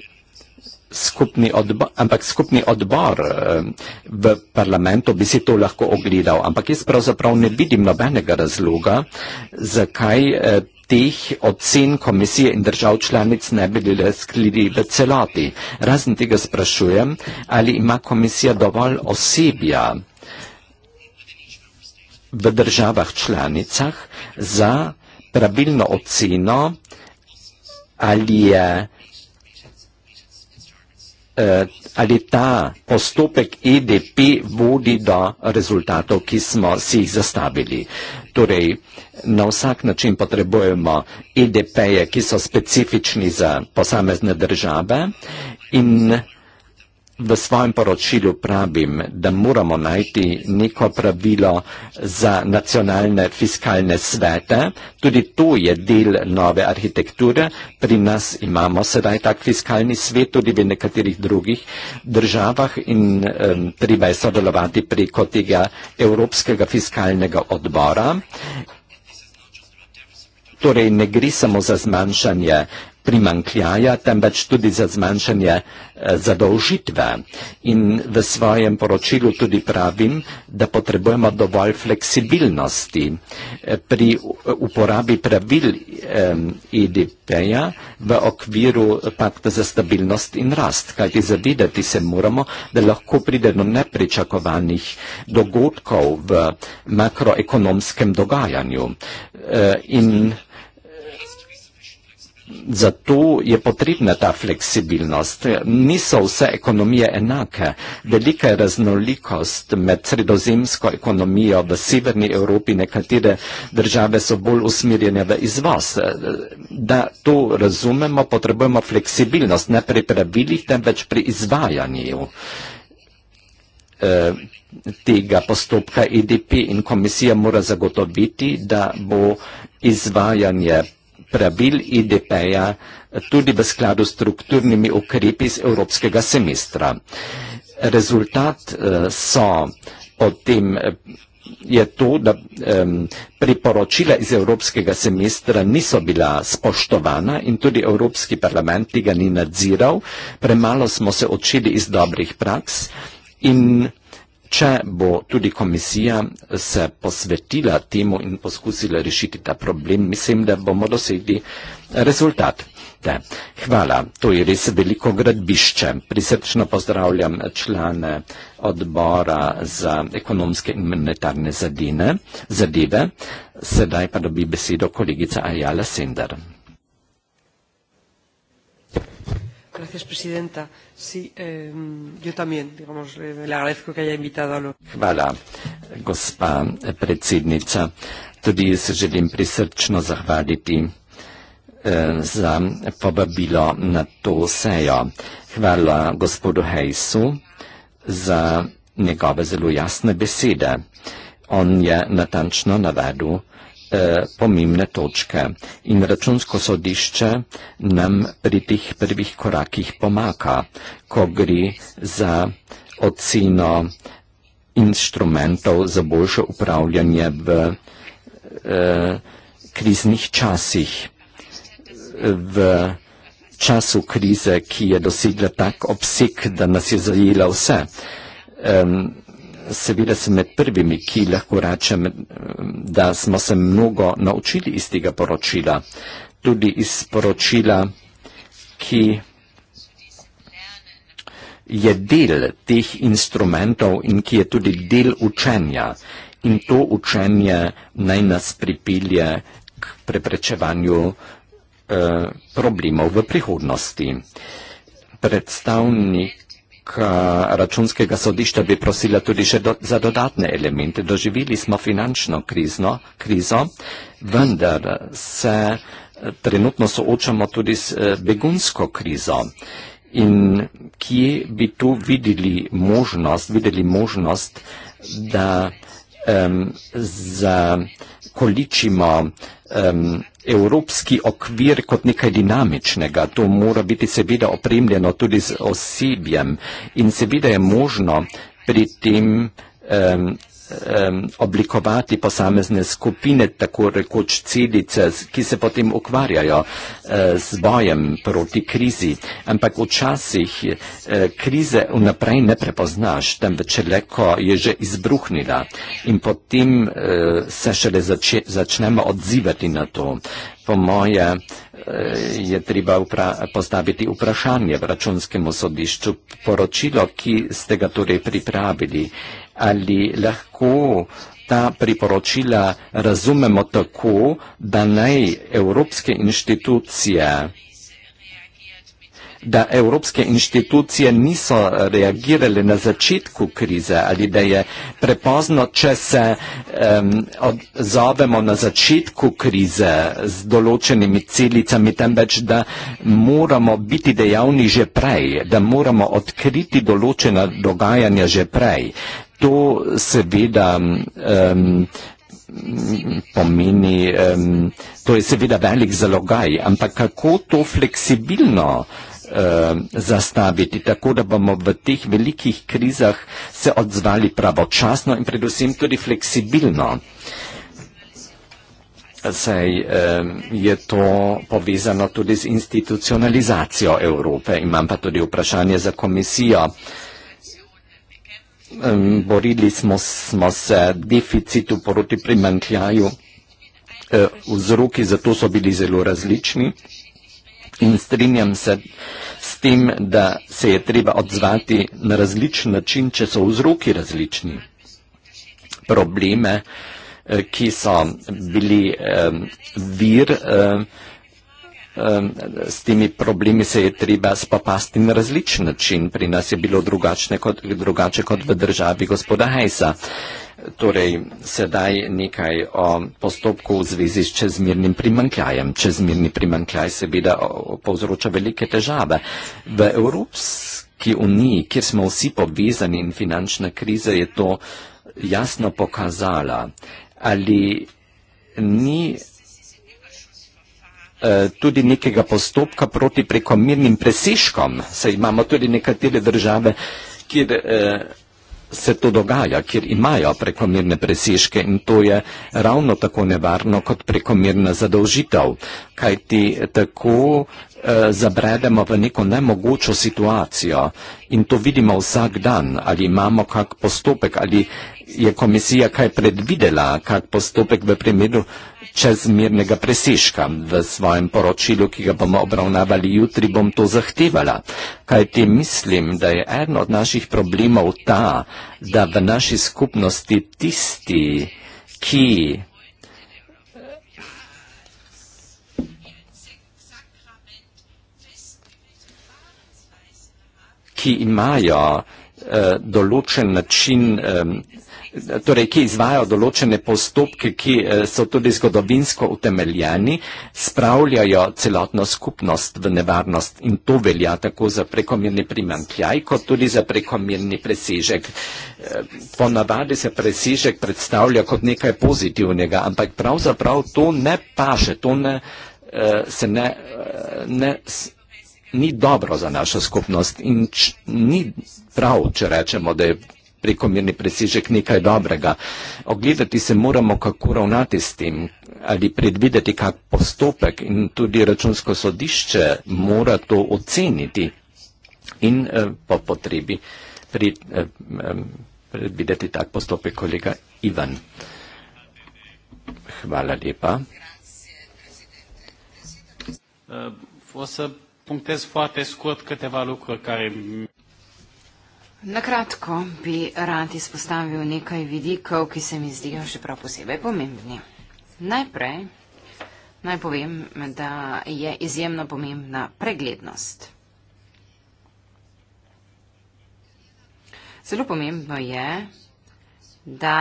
skupni odbor, ampak skupni odbor eh, v parlamentu bi si to lahko ogledal, ampak jaz pravzaprav ne vidim nobenega razloga, zakaj eh, teh ocen komisije in držav članic ne bi bile sklidi v celoti. Razen tega sprašujem, ali ima komisija dovolj osebja, v državah članicah za pravilno oceno ali je eh, ali ta postopek EDP vodi do rezultatov, ki smo si jih zastavili. Torej, na vsak način potrebujemo EDP-je, ki so specifični za posamezne države in V svojem poročilju pravim, da moramo najti neko pravilo za nacionalne fiskalne svete. Tudi to je del nove arhitekture. Pri nas imamo sedaj tak fiskalni svet, tudi v nekaterih drugih državah in um, treba je sodelovati preko tega Evropskega fiskalnega odbora. Torej ne gre samo za zmanjšanje primankljaja, temveč tudi za zmanjšanje eh, zadolžitve. In v svojem poročilu tudi pravim, da potrebujemo dovolj fleksibilnosti. Eh, pri eh, uporabi pravil IDP-ja v okviru pakta za stabilnost in rast, kajti zavidati se moramo, da lahko pride do nepričakovanih dogodkov v makroekonomskem dogajanju. In Zato je potrebna ta fleksibilnost. Niso vse ekonomije enake. Velika je raznolikost med sredozemsko ekonomijo v severni Evropi, nekatere države so bolj usmirjene v izvoz. Da to razumemo, potrebujemo fleksibilnost, ne pri pravilih, temveč pri izvajanju eh, tega postopka EDP in komisija mora zagotoviti, da bo izvajanje pravil IDP-ja tudi v skladu s strukturnimi ukrepi iz evropskega semestra. Rezultat eh, so potem eh, je to, da um, priporočila iz Evropskega semestra niso bila spoštovana in tudi Evropski parlament tega ni nadziral. Premalo smo se očili iz dobrih praks in Če bo tudi komisija se posvetila temu in poskusila rešiti ta problem, mislim, da bomo dosegli rezultat. Te. Hvala, to je res veliko gradbišče. Prisrčno pozdravljam člane odbora za ekonomske in monetarne zadine, zadeve. Sedaj pa dobi besedo kolegica Ajala Sender. Gracias, presidenta. Sí, eh, yo también, digamos, eh, le agradezco que haya invitado a lo... Hvala, gospa predsednica. Tudi se želim prisrčno zahvaliti eh, za povabilo na to sejo. Hvala gospodu Hejsu za njegove zelo jasne besede. On je natančno navedel, Eh, pomembne točke in računsko sodišče nam pri teh prvih korakih pomaka, ko gre za oceno inštrumentov za boljše upravljanje v eh, kriznih časih, v času krize, ki je dosegla tak obseg, da nas je zajela vse. Eh, seveda sem med prvimi, ki lahko rečem, eh, da smo se mnogo naučili iz tega poročila. Tudi iz poročila, ki je del teh instrumentov in ki je tudi del učenja. In to učenje naj nas pripelje k preprečevanju eh, problemov v prihodnosti. Predstavnik Eh, računskega sodišča bi prosila tudi še do, za dodatne elemente. Doživeli smo finančno krizno, krizo, vendar se eh, trenutno soočamo tudi s eh, begunsko krizo. In kje bi tu videli možnost, videli možnost da um, zakoličimo um, evropski okvir kot nekaj dinamičnega. To mora biti seveda opremljeno tudi z osebjem in seveda je možno pri tem um, um, oblikovati posamezne skupine, tako rekoč celice, ki se potem ukvarjajo uh, z bojem proti krizi. Ampak včasih uh, krize vnaprej ne prepoznaš, temveč leko je že izbruhnila in potem uh, se šele zače, začnemo odzivati na to. Po moje, uh, je treba upra postaviti vprašanje v računskem sodišču. Poročilo, ki ste ga torej pripravili, ali lahko ta priporočila razumemo tako, da naj evropske inštitucije da evropske inštitucije niso eh, reagirale na začetku krize ali da je prepozno, če se um, odzovemo na začetku krize z določenimi celicami, temveč da moramo biti dejavni že prej, da moramo odkriti določena dogajanja že prej. To seveda um, pomeni, um, to je seveda velik zalogaj, ampak kako to fleksibilno eh, zastaviti, tako da bomo v teh velikih krizah se odzvali pravočasno in predvsem tudi fleksibilno. Sej eh, je to povezano tudi z institucionalizacijo Evrope. Imam pa tudi vprašanje za komisijo. Eh, borili smo, smo se deficitu proti primankljaju. Eh, vzroki za to so bili zelo različni in strinjam se s tem, da se je treba odzvati na različen način, če so vzroki različni. Probleme, eh, ki so bili eh, vir, eh, s temi problemi se je treba spopasti na različen način. Pri nas je bilo drugače kot v državi gospoda Hejsa torej sedaj nekaj o postopku v zvezi s čezmirnim primankljajem. Čezmirni primankljaj seveda povzroča velike težave. V Evropski uniji, kjer smo vsi povezani in finančna kriza je to jasno pokazala, ali ni eh, tudi nekega postopka proti prekomirnim presežkom. Saj imamo tudi nekatere države, kjer eh, se to dogaja, kjer imajo prekomirne presežke in to je ravno tako nevarno kot prekomirna zadolžitev. Kajti tako Eh, zabredemo v neko nemogočo situacijo in to vidimo vsak dan, ali imamo kak postopek, ali je komisija kaj predvidela, kak postopek v primeru čezmirnega presiška. V svojem poročilu, ki ga bomo obravnavali jutri, bom to zahtevala. Kaj ti mislim, da je eno od naših problemov ta, da v naši skupnosti tisti, ki ki imajo uh, določen način, um, torej ki izvajo določene postopke, ki uh, so tudi zgodovinsko utemeljeni, spravljajo celotno skupnost v nevarnost in to velja tako za prekomirni primankljaj, kot tudi za prekomirni presežek. Ponavadi se presežek predstavlja kot nekaj pozitivnega, ampak pravzaprav to ne paše, to ne, uh, se ne. Uh, ne ni dobro za našo skupnost in č, ni prav, če rečemo, da je prekomirni presežek nekaj dobrega. Ogledati se moramo, kako ravnati s tem ali predvideti kak postopek in tudi računsko sodišče mora to oceniti in eh, po potrebi pri, eh, predvideti tak postopek, kolega Ivan. Hvala lepa. Uh, punctez foarte scurt câteva lucruri care. Na kratko bi rad izpostavil nekaj vidikov, ki se mi zdijo še prav posebej pomembni. Najprej naj povem, da je izjemno pomembna preglednost. Zelo pomembno je, da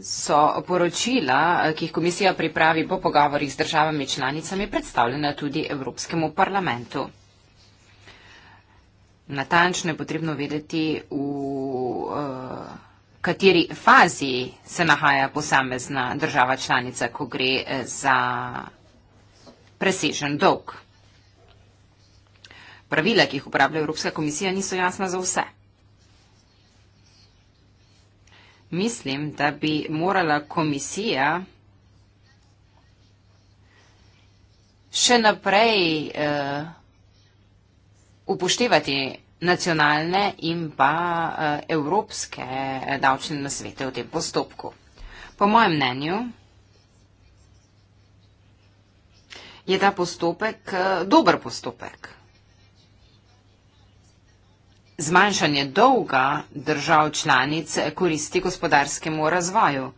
so poročila, ki jih komisija pripravi po pogovorih z državami članicami, predstavljena tudi Evropskemu parlamentu. Natančno je potrebno vedeti, v eh, kateri fazi se nahaja posamezna država članica, ko gre eh, za presežen dolg. Pravila, ki jih uporablja Evropska komisija, niso jasna za vse. mislim, da bi morala komisija še naprej uh, upoštevati nacionalne in pa uh, evropske davčne nasvete v tem postopku. Po mojem mnenju je ta postopek uh, dober postopek. Zmanjšanje dolga držav članic koristi gospodarskemu razvoju,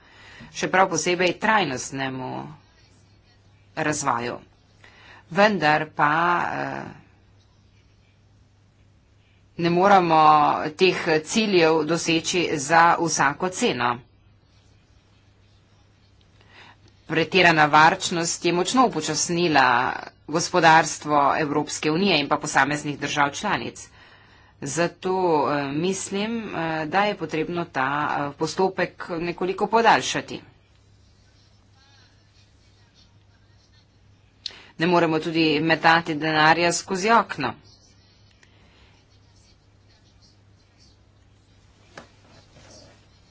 še prav posebej trajnostnemu razvoju. Vendar pa eh, ne moramo teh ciljev doseči za vsako ceno. Pretirana varčnost je močno upočasnila gospodarstvo Evropske unije in pa posameznih držav članic. Zato eh, mislim, eh, da je potrebno ta eh, postopek nekoliko podaljšati. Ne moremo tudi metati denarja skozi okno.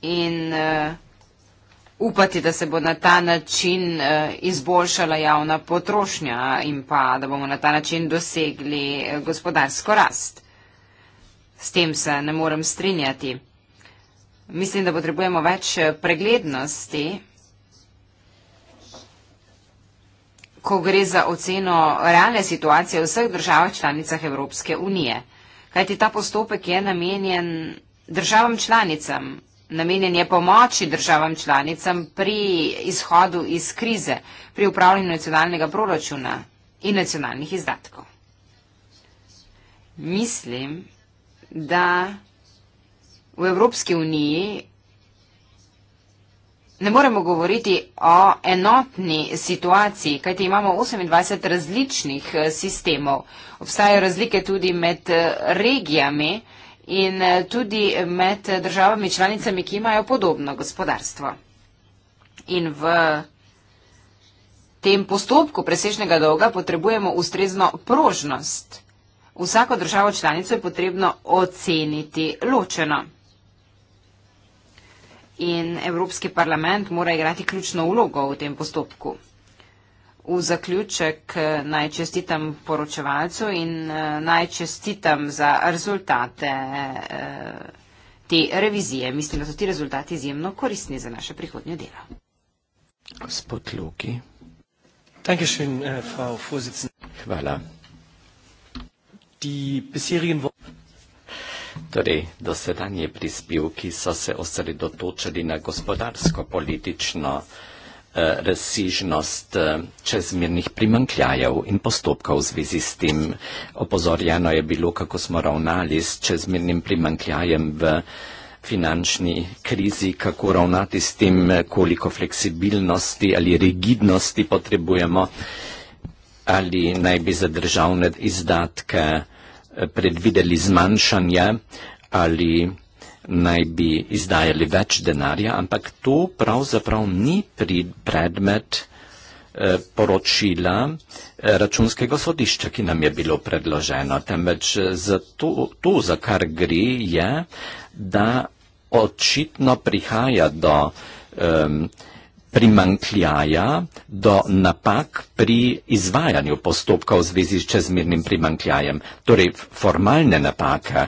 In uh, upati, da se bo na ta način uh, izboljšala javna potrošnja in pa, da bomo na ta način dosegli gospodarsko rast. S tem se ne morem strinjati. Mislim, da potrebujemo več eh, preglednosti, ko gre za oceno realne situacije v vseh držav članicah Evropske unije. Kajti ta postopek je namenjen državam članicam, namenjen je pomoči državam članicam pri izhodu iz krize, pri upravljanju nacionalnega proračuna in nacionalnih izdatkov. Mislim, da v Evropski uniji ne moremo govoriti o enotni situaciji, kajti imamo 28 različnih eh, sistemov. Obstajajo razlike tudi med eh, regijami in eh, tudi med državami članicami, ki imajo podobno gospodarstvo. In v tem postopku presežnega dolga potrebujemo ustrezno prožnost – vsako državo članico je potrebno oceniti ločeno. In Evropski parlament mora igrati ključno vlogo v tem postopku. V zaključek eh, najčestitam poročevalcu in eh, najčestitam za rezultate eh, te revizije. Mislim, da so ti rezultati izjemno koristni za naše prihodnje delo. Gospod Luki. Hvala die bisherigen Worte. Torej, dosedanje prispevki so se osredotočili na gospodarsko-politično eh, razsižnost eh, čezmernih primankljajev in postopkov v zvezi s tem. Opozorjeno je bilo, kako smo ravnali s čezmernim primankljajem v finančni krizi, kako ravnati s tem, eh, koliko fleksibilnosti ali rigidnosti potrebujemo, ali naj bi za državne izdatke predvideli zmanjšanje ali naj bi izdajali več denarja, ampak to pravzaprav ni predmet eh, poročila eh, računskega sodišča, ki nam je bilo predloženo, temveč eh, za to, to, za kar gre, je, da očitno prihaja do um, primankljaja do napak pri izvajanju postopka v zvezi s čezmernim primankljajem, torej formalne napake,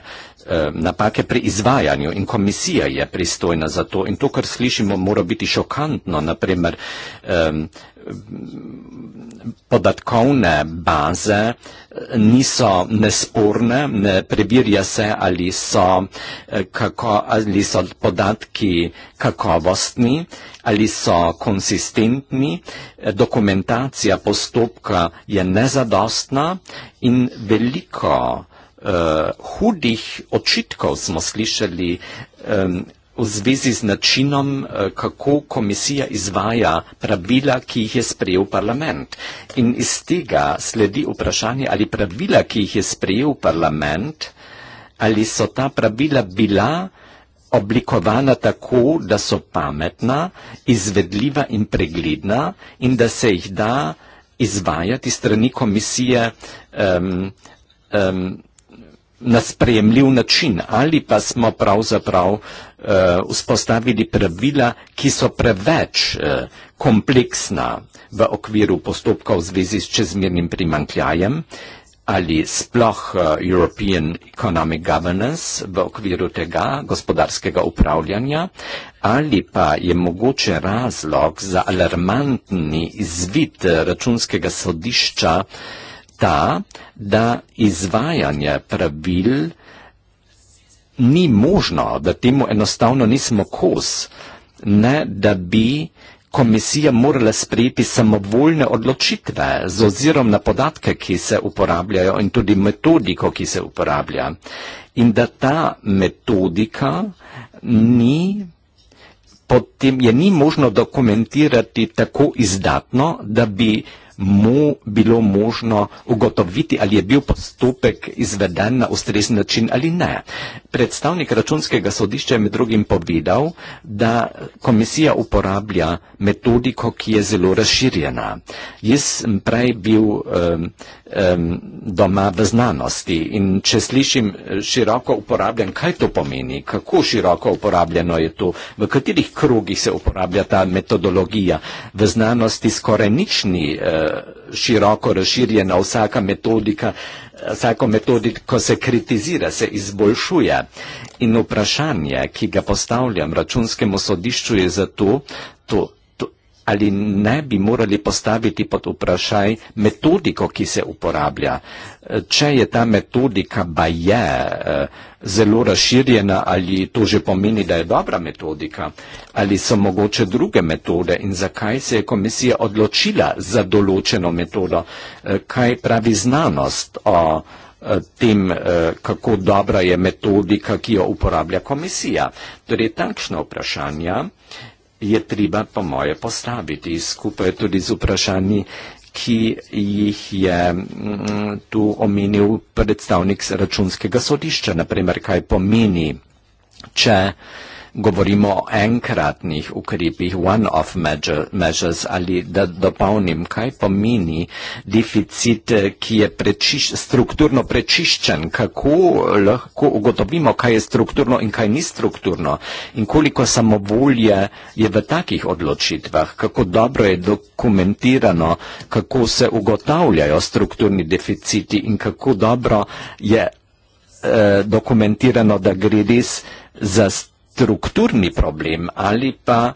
Eh, napake pri izvajanju in komisija je pristojna za to in to, kar slišimo, mora biti šokantno. Naprimer, um, podatkovne baze eh, niso nesporne, ne preverja se, ali so, eh, kako, ali so podatki kakovostni, ali so konsistentni, dokumentacija postopka je nezadostna in veliko uh, hudih očitkov smo slišali um, v zvezi z načinom, uh, kako komisija izvaja pravila, ki jih je sprejel parlament. In iz tega sledi vprašanje, ali pravila, ki jih je sprejel parlament, ali so ta pravila bila oblikovana tako, da so pametna, izvedljiva in pregledna in da se jih da izvajati strani komisije um, um, na sprejemljiv način ali pa smo pravzaprav uh, vzpostavili pravila, ki so preveč uh, kompleksna v okviru postopkov v zvezi s čezmernim primankljajem ali sploh uh, European Economic Governance v okviru tega gospodarskega upravljanja ali pa je mogoče razlog za alarmantni izvid računskega sodišča uh, ta, da izvajanje pravil ni možno, da temu enostavno nismo kos, ne da bi komisija morala sprejeti samovoljne odločitve z ozirom na podatke, ki se uporabljajo in tudi metodiko, ki se uporablja. In da ta metodika ni, potem je ni možno dokumentirati tako izdatno, da bi mu bilo možno ugotoviti, ali je bil postopek izveden na ustrezen način ali ne. Predstavnik računskega sodišča je med drugim povedal, da komisija uporablja metodiko, ki je zelo razširjena. Jaz sem prej bil um, um, doma v znanosti in če slišim eh, široko uporabljen, kaj to pomeni, kako široko uporabljeno je to, v katerih krogih se uporablja ta metodologija, v znanosti skoraj nič ni. Um, široko razširjena vsaka metodika, vsako metodiko se kritizira, se izboljšuje. In vprašanje, ki ga postavljam računskemu sodišču, je zato to ali ne bi morali postaviti pod vprašaj metodiko, ki se uporablja. Če je ta metodika, pa je eh, zelo razširjena, ali to že pomeni, da je dobra metodika, ali so mogoče druge metode in zakaj se je komisija odločila za določeno metodo, eh, kaj pravi znanost o eh, tem, kako dobra je metodika, ki jo uporablja komisija. Torej, takšno vprašanje je treba po moje postaviti skupaj tudi z vprašanji, ki jih je mm, tu omenil predstavnik računskega sodišča. Naprimer, kaj pomeni, če uh, govorimo o enkratnih ukrepih, one-off measures ali da dopolnim, kaj pomeni deficit, ki je prečiš, strukturno prečiščen, kako lahko ugotovimo, kaj je strukturno in kaj ni strukturno in koliko samovolje je v takih odločitvah, kako dobro je dokumentirano, kako se ugotavljajo strukturni deficiti in kako dobro je eh, dokumentirano, da gre res za strukturno strukturni problem ali pa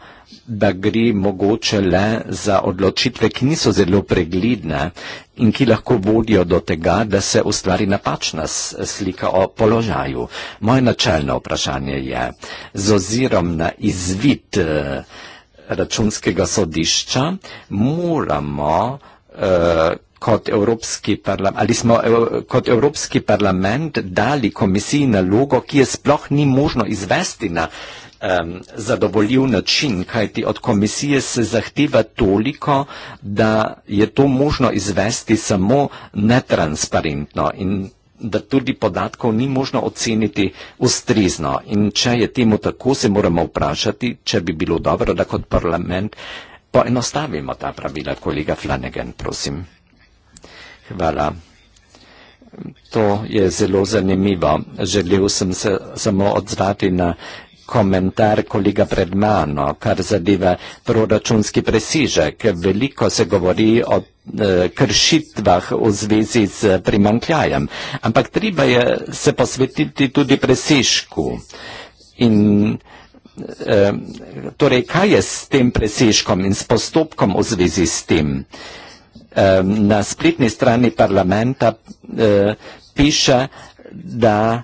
da gre mogoče le za odločitve, ki niso zelo pregledne in ki lahko vodijo do tega, da se ustvari napačna slika o položaju. Moje načelno vprašanje je, z ozirom na izvid eh, računskega sodišča, moramo eh, kot Evropski parlament, ali smo kot Evropski parlament dali komisiji nalogo, ki je sploh ni možno izvesti na um, zadovoljiv način, kajti od komisije se zahteva toliko, da je to možno izvesti samo netransparentno in da tudi podatkov ni možno oceniti ustrezno. In če je temu tako, se moramo vprašati, če bi bilo dobro, da kot parlament poenostavimo ta pravila, kolega Flanagan, prosim. Hvala. To je zelo zanimivo. Želel sem se samo odzvati na komentar kolega pred mano, kar zadeva proračunski presižek. Veliko se govori o e, kršitvah v zvezi z primankljajem, ampak treba je se posvetiti tudi presižku. In e, torej, kaj je s tem presižkom in s postopkom v zvezi s tem? Ehm, na spletni strani parlamenta eh, piše, da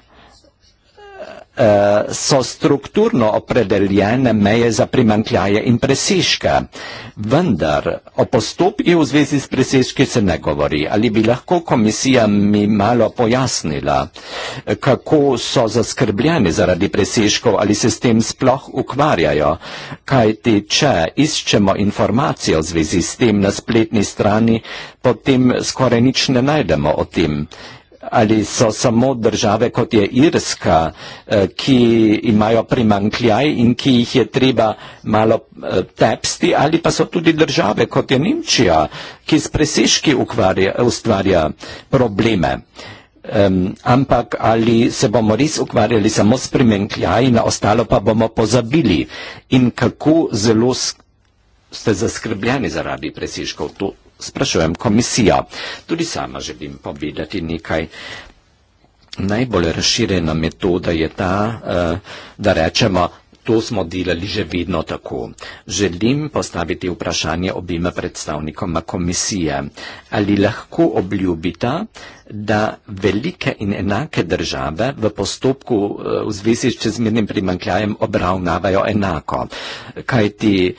Eh, so strukturno opredeljene meje za primankljaje in presežke. Vendar o postopju v zvezi s presežki se ne govori. Ali bi lahko komisija mi malo pojasnila, kako so zaskrbljeni zaradi presežkov ali se s tem sploh ukvarjajo? Kaj ti, če iščemo informacijo v zvezi s tem na spletni strani, potem skoraj nič ne najdemo o tem ali so samo države, kot je Irska, eh, ki imajo primankljaj in ki jih je treba malo eh, tepsti, ali pa so tudi države, kot je Nemčija, ki s presežki ustvarja probleme. Um, ampak ali se bomo res ukvarjali samo s primankljaji, na ostalo pa bomo pozabili in kako zelo ste zaskrbljeni zaradi presežkov sprašujem komisijo. Tudi sama želim povedati nekaj. Najbolj razširjena metoda je ta, eh, da rečemo, to smo delali že vedno tako. Želim postaviti vprašanje obima predstavnikoma komisije. Ali lahko obljubita, da velike in enake države v postopku eh, v zvezi s čezmernim primankljajem obravnavajo enako. Kaj ti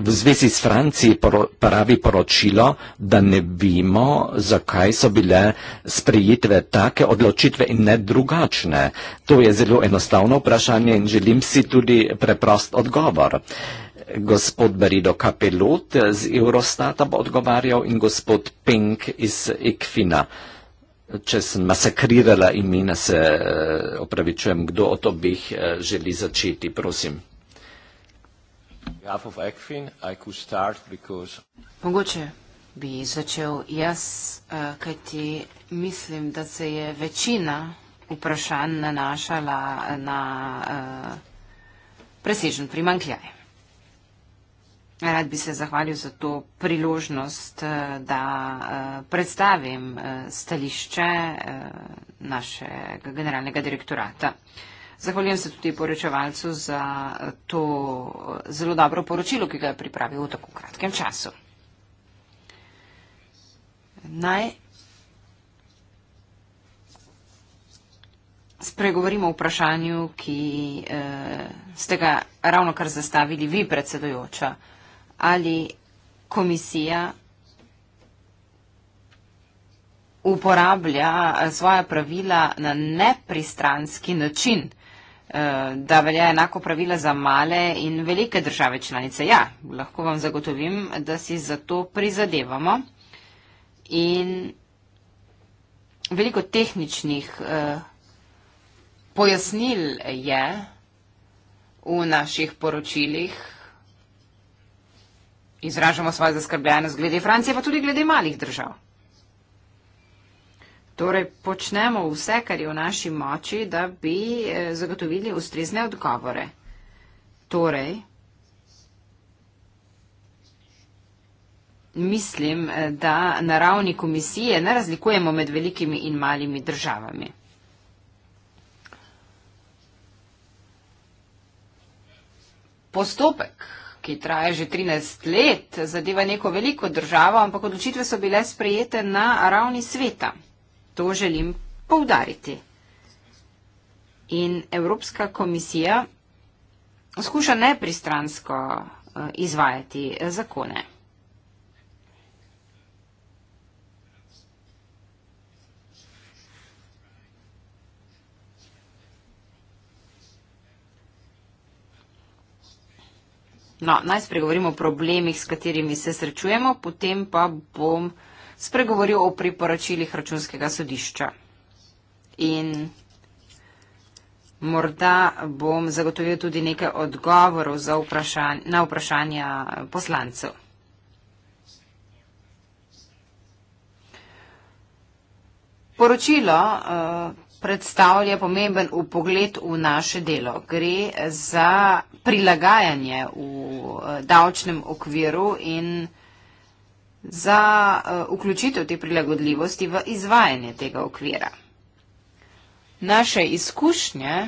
v zvezi s Franciji pravi poročilo, da ne vimo, zakaj so bile sprejitve take odločitve in ne drugačne? To je zelo enostavno vprašanje in želim si tudi preprost odgovor. Gospod Berido Kapelot z Eurostata bo odgovarjal in gospod Pink iz Ekvina če sem masakrirala imena, se eh, opravičujem, kdo od obih eh, želi začeti, prosim. Mogoče bi začel jaz, eh, kajti mislim, da se je večina vprašanj nanašala na presežen primankljaj. Rad bi se zahvalil za to priložnost, eh, da eh, predstavim eh, stališče našega generalnega direktorata. Zahvaljujem se tudi poročevalcu za to zelo dobro poročilo, ki ga je pripravil v tako kratkem času. Naj spregovorimo o vprašanju, ki ste ga ravno kar zastavili vi, predsedojoča ali komisija uporablja eh, svoja pravila na nepristranski način, eh, da velja enako pravila za male in velike države članice. Ja, lahko vam zagotovim, da si za to prizadevamo in veliko tehničnih eh, pojasnil je v naših poročilih izražamo svojo zaskrbljenost glede Francije, pa tudi glede malih držav. Torej, počnemo vse, kar je v naši moči, da bi eh, zagotovili ustrezne odgovore. Torej, mislim, eh, da na ravni komisije ne razlikujemo med velikimi in malimi državami. Postopek ki traja že 13 let, zadeva neko veliko državo, ampak odločitve so bile sprejete na ravni sveta. To želim poudariti. In Evropska komisija skuša nepristransko eh, izvajati eh, zakone. No, najprej govorimo o problemih, s katerimi se srečujemo, potem pa bom spregovoril o priporočilih računskega sodišča. In morda bom zagotovil tudi nekaj odgovorov vprašanj, na vprašanja poslancev. Poročilo uh, predstavlja pomemben upogled v naše delo. Gre za prilagajanje v eh, davčnem okviru in za eh, vključitev te prilagodljivosti v izvajanje tega okvira. Naše izkušnje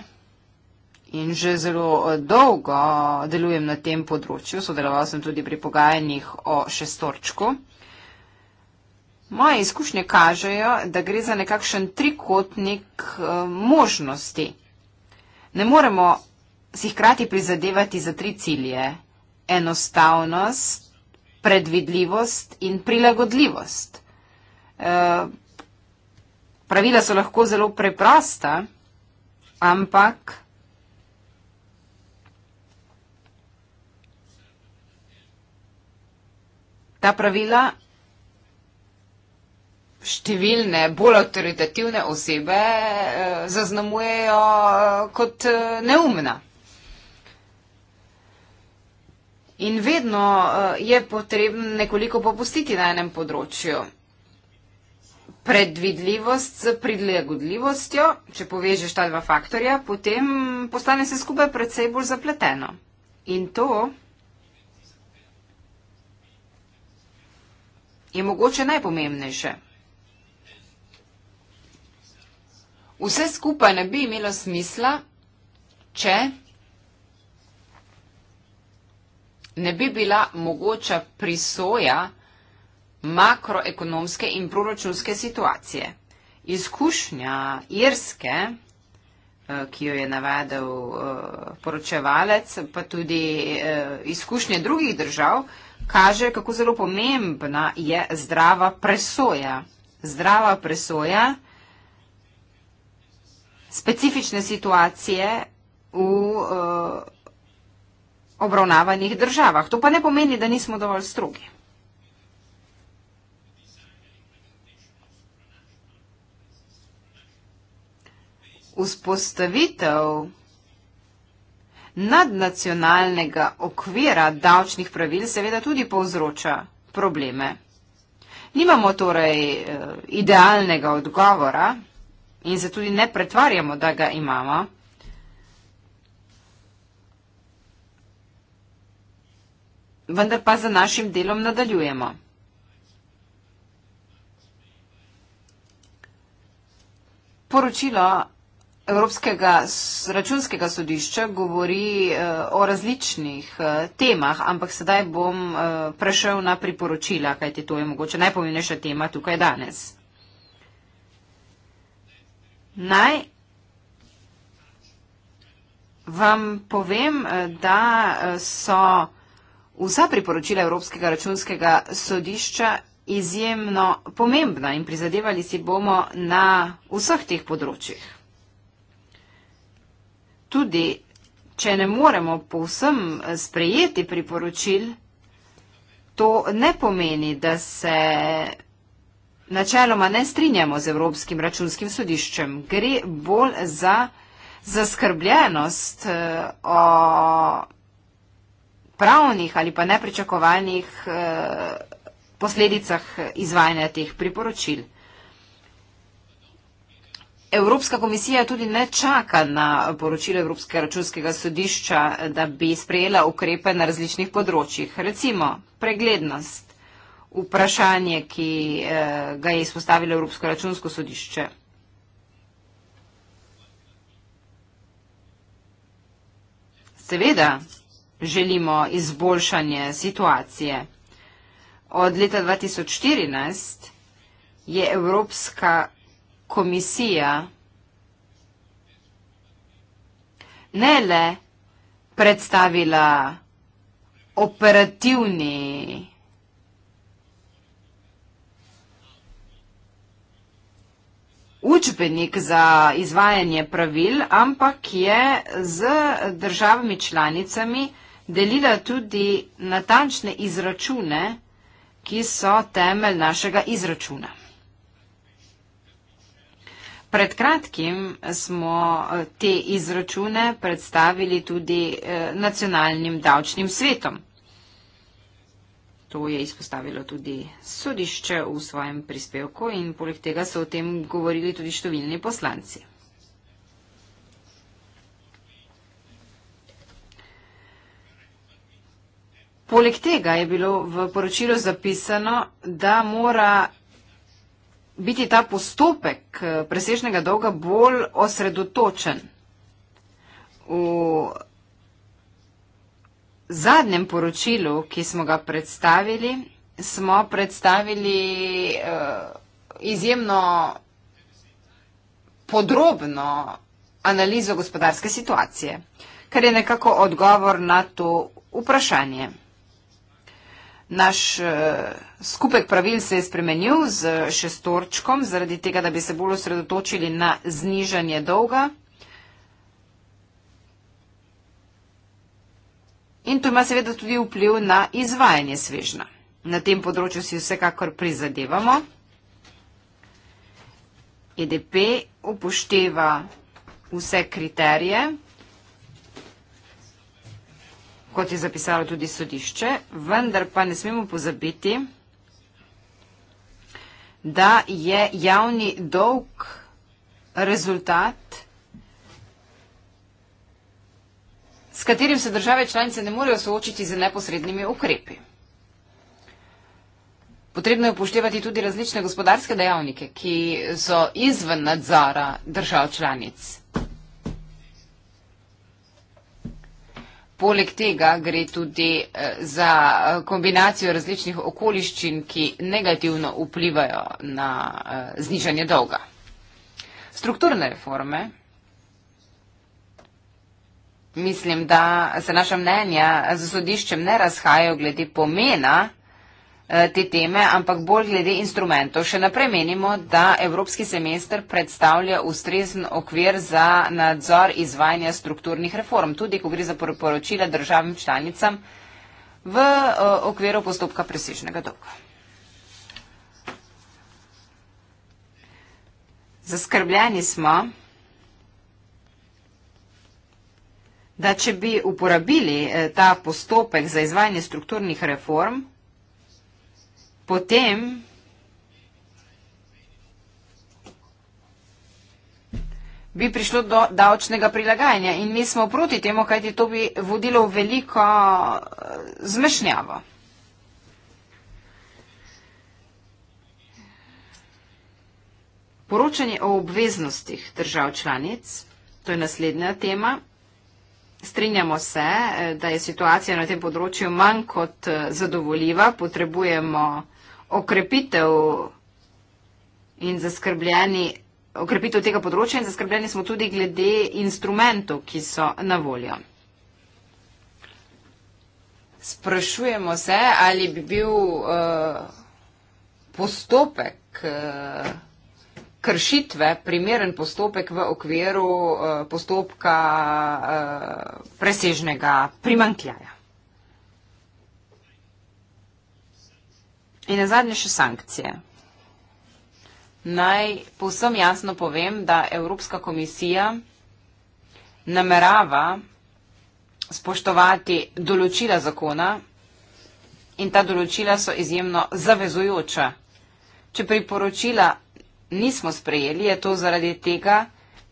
in že zelo eh, dolgo delujem na tem področju, sodeloval sem tudi pri pogajanjih o šestorčku. Moje izkušnje kažejo, da gre za nekakšen trikotnik eh, možnosti. Ne moremo si hkrati prizadevati za tri cilje - enostavnost, predvidljivost in prilagodljivost. Eh, pravila so lahko zelo preprosta, ampak ta pravila številne bolj avtoritativne osebe eh, zaznamujejo eh, kot eh, neumna. In vedno je potrebno nekoliko popustiti na enem področju. Predvidljivost z prilagodljivostjo, če povežeš ta dva faktorja, potem postane se skupaj predvsej bolj zapleteno. In to je mogoče najpomembnejše. Vse skupaj ne bi imelo smisla, če ne bi bila mogoča prisoja makroekonomske in proračunske situacije. Izkušnja Irske, eh, ki jo je navedel eh, poročevalec, pa tudi eh, izkušnje drugih držav, kaže, kako zelo pomembna je zdrava presoja. Zdrava presoja je, specifične situacije v uh, obravnavanih državah. To pa ne pomeni, da nismo dovolj strogi. Vzpostavitev nadnacionalnega okvira davčnih pravil seveda tudi povzroča probleme. Nimamo torej eh, idealnega odgovora, in se tudi ne pretvarjamo, da ga imamo, vendar pa za našim delom nadaljujemo. Poročilo Evropskega računskega sodišča govori eh, o različnih eh, temah, ampak sedaj bom eh, prešel na priporočila, kajti to je mogoče najpomembnejša tema tukaj danes. Naj vam povem, eh, da eh, so vsa priporočila Evropskega računskega sodišča izjemno pomembna in prizadevali si bomo na vseh teh področjih. Tudi, če ne moremo povsem eh, sprejeti priporočil, to ne pomeni, da se načeloma ne strinjamo z Evropskim računskim sodiščem. Gre bolj za zaskrbljenost eh, o pravnih ali pa nepričakovanih eh, posledicah izvajanja teh priporočil. Evropska komisija tudi ne čaka na poročilo Evropskega računskega sodišča, da bi sprejela ukrepe na različnih področjih. Recimo, preglednost vprašanje, ki eh, ga je izpostavilo Evropsko računsko sodišče. Seveda želimo izboljšanje situacije. Od leta 2014 je Evropska komisija ne le predstavila operativni učbenik za izvajanje pravil, ampak je z državami članicami delila tudi natančne izračune, ki so temelj našega izračuna. Pred kratkim smo eh, te izračune predstavili tudi eh, nacionalnim davčnim svetom. To je izpostavilo tudi sodišče v svojem prispevku in poleg tega so o tem govorili tudi številni poslanci. Poleg tega je bilo v poročilu zapisano, da mora biti ta postopek eh, presežnega dolga bolj osredotočen. V zadnjem poročilu, ki smo ga predstavili, smo predstavili uh, izjemno podrobno analizo gospodarske situacije, kar je nekako odgovor na to vprašanje. Naš uh, skupek pravil se je spremenil z šestorčkom, zaradi tega, da bi se bolj osredotočili na znižanje dolga. in to ima seveda tudi vpliv na izvajanje svežna. Na tem področju si vsekakor prizadevamo. EDP upošteva vse kriterije, kot je zapisalo tudi sodišče, vendar pa ne smemo pozabiti, da je javni dolg rezultat s katerim se države članice ne morejo soočiti z neposrednimi ukrepi. Potrebno je upoštevati tudi različne gospodarske dejavnike, ki so izven nadzora držav članic. Poleg tega gre tudi eh, za eh, kombinacijo različnih okoliščin, ki negativno vplivajo na eh, znižanje dolga. Strukturne reforme Mislim, da se naše mnenja z sodiščem ne razhajajo glede pomena eh, te teme, ampak bolj glede instrumentov. Še naprej menimo, da Evropski semester predstavlja ustrezen okvir za nadzor izvajanja strukturnih reform, tudi ko gre za poročila državim članicam v eh, okviru postopka presežnega dolga. Zaskrbljeni smo. da če bi uporabili eh, ta postopek za izvajanje strukturnih reform, potem bi prišlo do davčnega prilagajanja in mi smo proti temu, kajti to bi vodilo v veliko eh, zmešnjavo. Poročanje o obveznostih držav članic, to je naslednja tema, Strinjamo se, eh, da je situacija na tem področju manj kot eh, zadovoljiva, potrebujemo okrepitev in zaskrbljeni. Okrepitev tega področja in zaskrbljeni smo tudi glede instrumentov, ki so na voljo. Sprašujemo se, ali bi bil uh, postopek uh, kršitve primeren postopek v okviru eh, postopka eh, presežnega primankljaja. In na zadnje še sankcije. Naj povsem jasno povem, da Evropska komisija namerava spoštovati določila zakona in ta določila so izjemno zavezujoča. Če priporočila nismo sprejeli, je to zaradi tega,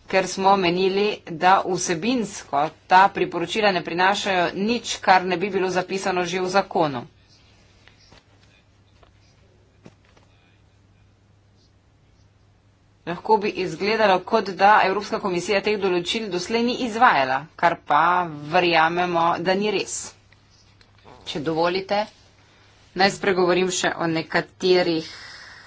ker smo menili, da vsebinsko ta priporočila ne prinašajo nič, kar ne bi bilo zapisano že v zakonu. Lahko bi izgledalo, kot da Evropska komisija teh določil doslej ni izvajala, kar pa verjamemo, da ni res. Če dovolite, naj spregovorim še o nekaterih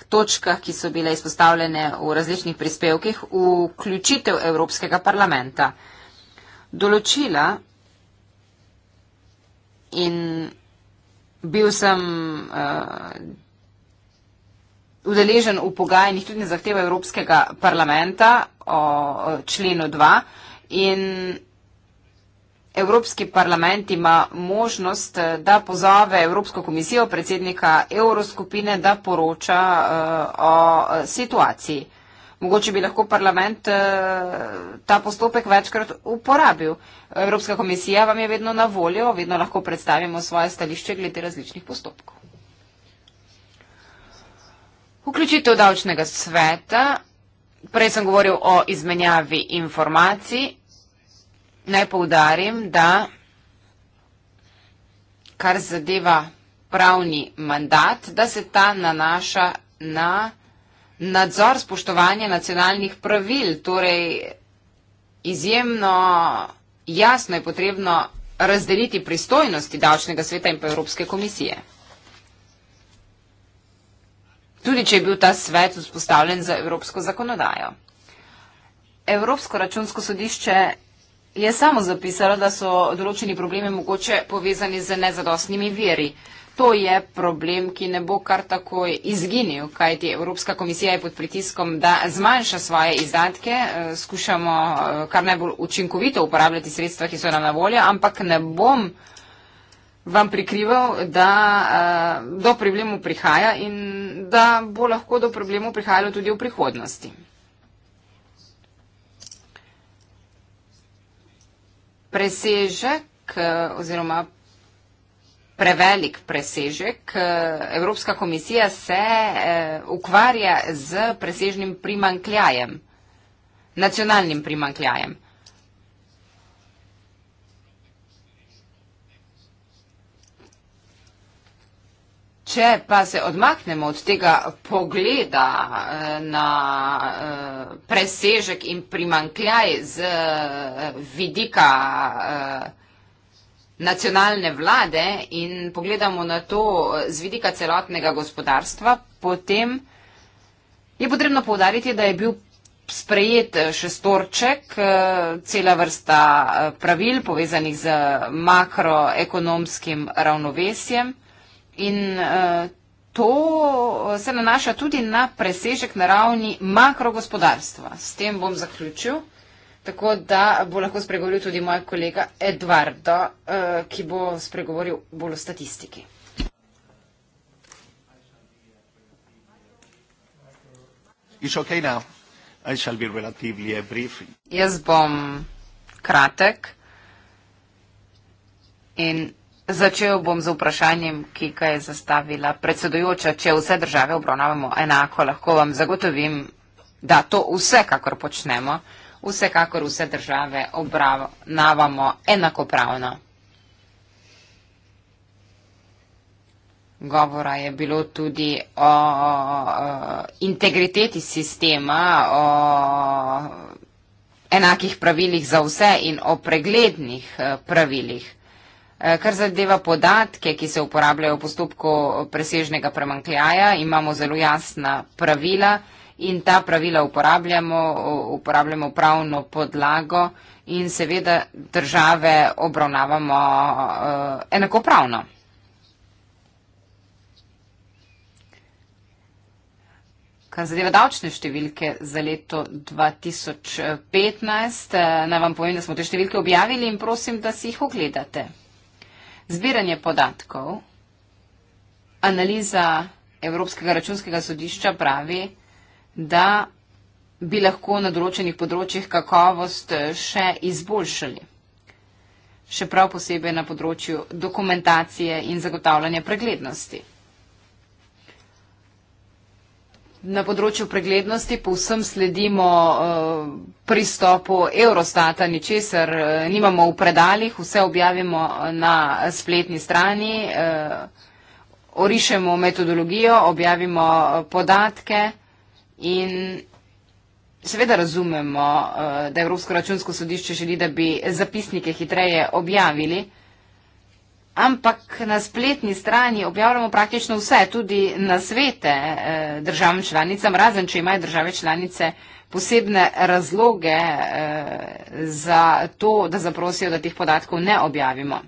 točkah, ki so bile izpostavljene v različnih prispevkih, vključitev Evropskega parlamenta. Določila in bil sem uh, udeležen v pogajanjih tudi na zahtevo Evropskega parlamenta o, o členu 2 in Evropski parlament ima možnost, eh, da pozove Evropsko komisijo predsednika Euroskupine, da poroča uh, o eh, situaciji. Mogoče bi lahko parlament uh, ta postopek večkrat uporabil. Evropska komisija vam je vedno na voljo, vedno lahko predstavimo svoje stališče glede različnih postopkov. Vključitev davčnega sveta. Prej sem govoril o izmenjavi informacij naj poudarim, da kar zadeva pravni mandat, da se ta nanaša na nadzor spoštovanja nacionalnih pravil. Torej, izjemno jasno je potrebno razdeliti pristojnosti davčnega sveta in pa Evropske komisije. Tudi, če je bil ta svet vzpostavljen za evropsko zakonodajo. Evropsko računsko sodišče Je samo zapisala, da so določeni problemi mogoče povezani z nezadostnimi veri. To je problem, ki ne bo kar takoj izginil, kajti Evropska komisija je pod pritiskom, da zmanjša svoje izdatke, eh, skušamo eh, kar najbolj učinkovito uporabljati sredstva, ki so nam na voljo, ampak ne bom vam prikrival, da eh, do problemov prihaja in da bo lahko do problemov prihajalo tudi v prihodnosti. presežek eh, oziroma prevelik presežek. Eh, Evropska komisija se eh, ukvarja z presežnim primankljajem, nacionalnim primankljajem. Če pa se odmaknemo od tega pogleda eh, na eh, presežek in primankljaj z eh, vidika nacionalne vlade in pogledamo na to z vidika celotnega gospodarstva, potem je potrebno povdariti, da je bil sprejet šestorček, cela vrsta pravil povezanih z makroekonomskim ravnovesjem. In uh, to se nanaša tudi na presežek na ravni makrogospodarstva. S tem bom zaključil, tako da bo lahko spregovoril tudi moj kolega Eduardo, uh, eh, ki bo spregovoril bolj o statistiki. Okay Jaz bom kratek in Začel bom z vprašanjem, ki ga je zastavila predsedujoča. Če vse države obravnavamo enako, lahko vam zagotovim, da to vsekakor počnemo. Vsekakor vse države obravnavamo enakopravno. Govora je bilo tudi o, o, o integriteti sistema, o enakih pravilih za vse in o preglednih eh, pravilih. Eh, kar zadeva podatke, ki se uporabljajo v postopku presežnega premankljaja, imamo zelo jasna pravila in ta pravila uporabljamo, eh, uporabljamo pravno podlago in seveda države obravnavamo eh, enakopravno. Kar zadeva davčne številke za leto 2015, naj vam povem, da smo te številke objavili in prosim, da si jih ogledate zbiranje podatkov. Analiza Evropskega računskega sodišča pravi, da bi lahko na določenih področjih kakovost eh, še izboljšali. Še prav posebej na področju dokumentacije in zagotavljanja preglednosti. Na področju preglednosti povsem sledimo eh, pristopu Eurostata, ničesar eh, nimamo v predalih, vse objavimo eh, na spletni strani, orišemo metodologijo, objavimo podatke in seveda razumemo, da Evropsko računsko sodišče želi, da bi zapisnike hitreje objavili ampak na spletni strani objavljamo praktično vse, tudi na svete eh, državam članicam, razen če imajo države članice posebne razloge eh, za to, da zaprosijo, da teh podatkov ne objavimo.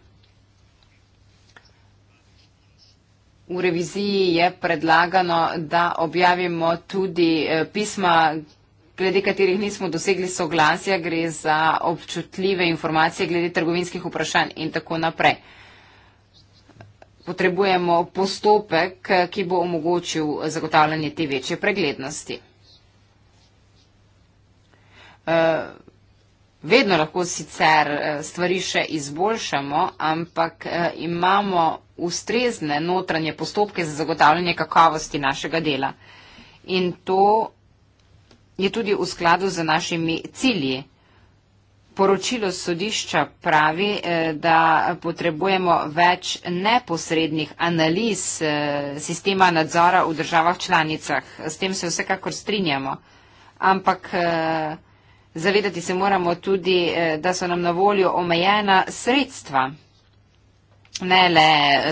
V reviziji je predlagano, da objavimo tudi eh, pisma, glede katerih nismo dosegli soglasja, gre za občutljive informacije glede trgovinskih vprašanj in tako naprej potrebujemo postopek, ki bo omogočil zagotavljanje te večje preglednosti. Eh, vedno lahko sicer eh, stvari še izboljšamo, ampak eh, imamo ustrezne notranje postopke za zagotavljanje kakovosti našega dela. In to je tudi v skladu z našimi cilji. Poročilo sodišča pravi, eh, da potrebujemo več neposrednih analiz eh, sistema nadzora v državah članicah. S tem se vsekakor strinjamo. Ampak eh, zavedati se moramo tudi, da so nam na voljo omejena sredstva. Ne le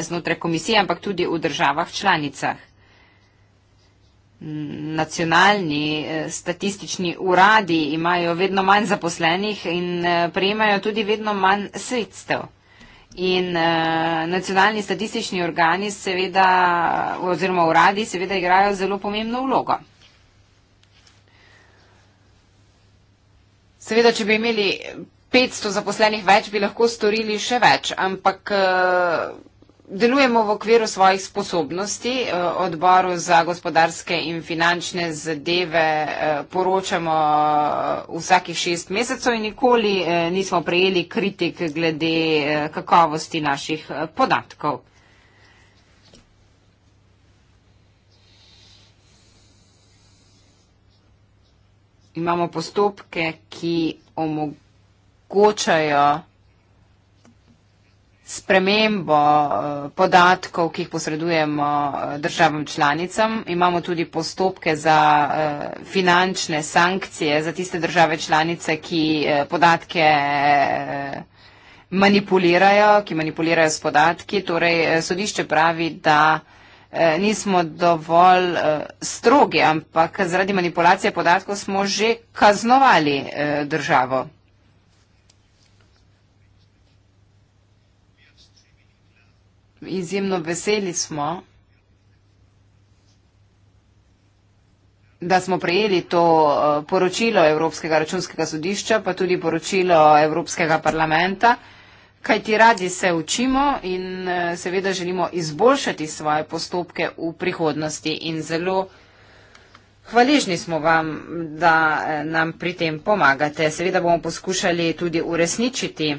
znotraj komisije, ampak tudi v državah članicah nacionalni eh, statistični uradi imajo vedno manj zaposlenih in eh, prejemajo tudi vedno manj sredstev. In uh, nacionalni statistični organi seveda, oziroma uradi seveda igrajo zelo pomembno vlogo. Seveda, če bi imeli 500 zaposlenih več, bi lahko storili še več, ampak uh, delujemo v okviru svojih sposobnosti. Eh, odboru za gospodarske in finančne zadeve eh, poročamo eh, vsakih šest mesecev in nikoli nismo prejeli kritik glede kakovosti naših podatkov. Imamo postopke, ki omogočajo spremembo eh, podatkov, ki jih posredujemo eh, državam članicam. Imamo tudi postopke za eh, finančne sankcije za tiste države članice, ki podatke manipulirajo, ki manipulirajo s podatki. Torej, sodišče pravi, da nismo dovolj strogi, ampak zaradi manipulacije podatkov smo že kaznovali državo. izjemno veseli smo, da smo prejeli to eh, poročilo Evropskega računskega sodišča, pa tudi poročilo Evropskega parlamenta, kaj ti radi se učimo in eh, seveda želimo izboljšati svoje postopke v prihodnosti in zelo hvaležni smo vam, da eh, nam pri tem pomagate. Seveda bomo poskušali tudi uresničiti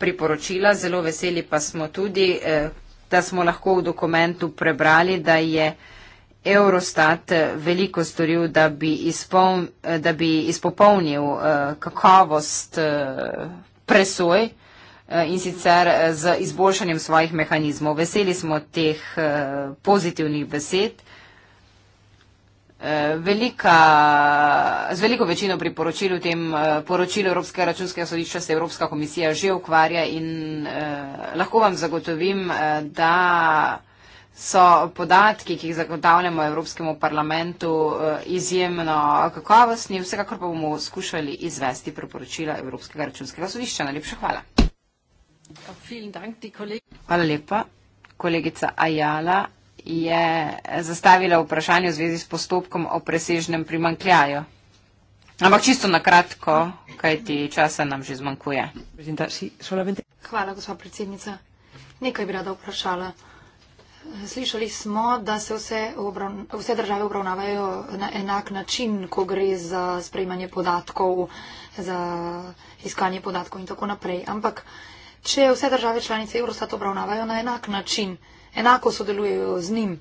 priporočila, zelo veseli pa smo tudi, eh, da smo lahko v dokumentu prebrali, da je Eurostat eh, veliko storil, da bi, izpoln, eh, da bi izpopolnil kakovost presoj in sicer z izboljšanjem svojih mehanizmov. Veseli smo teh pozitivnih besed. Eh, velika, z veliko večino priporočil v tem eh, poročilu Evropskega računskega sodišča se Evropska komisija že ukvarja in eh, lahko vam zagotovim, eh, da so podatki, ki jih zagotavljamo Evropskemu parlamentu, eh, izjemno kakovostni. Vsekakor pa bomo skušali izvesti priporočila Evropskega računskega sodišča. Najlepša hvala. Ja, hvala lepa, kolegica Ajala je zastavila vprašanje v zvezi s postopkom o presežnem primankljaju. Ampak čisto na kratko, kaj ti časa nam že zmanjkuje. Hvala, gospod predsednica. Nekaj bi rada vprašala. Slišali smo, da se vse, vse države obravnavajo na enak način, ko gre za sprejmanje podatkov, za iskanje podatkov in tako naprej. Ampak, če vse države članice Eurostat obravnavajo na enak način, enako sodelujejo z njim.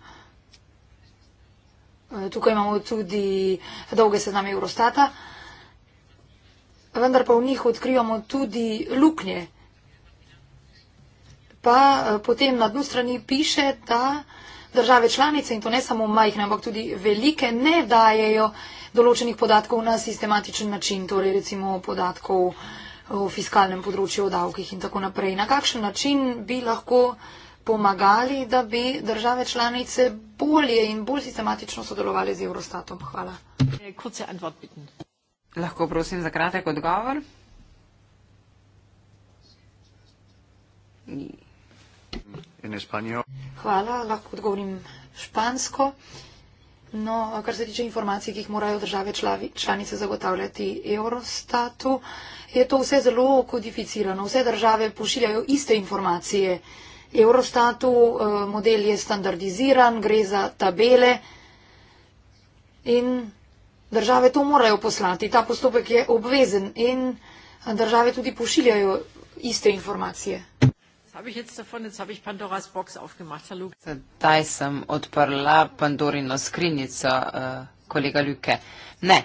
E, tukaj imamo tudi dolge sezname Eurostata, vendar pa v njih odkrivamo tudi luknje. Pa e, potem na dnu strani piše, da države članice, in to ne samo majhne, ampak tudi velike, ne dajejo določenih podatkov na sistematičen način, torej recimo podatkov o fiskalnem področju, o davkih in tako naprej. Na kakšen način bi lahko pomagali, da bi države članice bolje in bolj sistematično sodelovali z Eurostatom? Hvala. Lahko prosim za kratek odgovor. Hvala, lahko odgovorim špansko. No, kar se tiče informacij, ki jih morajo države članice zagotavljati Eurostatu, je to vse zelo kodificirano. Vse države pošiljajo iste informacije. Eurostatu, eh, model je standardiziran, gre za tabele in države to morajo poslati. Ta postopek je obvezen in države tudi pošiljajo iste informacije. Zdaj sem odprla Pandorino skrinjico, eh, kolega Ljuke. Ne,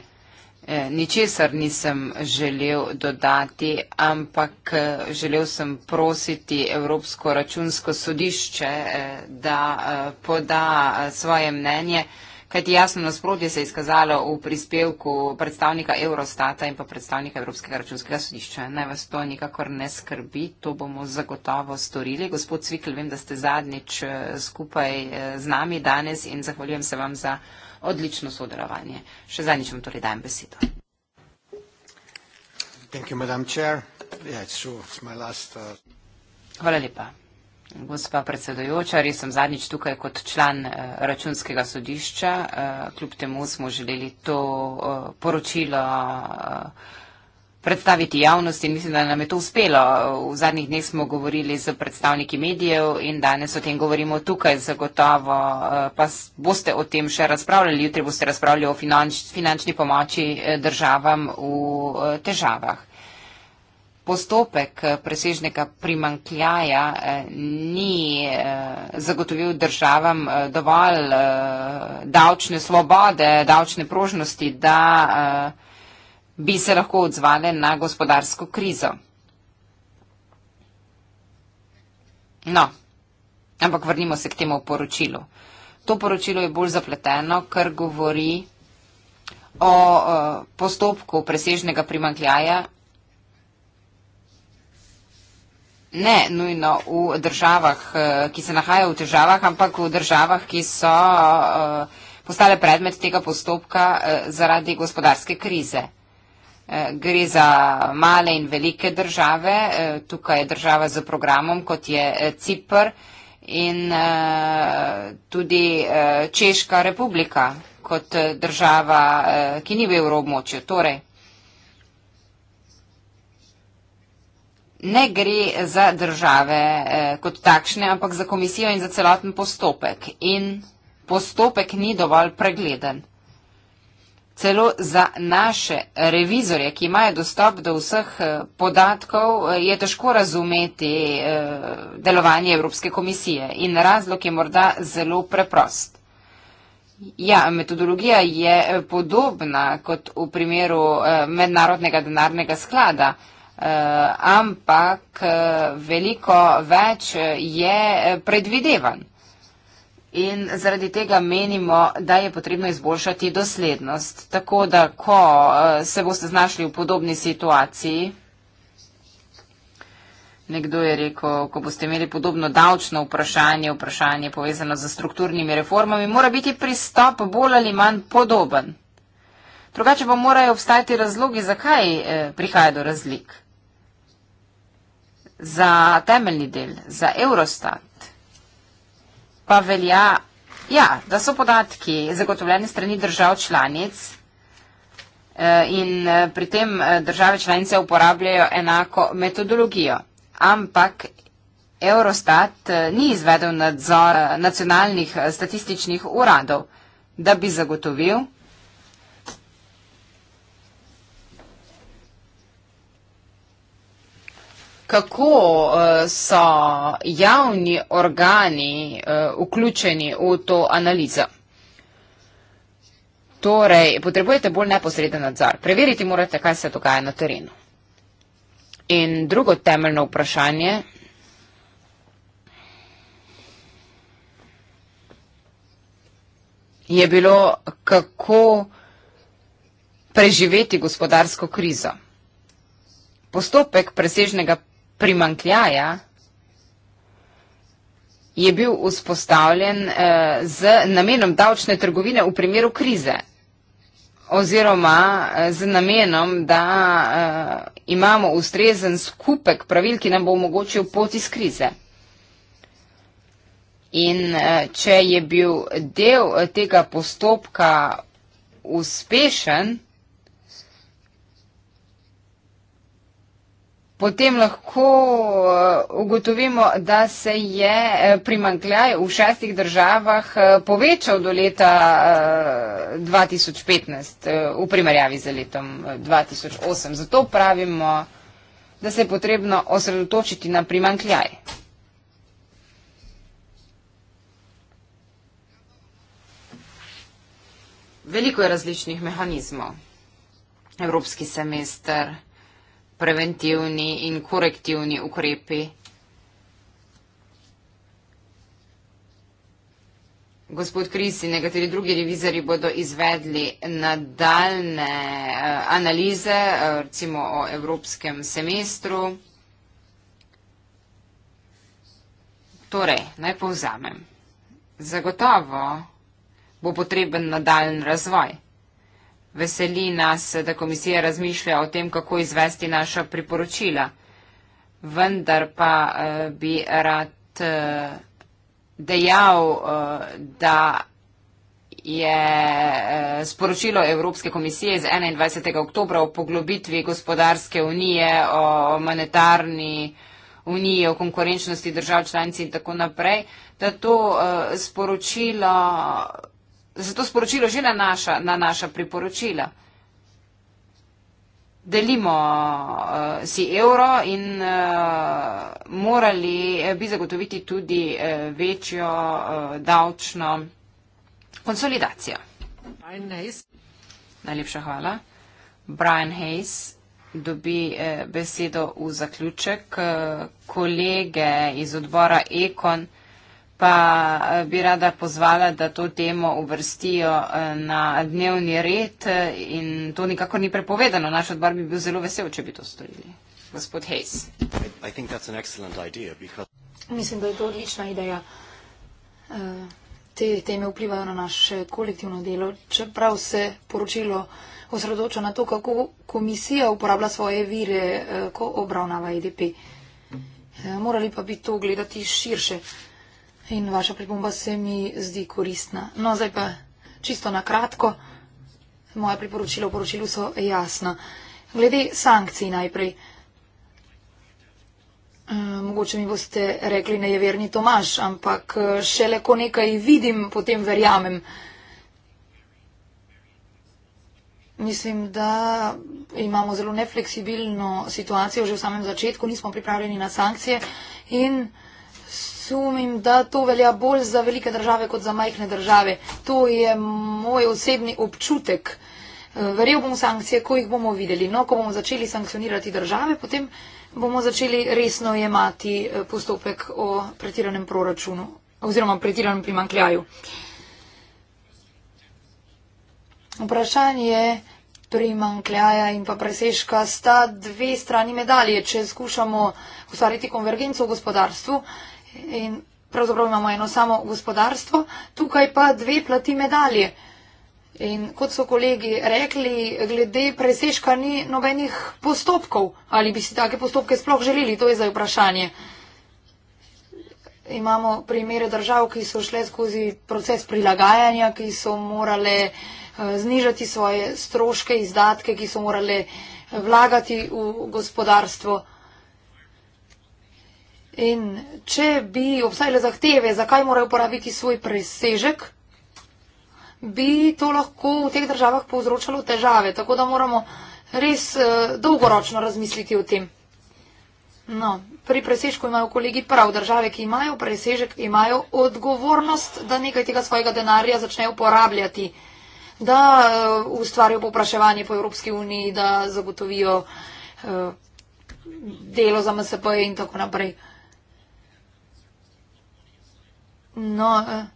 Eh, ničesar nisem želel dodati, ampak eh, želel sem prositi Evropsko računsko sodišče, eh, da poda svoje mnenje, kajti jasno nasprotje se je izkazalo v prispevku predstavnika Eurostata in pa predstavnika Evropskega računskega sodišča. Naj vas to nikakor ne skrbi, to bomo zagotovo storili. Gospod Cvikl, vem, da ste zadnjič skupaj z nami danes in zahvaljujem se vam za odlično sodelovanje. Še zadnjič vam torej dajem besedo. Uh, Hvala lepa. Gospa predsedojoča, res sem zadnjič tukaj kot član uh, računskega sodišča. Uh, kljub temu smo želeli to poročilo predstaviti javnosti in mislim, da nam je to uspelo. V zadnjih dneh smo govorili z predstavniki medijev in danes o tem govorimo tukaj zagotovo. Eh, pa boste o tem še razpravljali, jutri boste razpravljali o finanč, finančni pomoči eh, državam v eh, težavah. Postopek presežnega primankljaja ni zagotovil državam dovolj davčne svobode, davčne prožnosti, da bi se lahko odzvale na gospodarsko krizo. No, ampak vrnimo se k temu poročilu. To poročilo je bolj zapleteno, ker govori o uh, postopku presežnega primankljaja. Ne nujno v državah, eh, ki se nahajajo v težavah, ampak v državah, ki so eh, postale predmet tega postopka zaradi gospodarske krize. Eh, gre za male in velike države. Eh, tukaj je država z programom, kot je eh, Cipr in tudi Češka republika kot država, ki ni v evroobmočju. Torej, ne gre za države kot takšne, ampak za komisijo in za celoten postopek. In postopek ni dovolj pregleden celo za naše revizorje, ki imajo dostop do vseh eh, podatkov, eh, je težko razumeti eh, delovanje Evropske komisije. In razlog je morda zelo preprost. Ja, metodologija je podobna kot v primeru mednarodnega denarnega sklada, ampak veliko več je predvidevan in zaradi tega menimo, da je potrebno izboljšati doslednost. Tako da, ko eh, se boste znašli v podobni situaciji, nekdo je rekel, ko boste imeli podobno davčno vprašanje, vprašanje povezano z strukturnimi reformami, mora biti pristop bolj ali manj podoben. Drugače pa morajo obstajati razlogi, zakaj eh, prihaja do razlik. Za temeljni del, za Eurostat, pa velja, ja, da so podatki zagotovljeni strani držav članic eh, in eh, pri tem eh, države članice uporabljajo enako metodologijo. Ampak Eurostat ni izvedel nadzor nacionalnih statističnih uradov, da bi zagotovil, da bi zagotovil, kako eh, so javni organi eh, vključeni v to analizo. Torej, potrebujete bolj neposreden nadzor. Preveriti morate, kaj se dogaja na terenu. In drugo temeljno vprašanje. je bilo, kako preživeti gospodarsko krizo. Postopek presežnega primankljaja je bil vzpostavljen eh, z namenom davčne trgovine v primeru krize oziroma eh, z namenom, da eh, imamo ustrezen skupek pravil, ki nam bo omogočil pot iz krize. In če je bil del tega postopka uspešen, potem lahko eh, ugotovimo, da se je eh, primankljaj v šestih državah eh, povečal do leta 2015 v primerjavi z letom 2008. Zato pravimo, da se je potrebno osredotočiti na primankljaj. Veliko je različnih mehanizmov. Evropski semester preventivni in korektivni ukrepi. Gospod Kris in nekateri drugi revizori bodo izvedli nadaljne eh, analize, eh, recimo o evropskem semestru. Torej, naj povzamem. Zagotovo bo potreben nadaljen razvoj. Veseli nas, da komisija razmišlja o tem, kako izvesti naša priporočila. Vendar pa eh, bi rad eh, dejal, eh, da je sporočilo Evropske komisije iz 21. oktobra o poglobitvi gospodarske unije, o monetarni unije, o konkurenčnosti držav članic in tako naprej, da to sporočilo se to sporočilo že nanaša na naša priporočila. Delimo uh, si evro in uh, morali eh, bi zagotoviti tudi uh, večjo uh, davčno konsolidacijo. Brian Hayes. Najlepša hvala. Brian Hayes dobi uh, besedo v zaključek. Uh, kolege iz odbora Ekon pa eh, bi rada pozvala, da to temo uvrstijo eh, na dnevni red eh, in to nikakor ni prepovedano. Naš odbor bi bil zelo vesel, če bi to storili. Gospod Hayes. Mislim, da je to odlična ideja. Te teme vplivajo na naše kolektivno delo. Čeprav se poročilo osredotoča na to, kako komisija uporablja svoje vire, ko obravnava IDP. E morali pa bi to gledati širše in vaša pripomba se mi zdi koristna. No, zdaj pa čisto na kratko. Moje priporočilo v poročilu so jasna. Glede sankcij najprej. Eh, mogoče mi boste rekli, ne je verni Tomaš, ampak eh, šele ko nekaj vidim, potem verjamem. Mislim, da imamo zelo nefleksibilno situacijo že v samem začetku, nismo pripravljeni na sankcije in sumim, da to velja bolj za velike države kot za majhne države. To je moj osebni občutek. Verjel bom sankcije, ko jih bomo videli. No, ko bomo začeli sankcionirati države, potem bomo začeli resno jemati eh, postopek o pretiranem proračunu oziroma pretiranem primankljaju. Vprašanje primankljaja in pa preseška sta dve strani medalje. Če skušamo ustvariti konvergenco v gospodarstvu, in pravzaprav imamo eno samo gospodarstvo, tukaj pa dve plati medalje. In kot so kolegi rekli, glede preseška ni nobenih postopkov, ali bi si take postopke sploh želeli, to je zdaj vprašanje. Imamo primere držav, ki so šle skozi proces prilagajanja, ki so morale eh, znižati svoje stroške, izdatke, ki so morale eh, vlagati v gospodarstvo. In če bi obstajale zahteve, zakaj morajo uporabiti svoj presežek, bi to lahko v teh državah povzročalo težave. Tako da moramo res uh, dolgoročno razmisliti o tem. No, pri presežku imajo kolegi prav. Države, ki imajo presežek, imajo odgovornost, da nekaj tega svojega denarja začnejo uporabljati, da uh, ustvarijo popraševanje po Evropski uniji, da zagotovijo uh, delo za MSP in tako naprej. No, eh,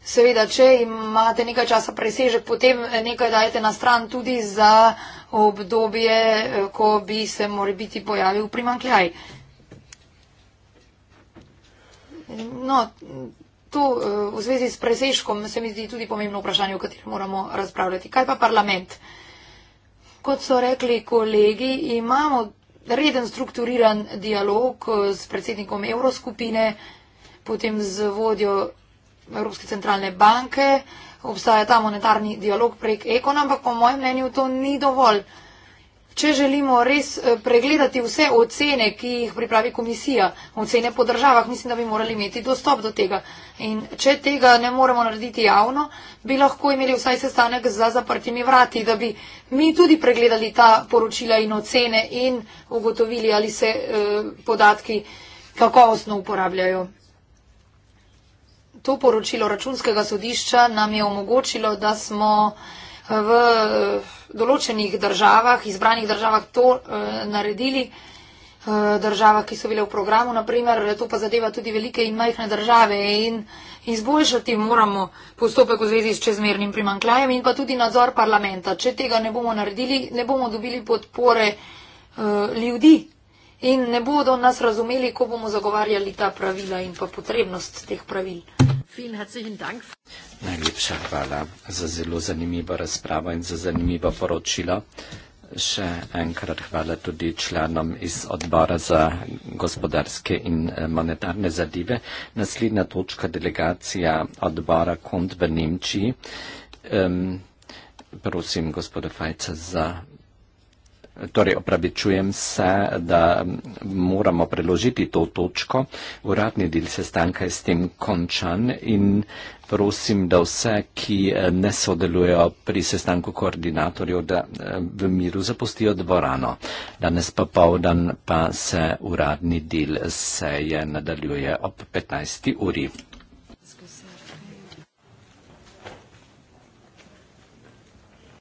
seveda, če imate nekaj časa presežek, potem eh, nekaj dajete na stran tudi za obdobje, eh, ko bi se mora biti pojavil primankljaj. No, to v zvezi s presežkom se mi zdi tudi pomembno vprašanje, o katerem moramo razpravljati. Kaj pa parlament? Kot so rekli kolegi, imamo reden strukturiran dialog s predsednikom Evroskupine, potem z vodjo Evropske centralne banke, obstaja ta monetarni dialog prek ekon, ampak po mojem mnenju to ni dovolj. Če želimo res eh, pregledati vse ocene, ki jih pripravi komisija, ocene po državah, mislim, da bi morali imeti dostop do tega. In če tega ne moremo narediti javno, bi lahko imeli vsaj sestanek za zaprtimi vrati, da bi mi tudi pregledali ta poročila in ocene in ugotovili, ali se eh, podatki kakovostno uporabljajo to poročilo računskega sodišča nam je omogočilo, da smo eh, v eh, določenih državah, izbranih državah to eh, naredili, državah, ki so bile v programu, naprimer, to pa zadeva tudi velike in majhne države in izboljšati moramo postopek v zvezi s čezmernim primankljajem in pa tudi nadzor parlamenta. Če tega ne bomo naredili, ne bomo dobili podpore ljudi in ne bodo nas razumeli, ko bomo zagovarjali ta pravila in pa potrebnost teh pravil. Vielen herzlichen Dank. Najlepša hvala za zelo zanimivo razpravo in za zanimivo poročilo. Še enkrat hvala tudi članom iz odbora za gospodarske in eh, monetarne zadeve. Naslednja točka delegacija odbora Kont v Nemčiji. Um, prosim gospoda Fajca za Torej, opravičujem se, da moramo preložiti to točko. Uradni del sestanka je s tem končan in prosim, da vse, ki eh, ne sodelujo pri sestanku koordinatorjev, da eh, v miru zapustijo dvorano. Danes pa povdan pa se uradni del seje nadaljuje ob 15. uri.